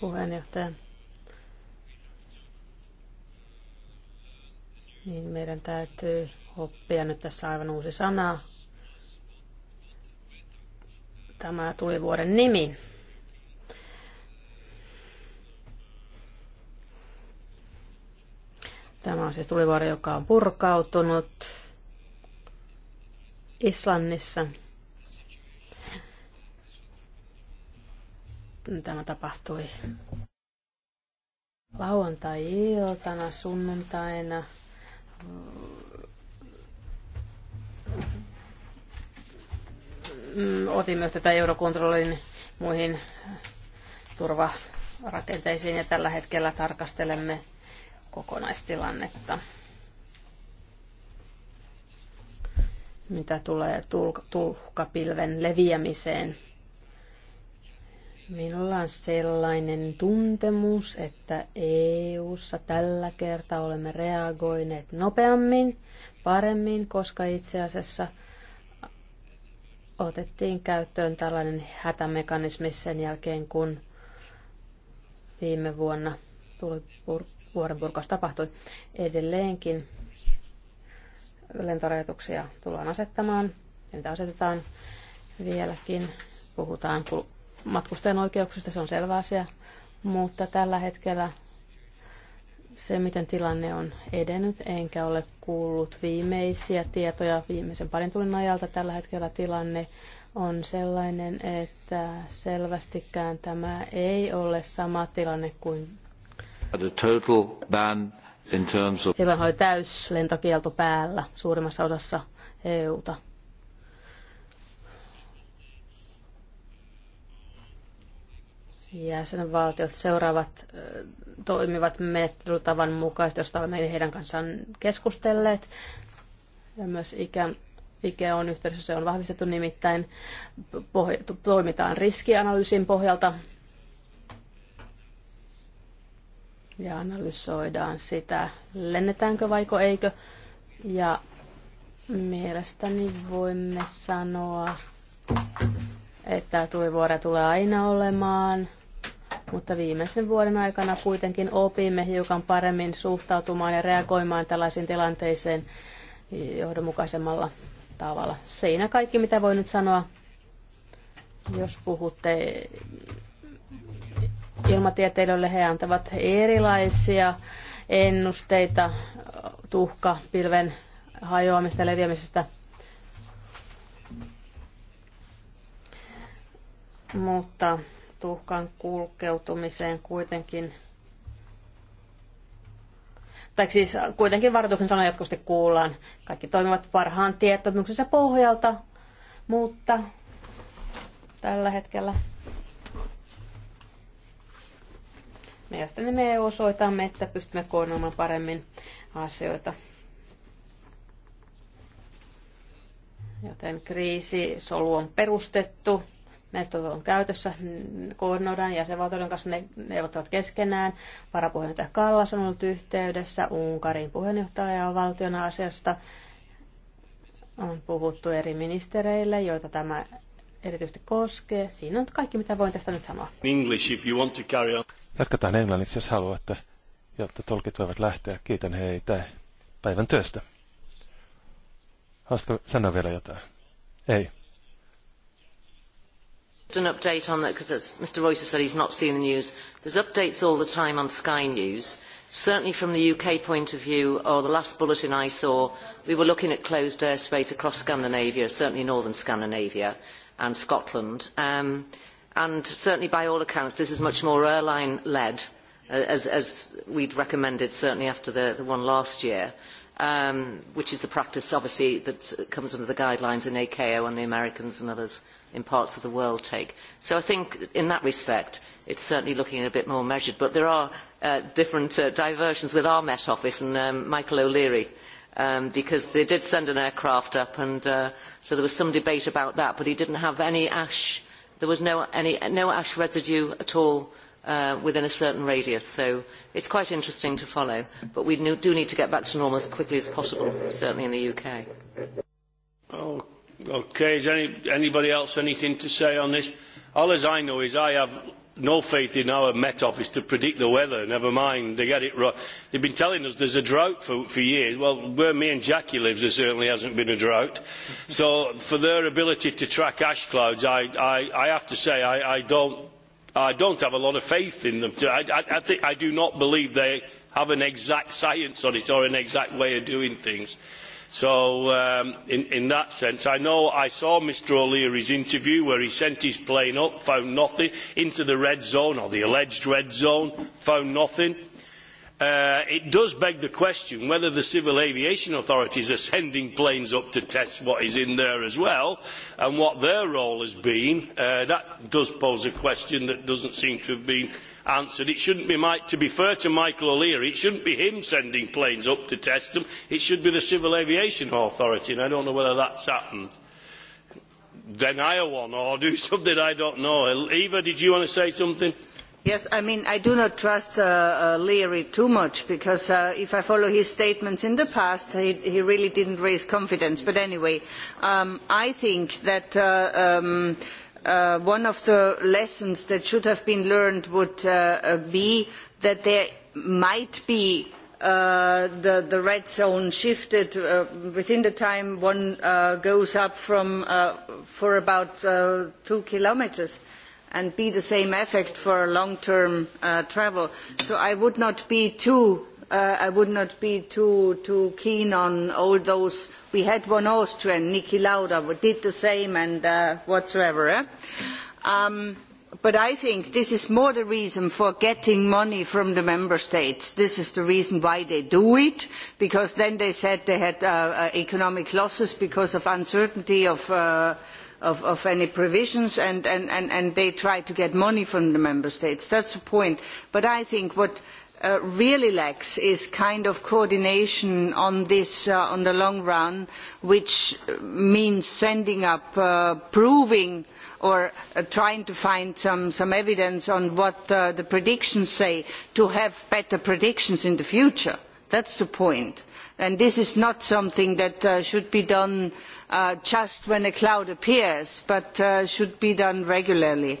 Puheenjohtaja. Niin meidän täytyy oppia nyt tässä aivan uusi sana. Tämä tuli vuoden nimi. Tämä on siis tulivuori, joka on purkautunut Islannissa – tämä tapahtui lauantai-iltana, sunnuntaina. Mm, otin myös tätä eurokontrollin muihin turvarakenteisiin ja tällä hetkellä tarkastelemme kokonaistilannetta. Mitä tulee tulkapilven leviämiseen – Minulla on sellainen tuntemus, että EU-ssa tällä kertaa olemme reagoineet nopeammin, paremmin, koska itse asiassa otettiin käyttöön tällainen hätämekanismi sen jälkeen, kun viime vuonna tuli vuorenpurkaus tapahtui. Edelleenkin lentorajoituksia tullaan asettamaan, niitä asetetaan vieläkin. Puhutaan matkustajan oikeuksista, se on selvä asia, mutta tällä hetkellä se, miten tilanne on edennyt, enkä ole kuullut viimeisiä tietoja viimeisen parin tunnin ajalta. Tällä hetkellä tilanne on sellainen, että selvästikään tämä ei ole sama tilanne kuin Silloin oli täys lentokielto päällä suurimmassa osassa EUta. jäsenvaltiot seuraavat toimivat menettelytavan mukaisesti, josta olemme heidän kanssaan keskustelleet. Ja myös ikä, ikä on yhteydessä, se on vahvistettu nimittäin, pohja, toimitaan riskianalyysin pohjalta ja analysoidaan sitä, lennetäänkö vaiko eikö. Ja mielestäni voimme sanoa, että tulivuoria tulee aina olemaan – mutta viimeisen vuoden aikana kuitenkin opimme hiukan paremmin suhtautumaan ja reagoimaan tällaisiin tilanteisiin johdonmukaisemmalla tavalla. Siinä kaikki, mitä voin nyt sanoa, jos puhutte ilmatieteilijöille, he antavat erilaisia ennusteita pilven hajoamista ja leviämisestä. Mutta tuhkan kulkeutumiseen kuitenkin tai siis kuitenkin varoituksen sana jatkuvasti kuullaan. Kaikki toimivat parhaan tietotuksensa pohjalta, mutta tällä hetkellä mielestäni me osoitamme, että pystymme koordinoimaan paremmin asioita. Joten kriisisolu on perustettu Näistä on käytössä mm, koordinoidaan jäsenvaltioiden kanssa ne neuvottavat keskenään. Varapuheenjohtaja Kallas on ollut yhteydessä Unkarin puheenjohtajavaltiona asiasta. On puhuttu eri ministereille, joita tämä erityisesti koskee. Siinä on kaikki, mitä voin tästä nyt sanoa. English, if you want to carry on. Jatketaan englanniksi, jos haluatte, jotta tolkit voivat lähteä. Kiitän heitä päivän työstä. Haluaisitko sanoa vielä jotain? Ei just an update on that, because Mr Royce said he's not seen the news. There's updates all the time on Sky News. Certainly from the UK point of view, or the last bulletin I saw, we were looking at closed airspace across Scandinavia, certainly northern Scandinavia and Scotland. Um, and certainly by all accounts, this is much more airline-led, uh, as, as we'd recommended certainly after the, the one last year. Um, which is the practice, obviously, that comes under the guidelines in ACAO and the Americans and others in parts of the world take. So I think in that respect, it's certainly looking a bit more measured. But there are uh, different uh, diversions with our Met Office and um, Michael O'Leary, um, because they did send an aircraft up, and uh, so there was some debate about that. But he didn't have any ash. There was no, any, no ash residue at all uh, within a certain radius. So it's quite interesting to follow. But we do need to get back to normal as quickly as possible, certainly in the UK. Okay. Okay, is any, anybody else anything to say on this? All as I know is I have no faith in our Met Office to predict the weather, never mind, they get it wrong. They've been telling us there's a drought for, for years. Well, where me and Jackie lives, there certainly hasn't been a drought. So for their ability to track ash clouds, I, I, I have to say I, I, don't, I don't have a lot of faith in them. I, I, I, think, I do not believe they have an exact science on it or an exact way of doing things. So um, in, in that sense, I know I saw Mr O'Leary's interview where he sent his plane up, found nothing, into the red zone or the alleged red zone, found nothing. Uh, it does beg the question whether the civil aviation authorities are sending planes up to test what is in there as well and what their role has been. Uh, that does pose a question that doesn't seem to have been answered. It shouldn't be Mike, to be fair to Michael O'Leary, it shouldn't be him sending planes up to test them. It should be the Civil Aviation Authority, and I don't know whether that's happened. Then hire one or do something I don't know. Eva, did you want to say something? Yes, I mean, I do not trust uh, uh, Leary too much because uh, if I follow his statements in the past, he, he really didn't raise confidence. But anyway, um, I think that. Uh, um, Uh, one of the lessons that should have been learned would uh, uh, be that there might be Uh, the, the red zone shifted uh, within the time one uh, goes up from uh, for about two kilometers and be the same effect for long-term travel. So I would not be too Uh, I would not be too, too keen on all those. We had one Austrian, Niki Lauda, who did the same and uh, whatsoever. Eh? Um, but I think this is more the reason for getting money from the member states. This is the reason why they do it, because then they said they had uh, uh economic losses because of uncertainty of. Uh, Of, of, any provisions and, and, and, and, they try to get money from the member states. That's the point. But I think what Uh, really lacks is kind of coordination on this uh, on the long run, which means sending up, uh, proving or uh, trying to find some, some evidence on what uh, the predictions say to have better predictions in the future. That's the point. And this is not something that uh, should be done uh, just when a cloud appears, but uh, should be done regularly.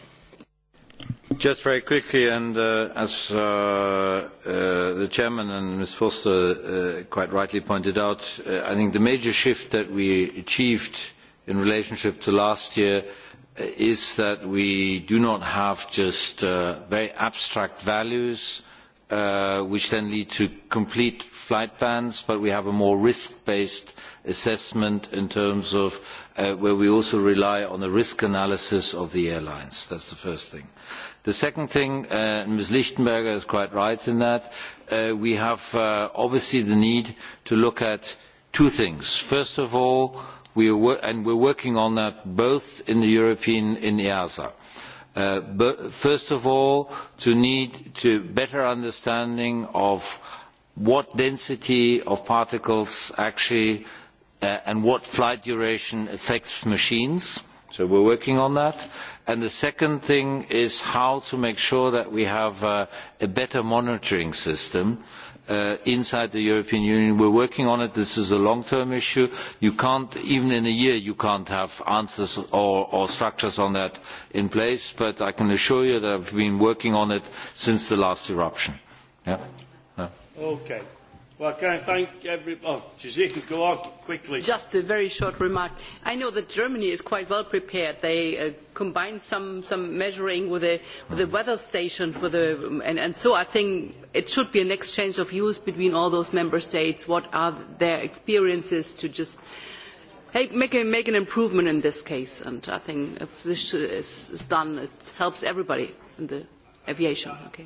Just very quickly, and uh, as uh, uh, the chairman and Ms. Foster uh, quite rightly pointed out, uh, I think the major shift that we achieved in relationship to last year uh, is that we do not have just very abstract values, which then lead to complete flight bans, but we have a more risk-based assessment in terms of where we also rely on the risk analysis of the airlines. That's the first thing. The second thing, and uh, Ms. Lichtenberger is quite right in that, uh, we have uh, obviously the need to look at two things. First of all, we are and we're working on that both in the European, in EASA. E uh, but first of all, to need to better understanding of what density of particles actually uh, and what flight duration affects machines. So we're working on that. And the second thing is how to make sure that we have uh, a better monitoring system uh, inside the European Union. We're working on it. This is a long-term issue. You can't, even in a year, you can't have answers or, or structures on that in place, but I can assure you that I've been working on it since the last eruption. Yeah. Yeah. Okay. Well, can I thank every... Oh, Giselle, go on quickly. Just a very short remark. I know that Germany is quite well prepared. They uh, combine some, some measuring with the, with a weather station, with a, and, and so I think it should be an exchange of views between all those member states. What are their experiences to just hey, make, a, make an improvement in this case? And I think if this is, is done, it helps everybody in the aviation. Okay.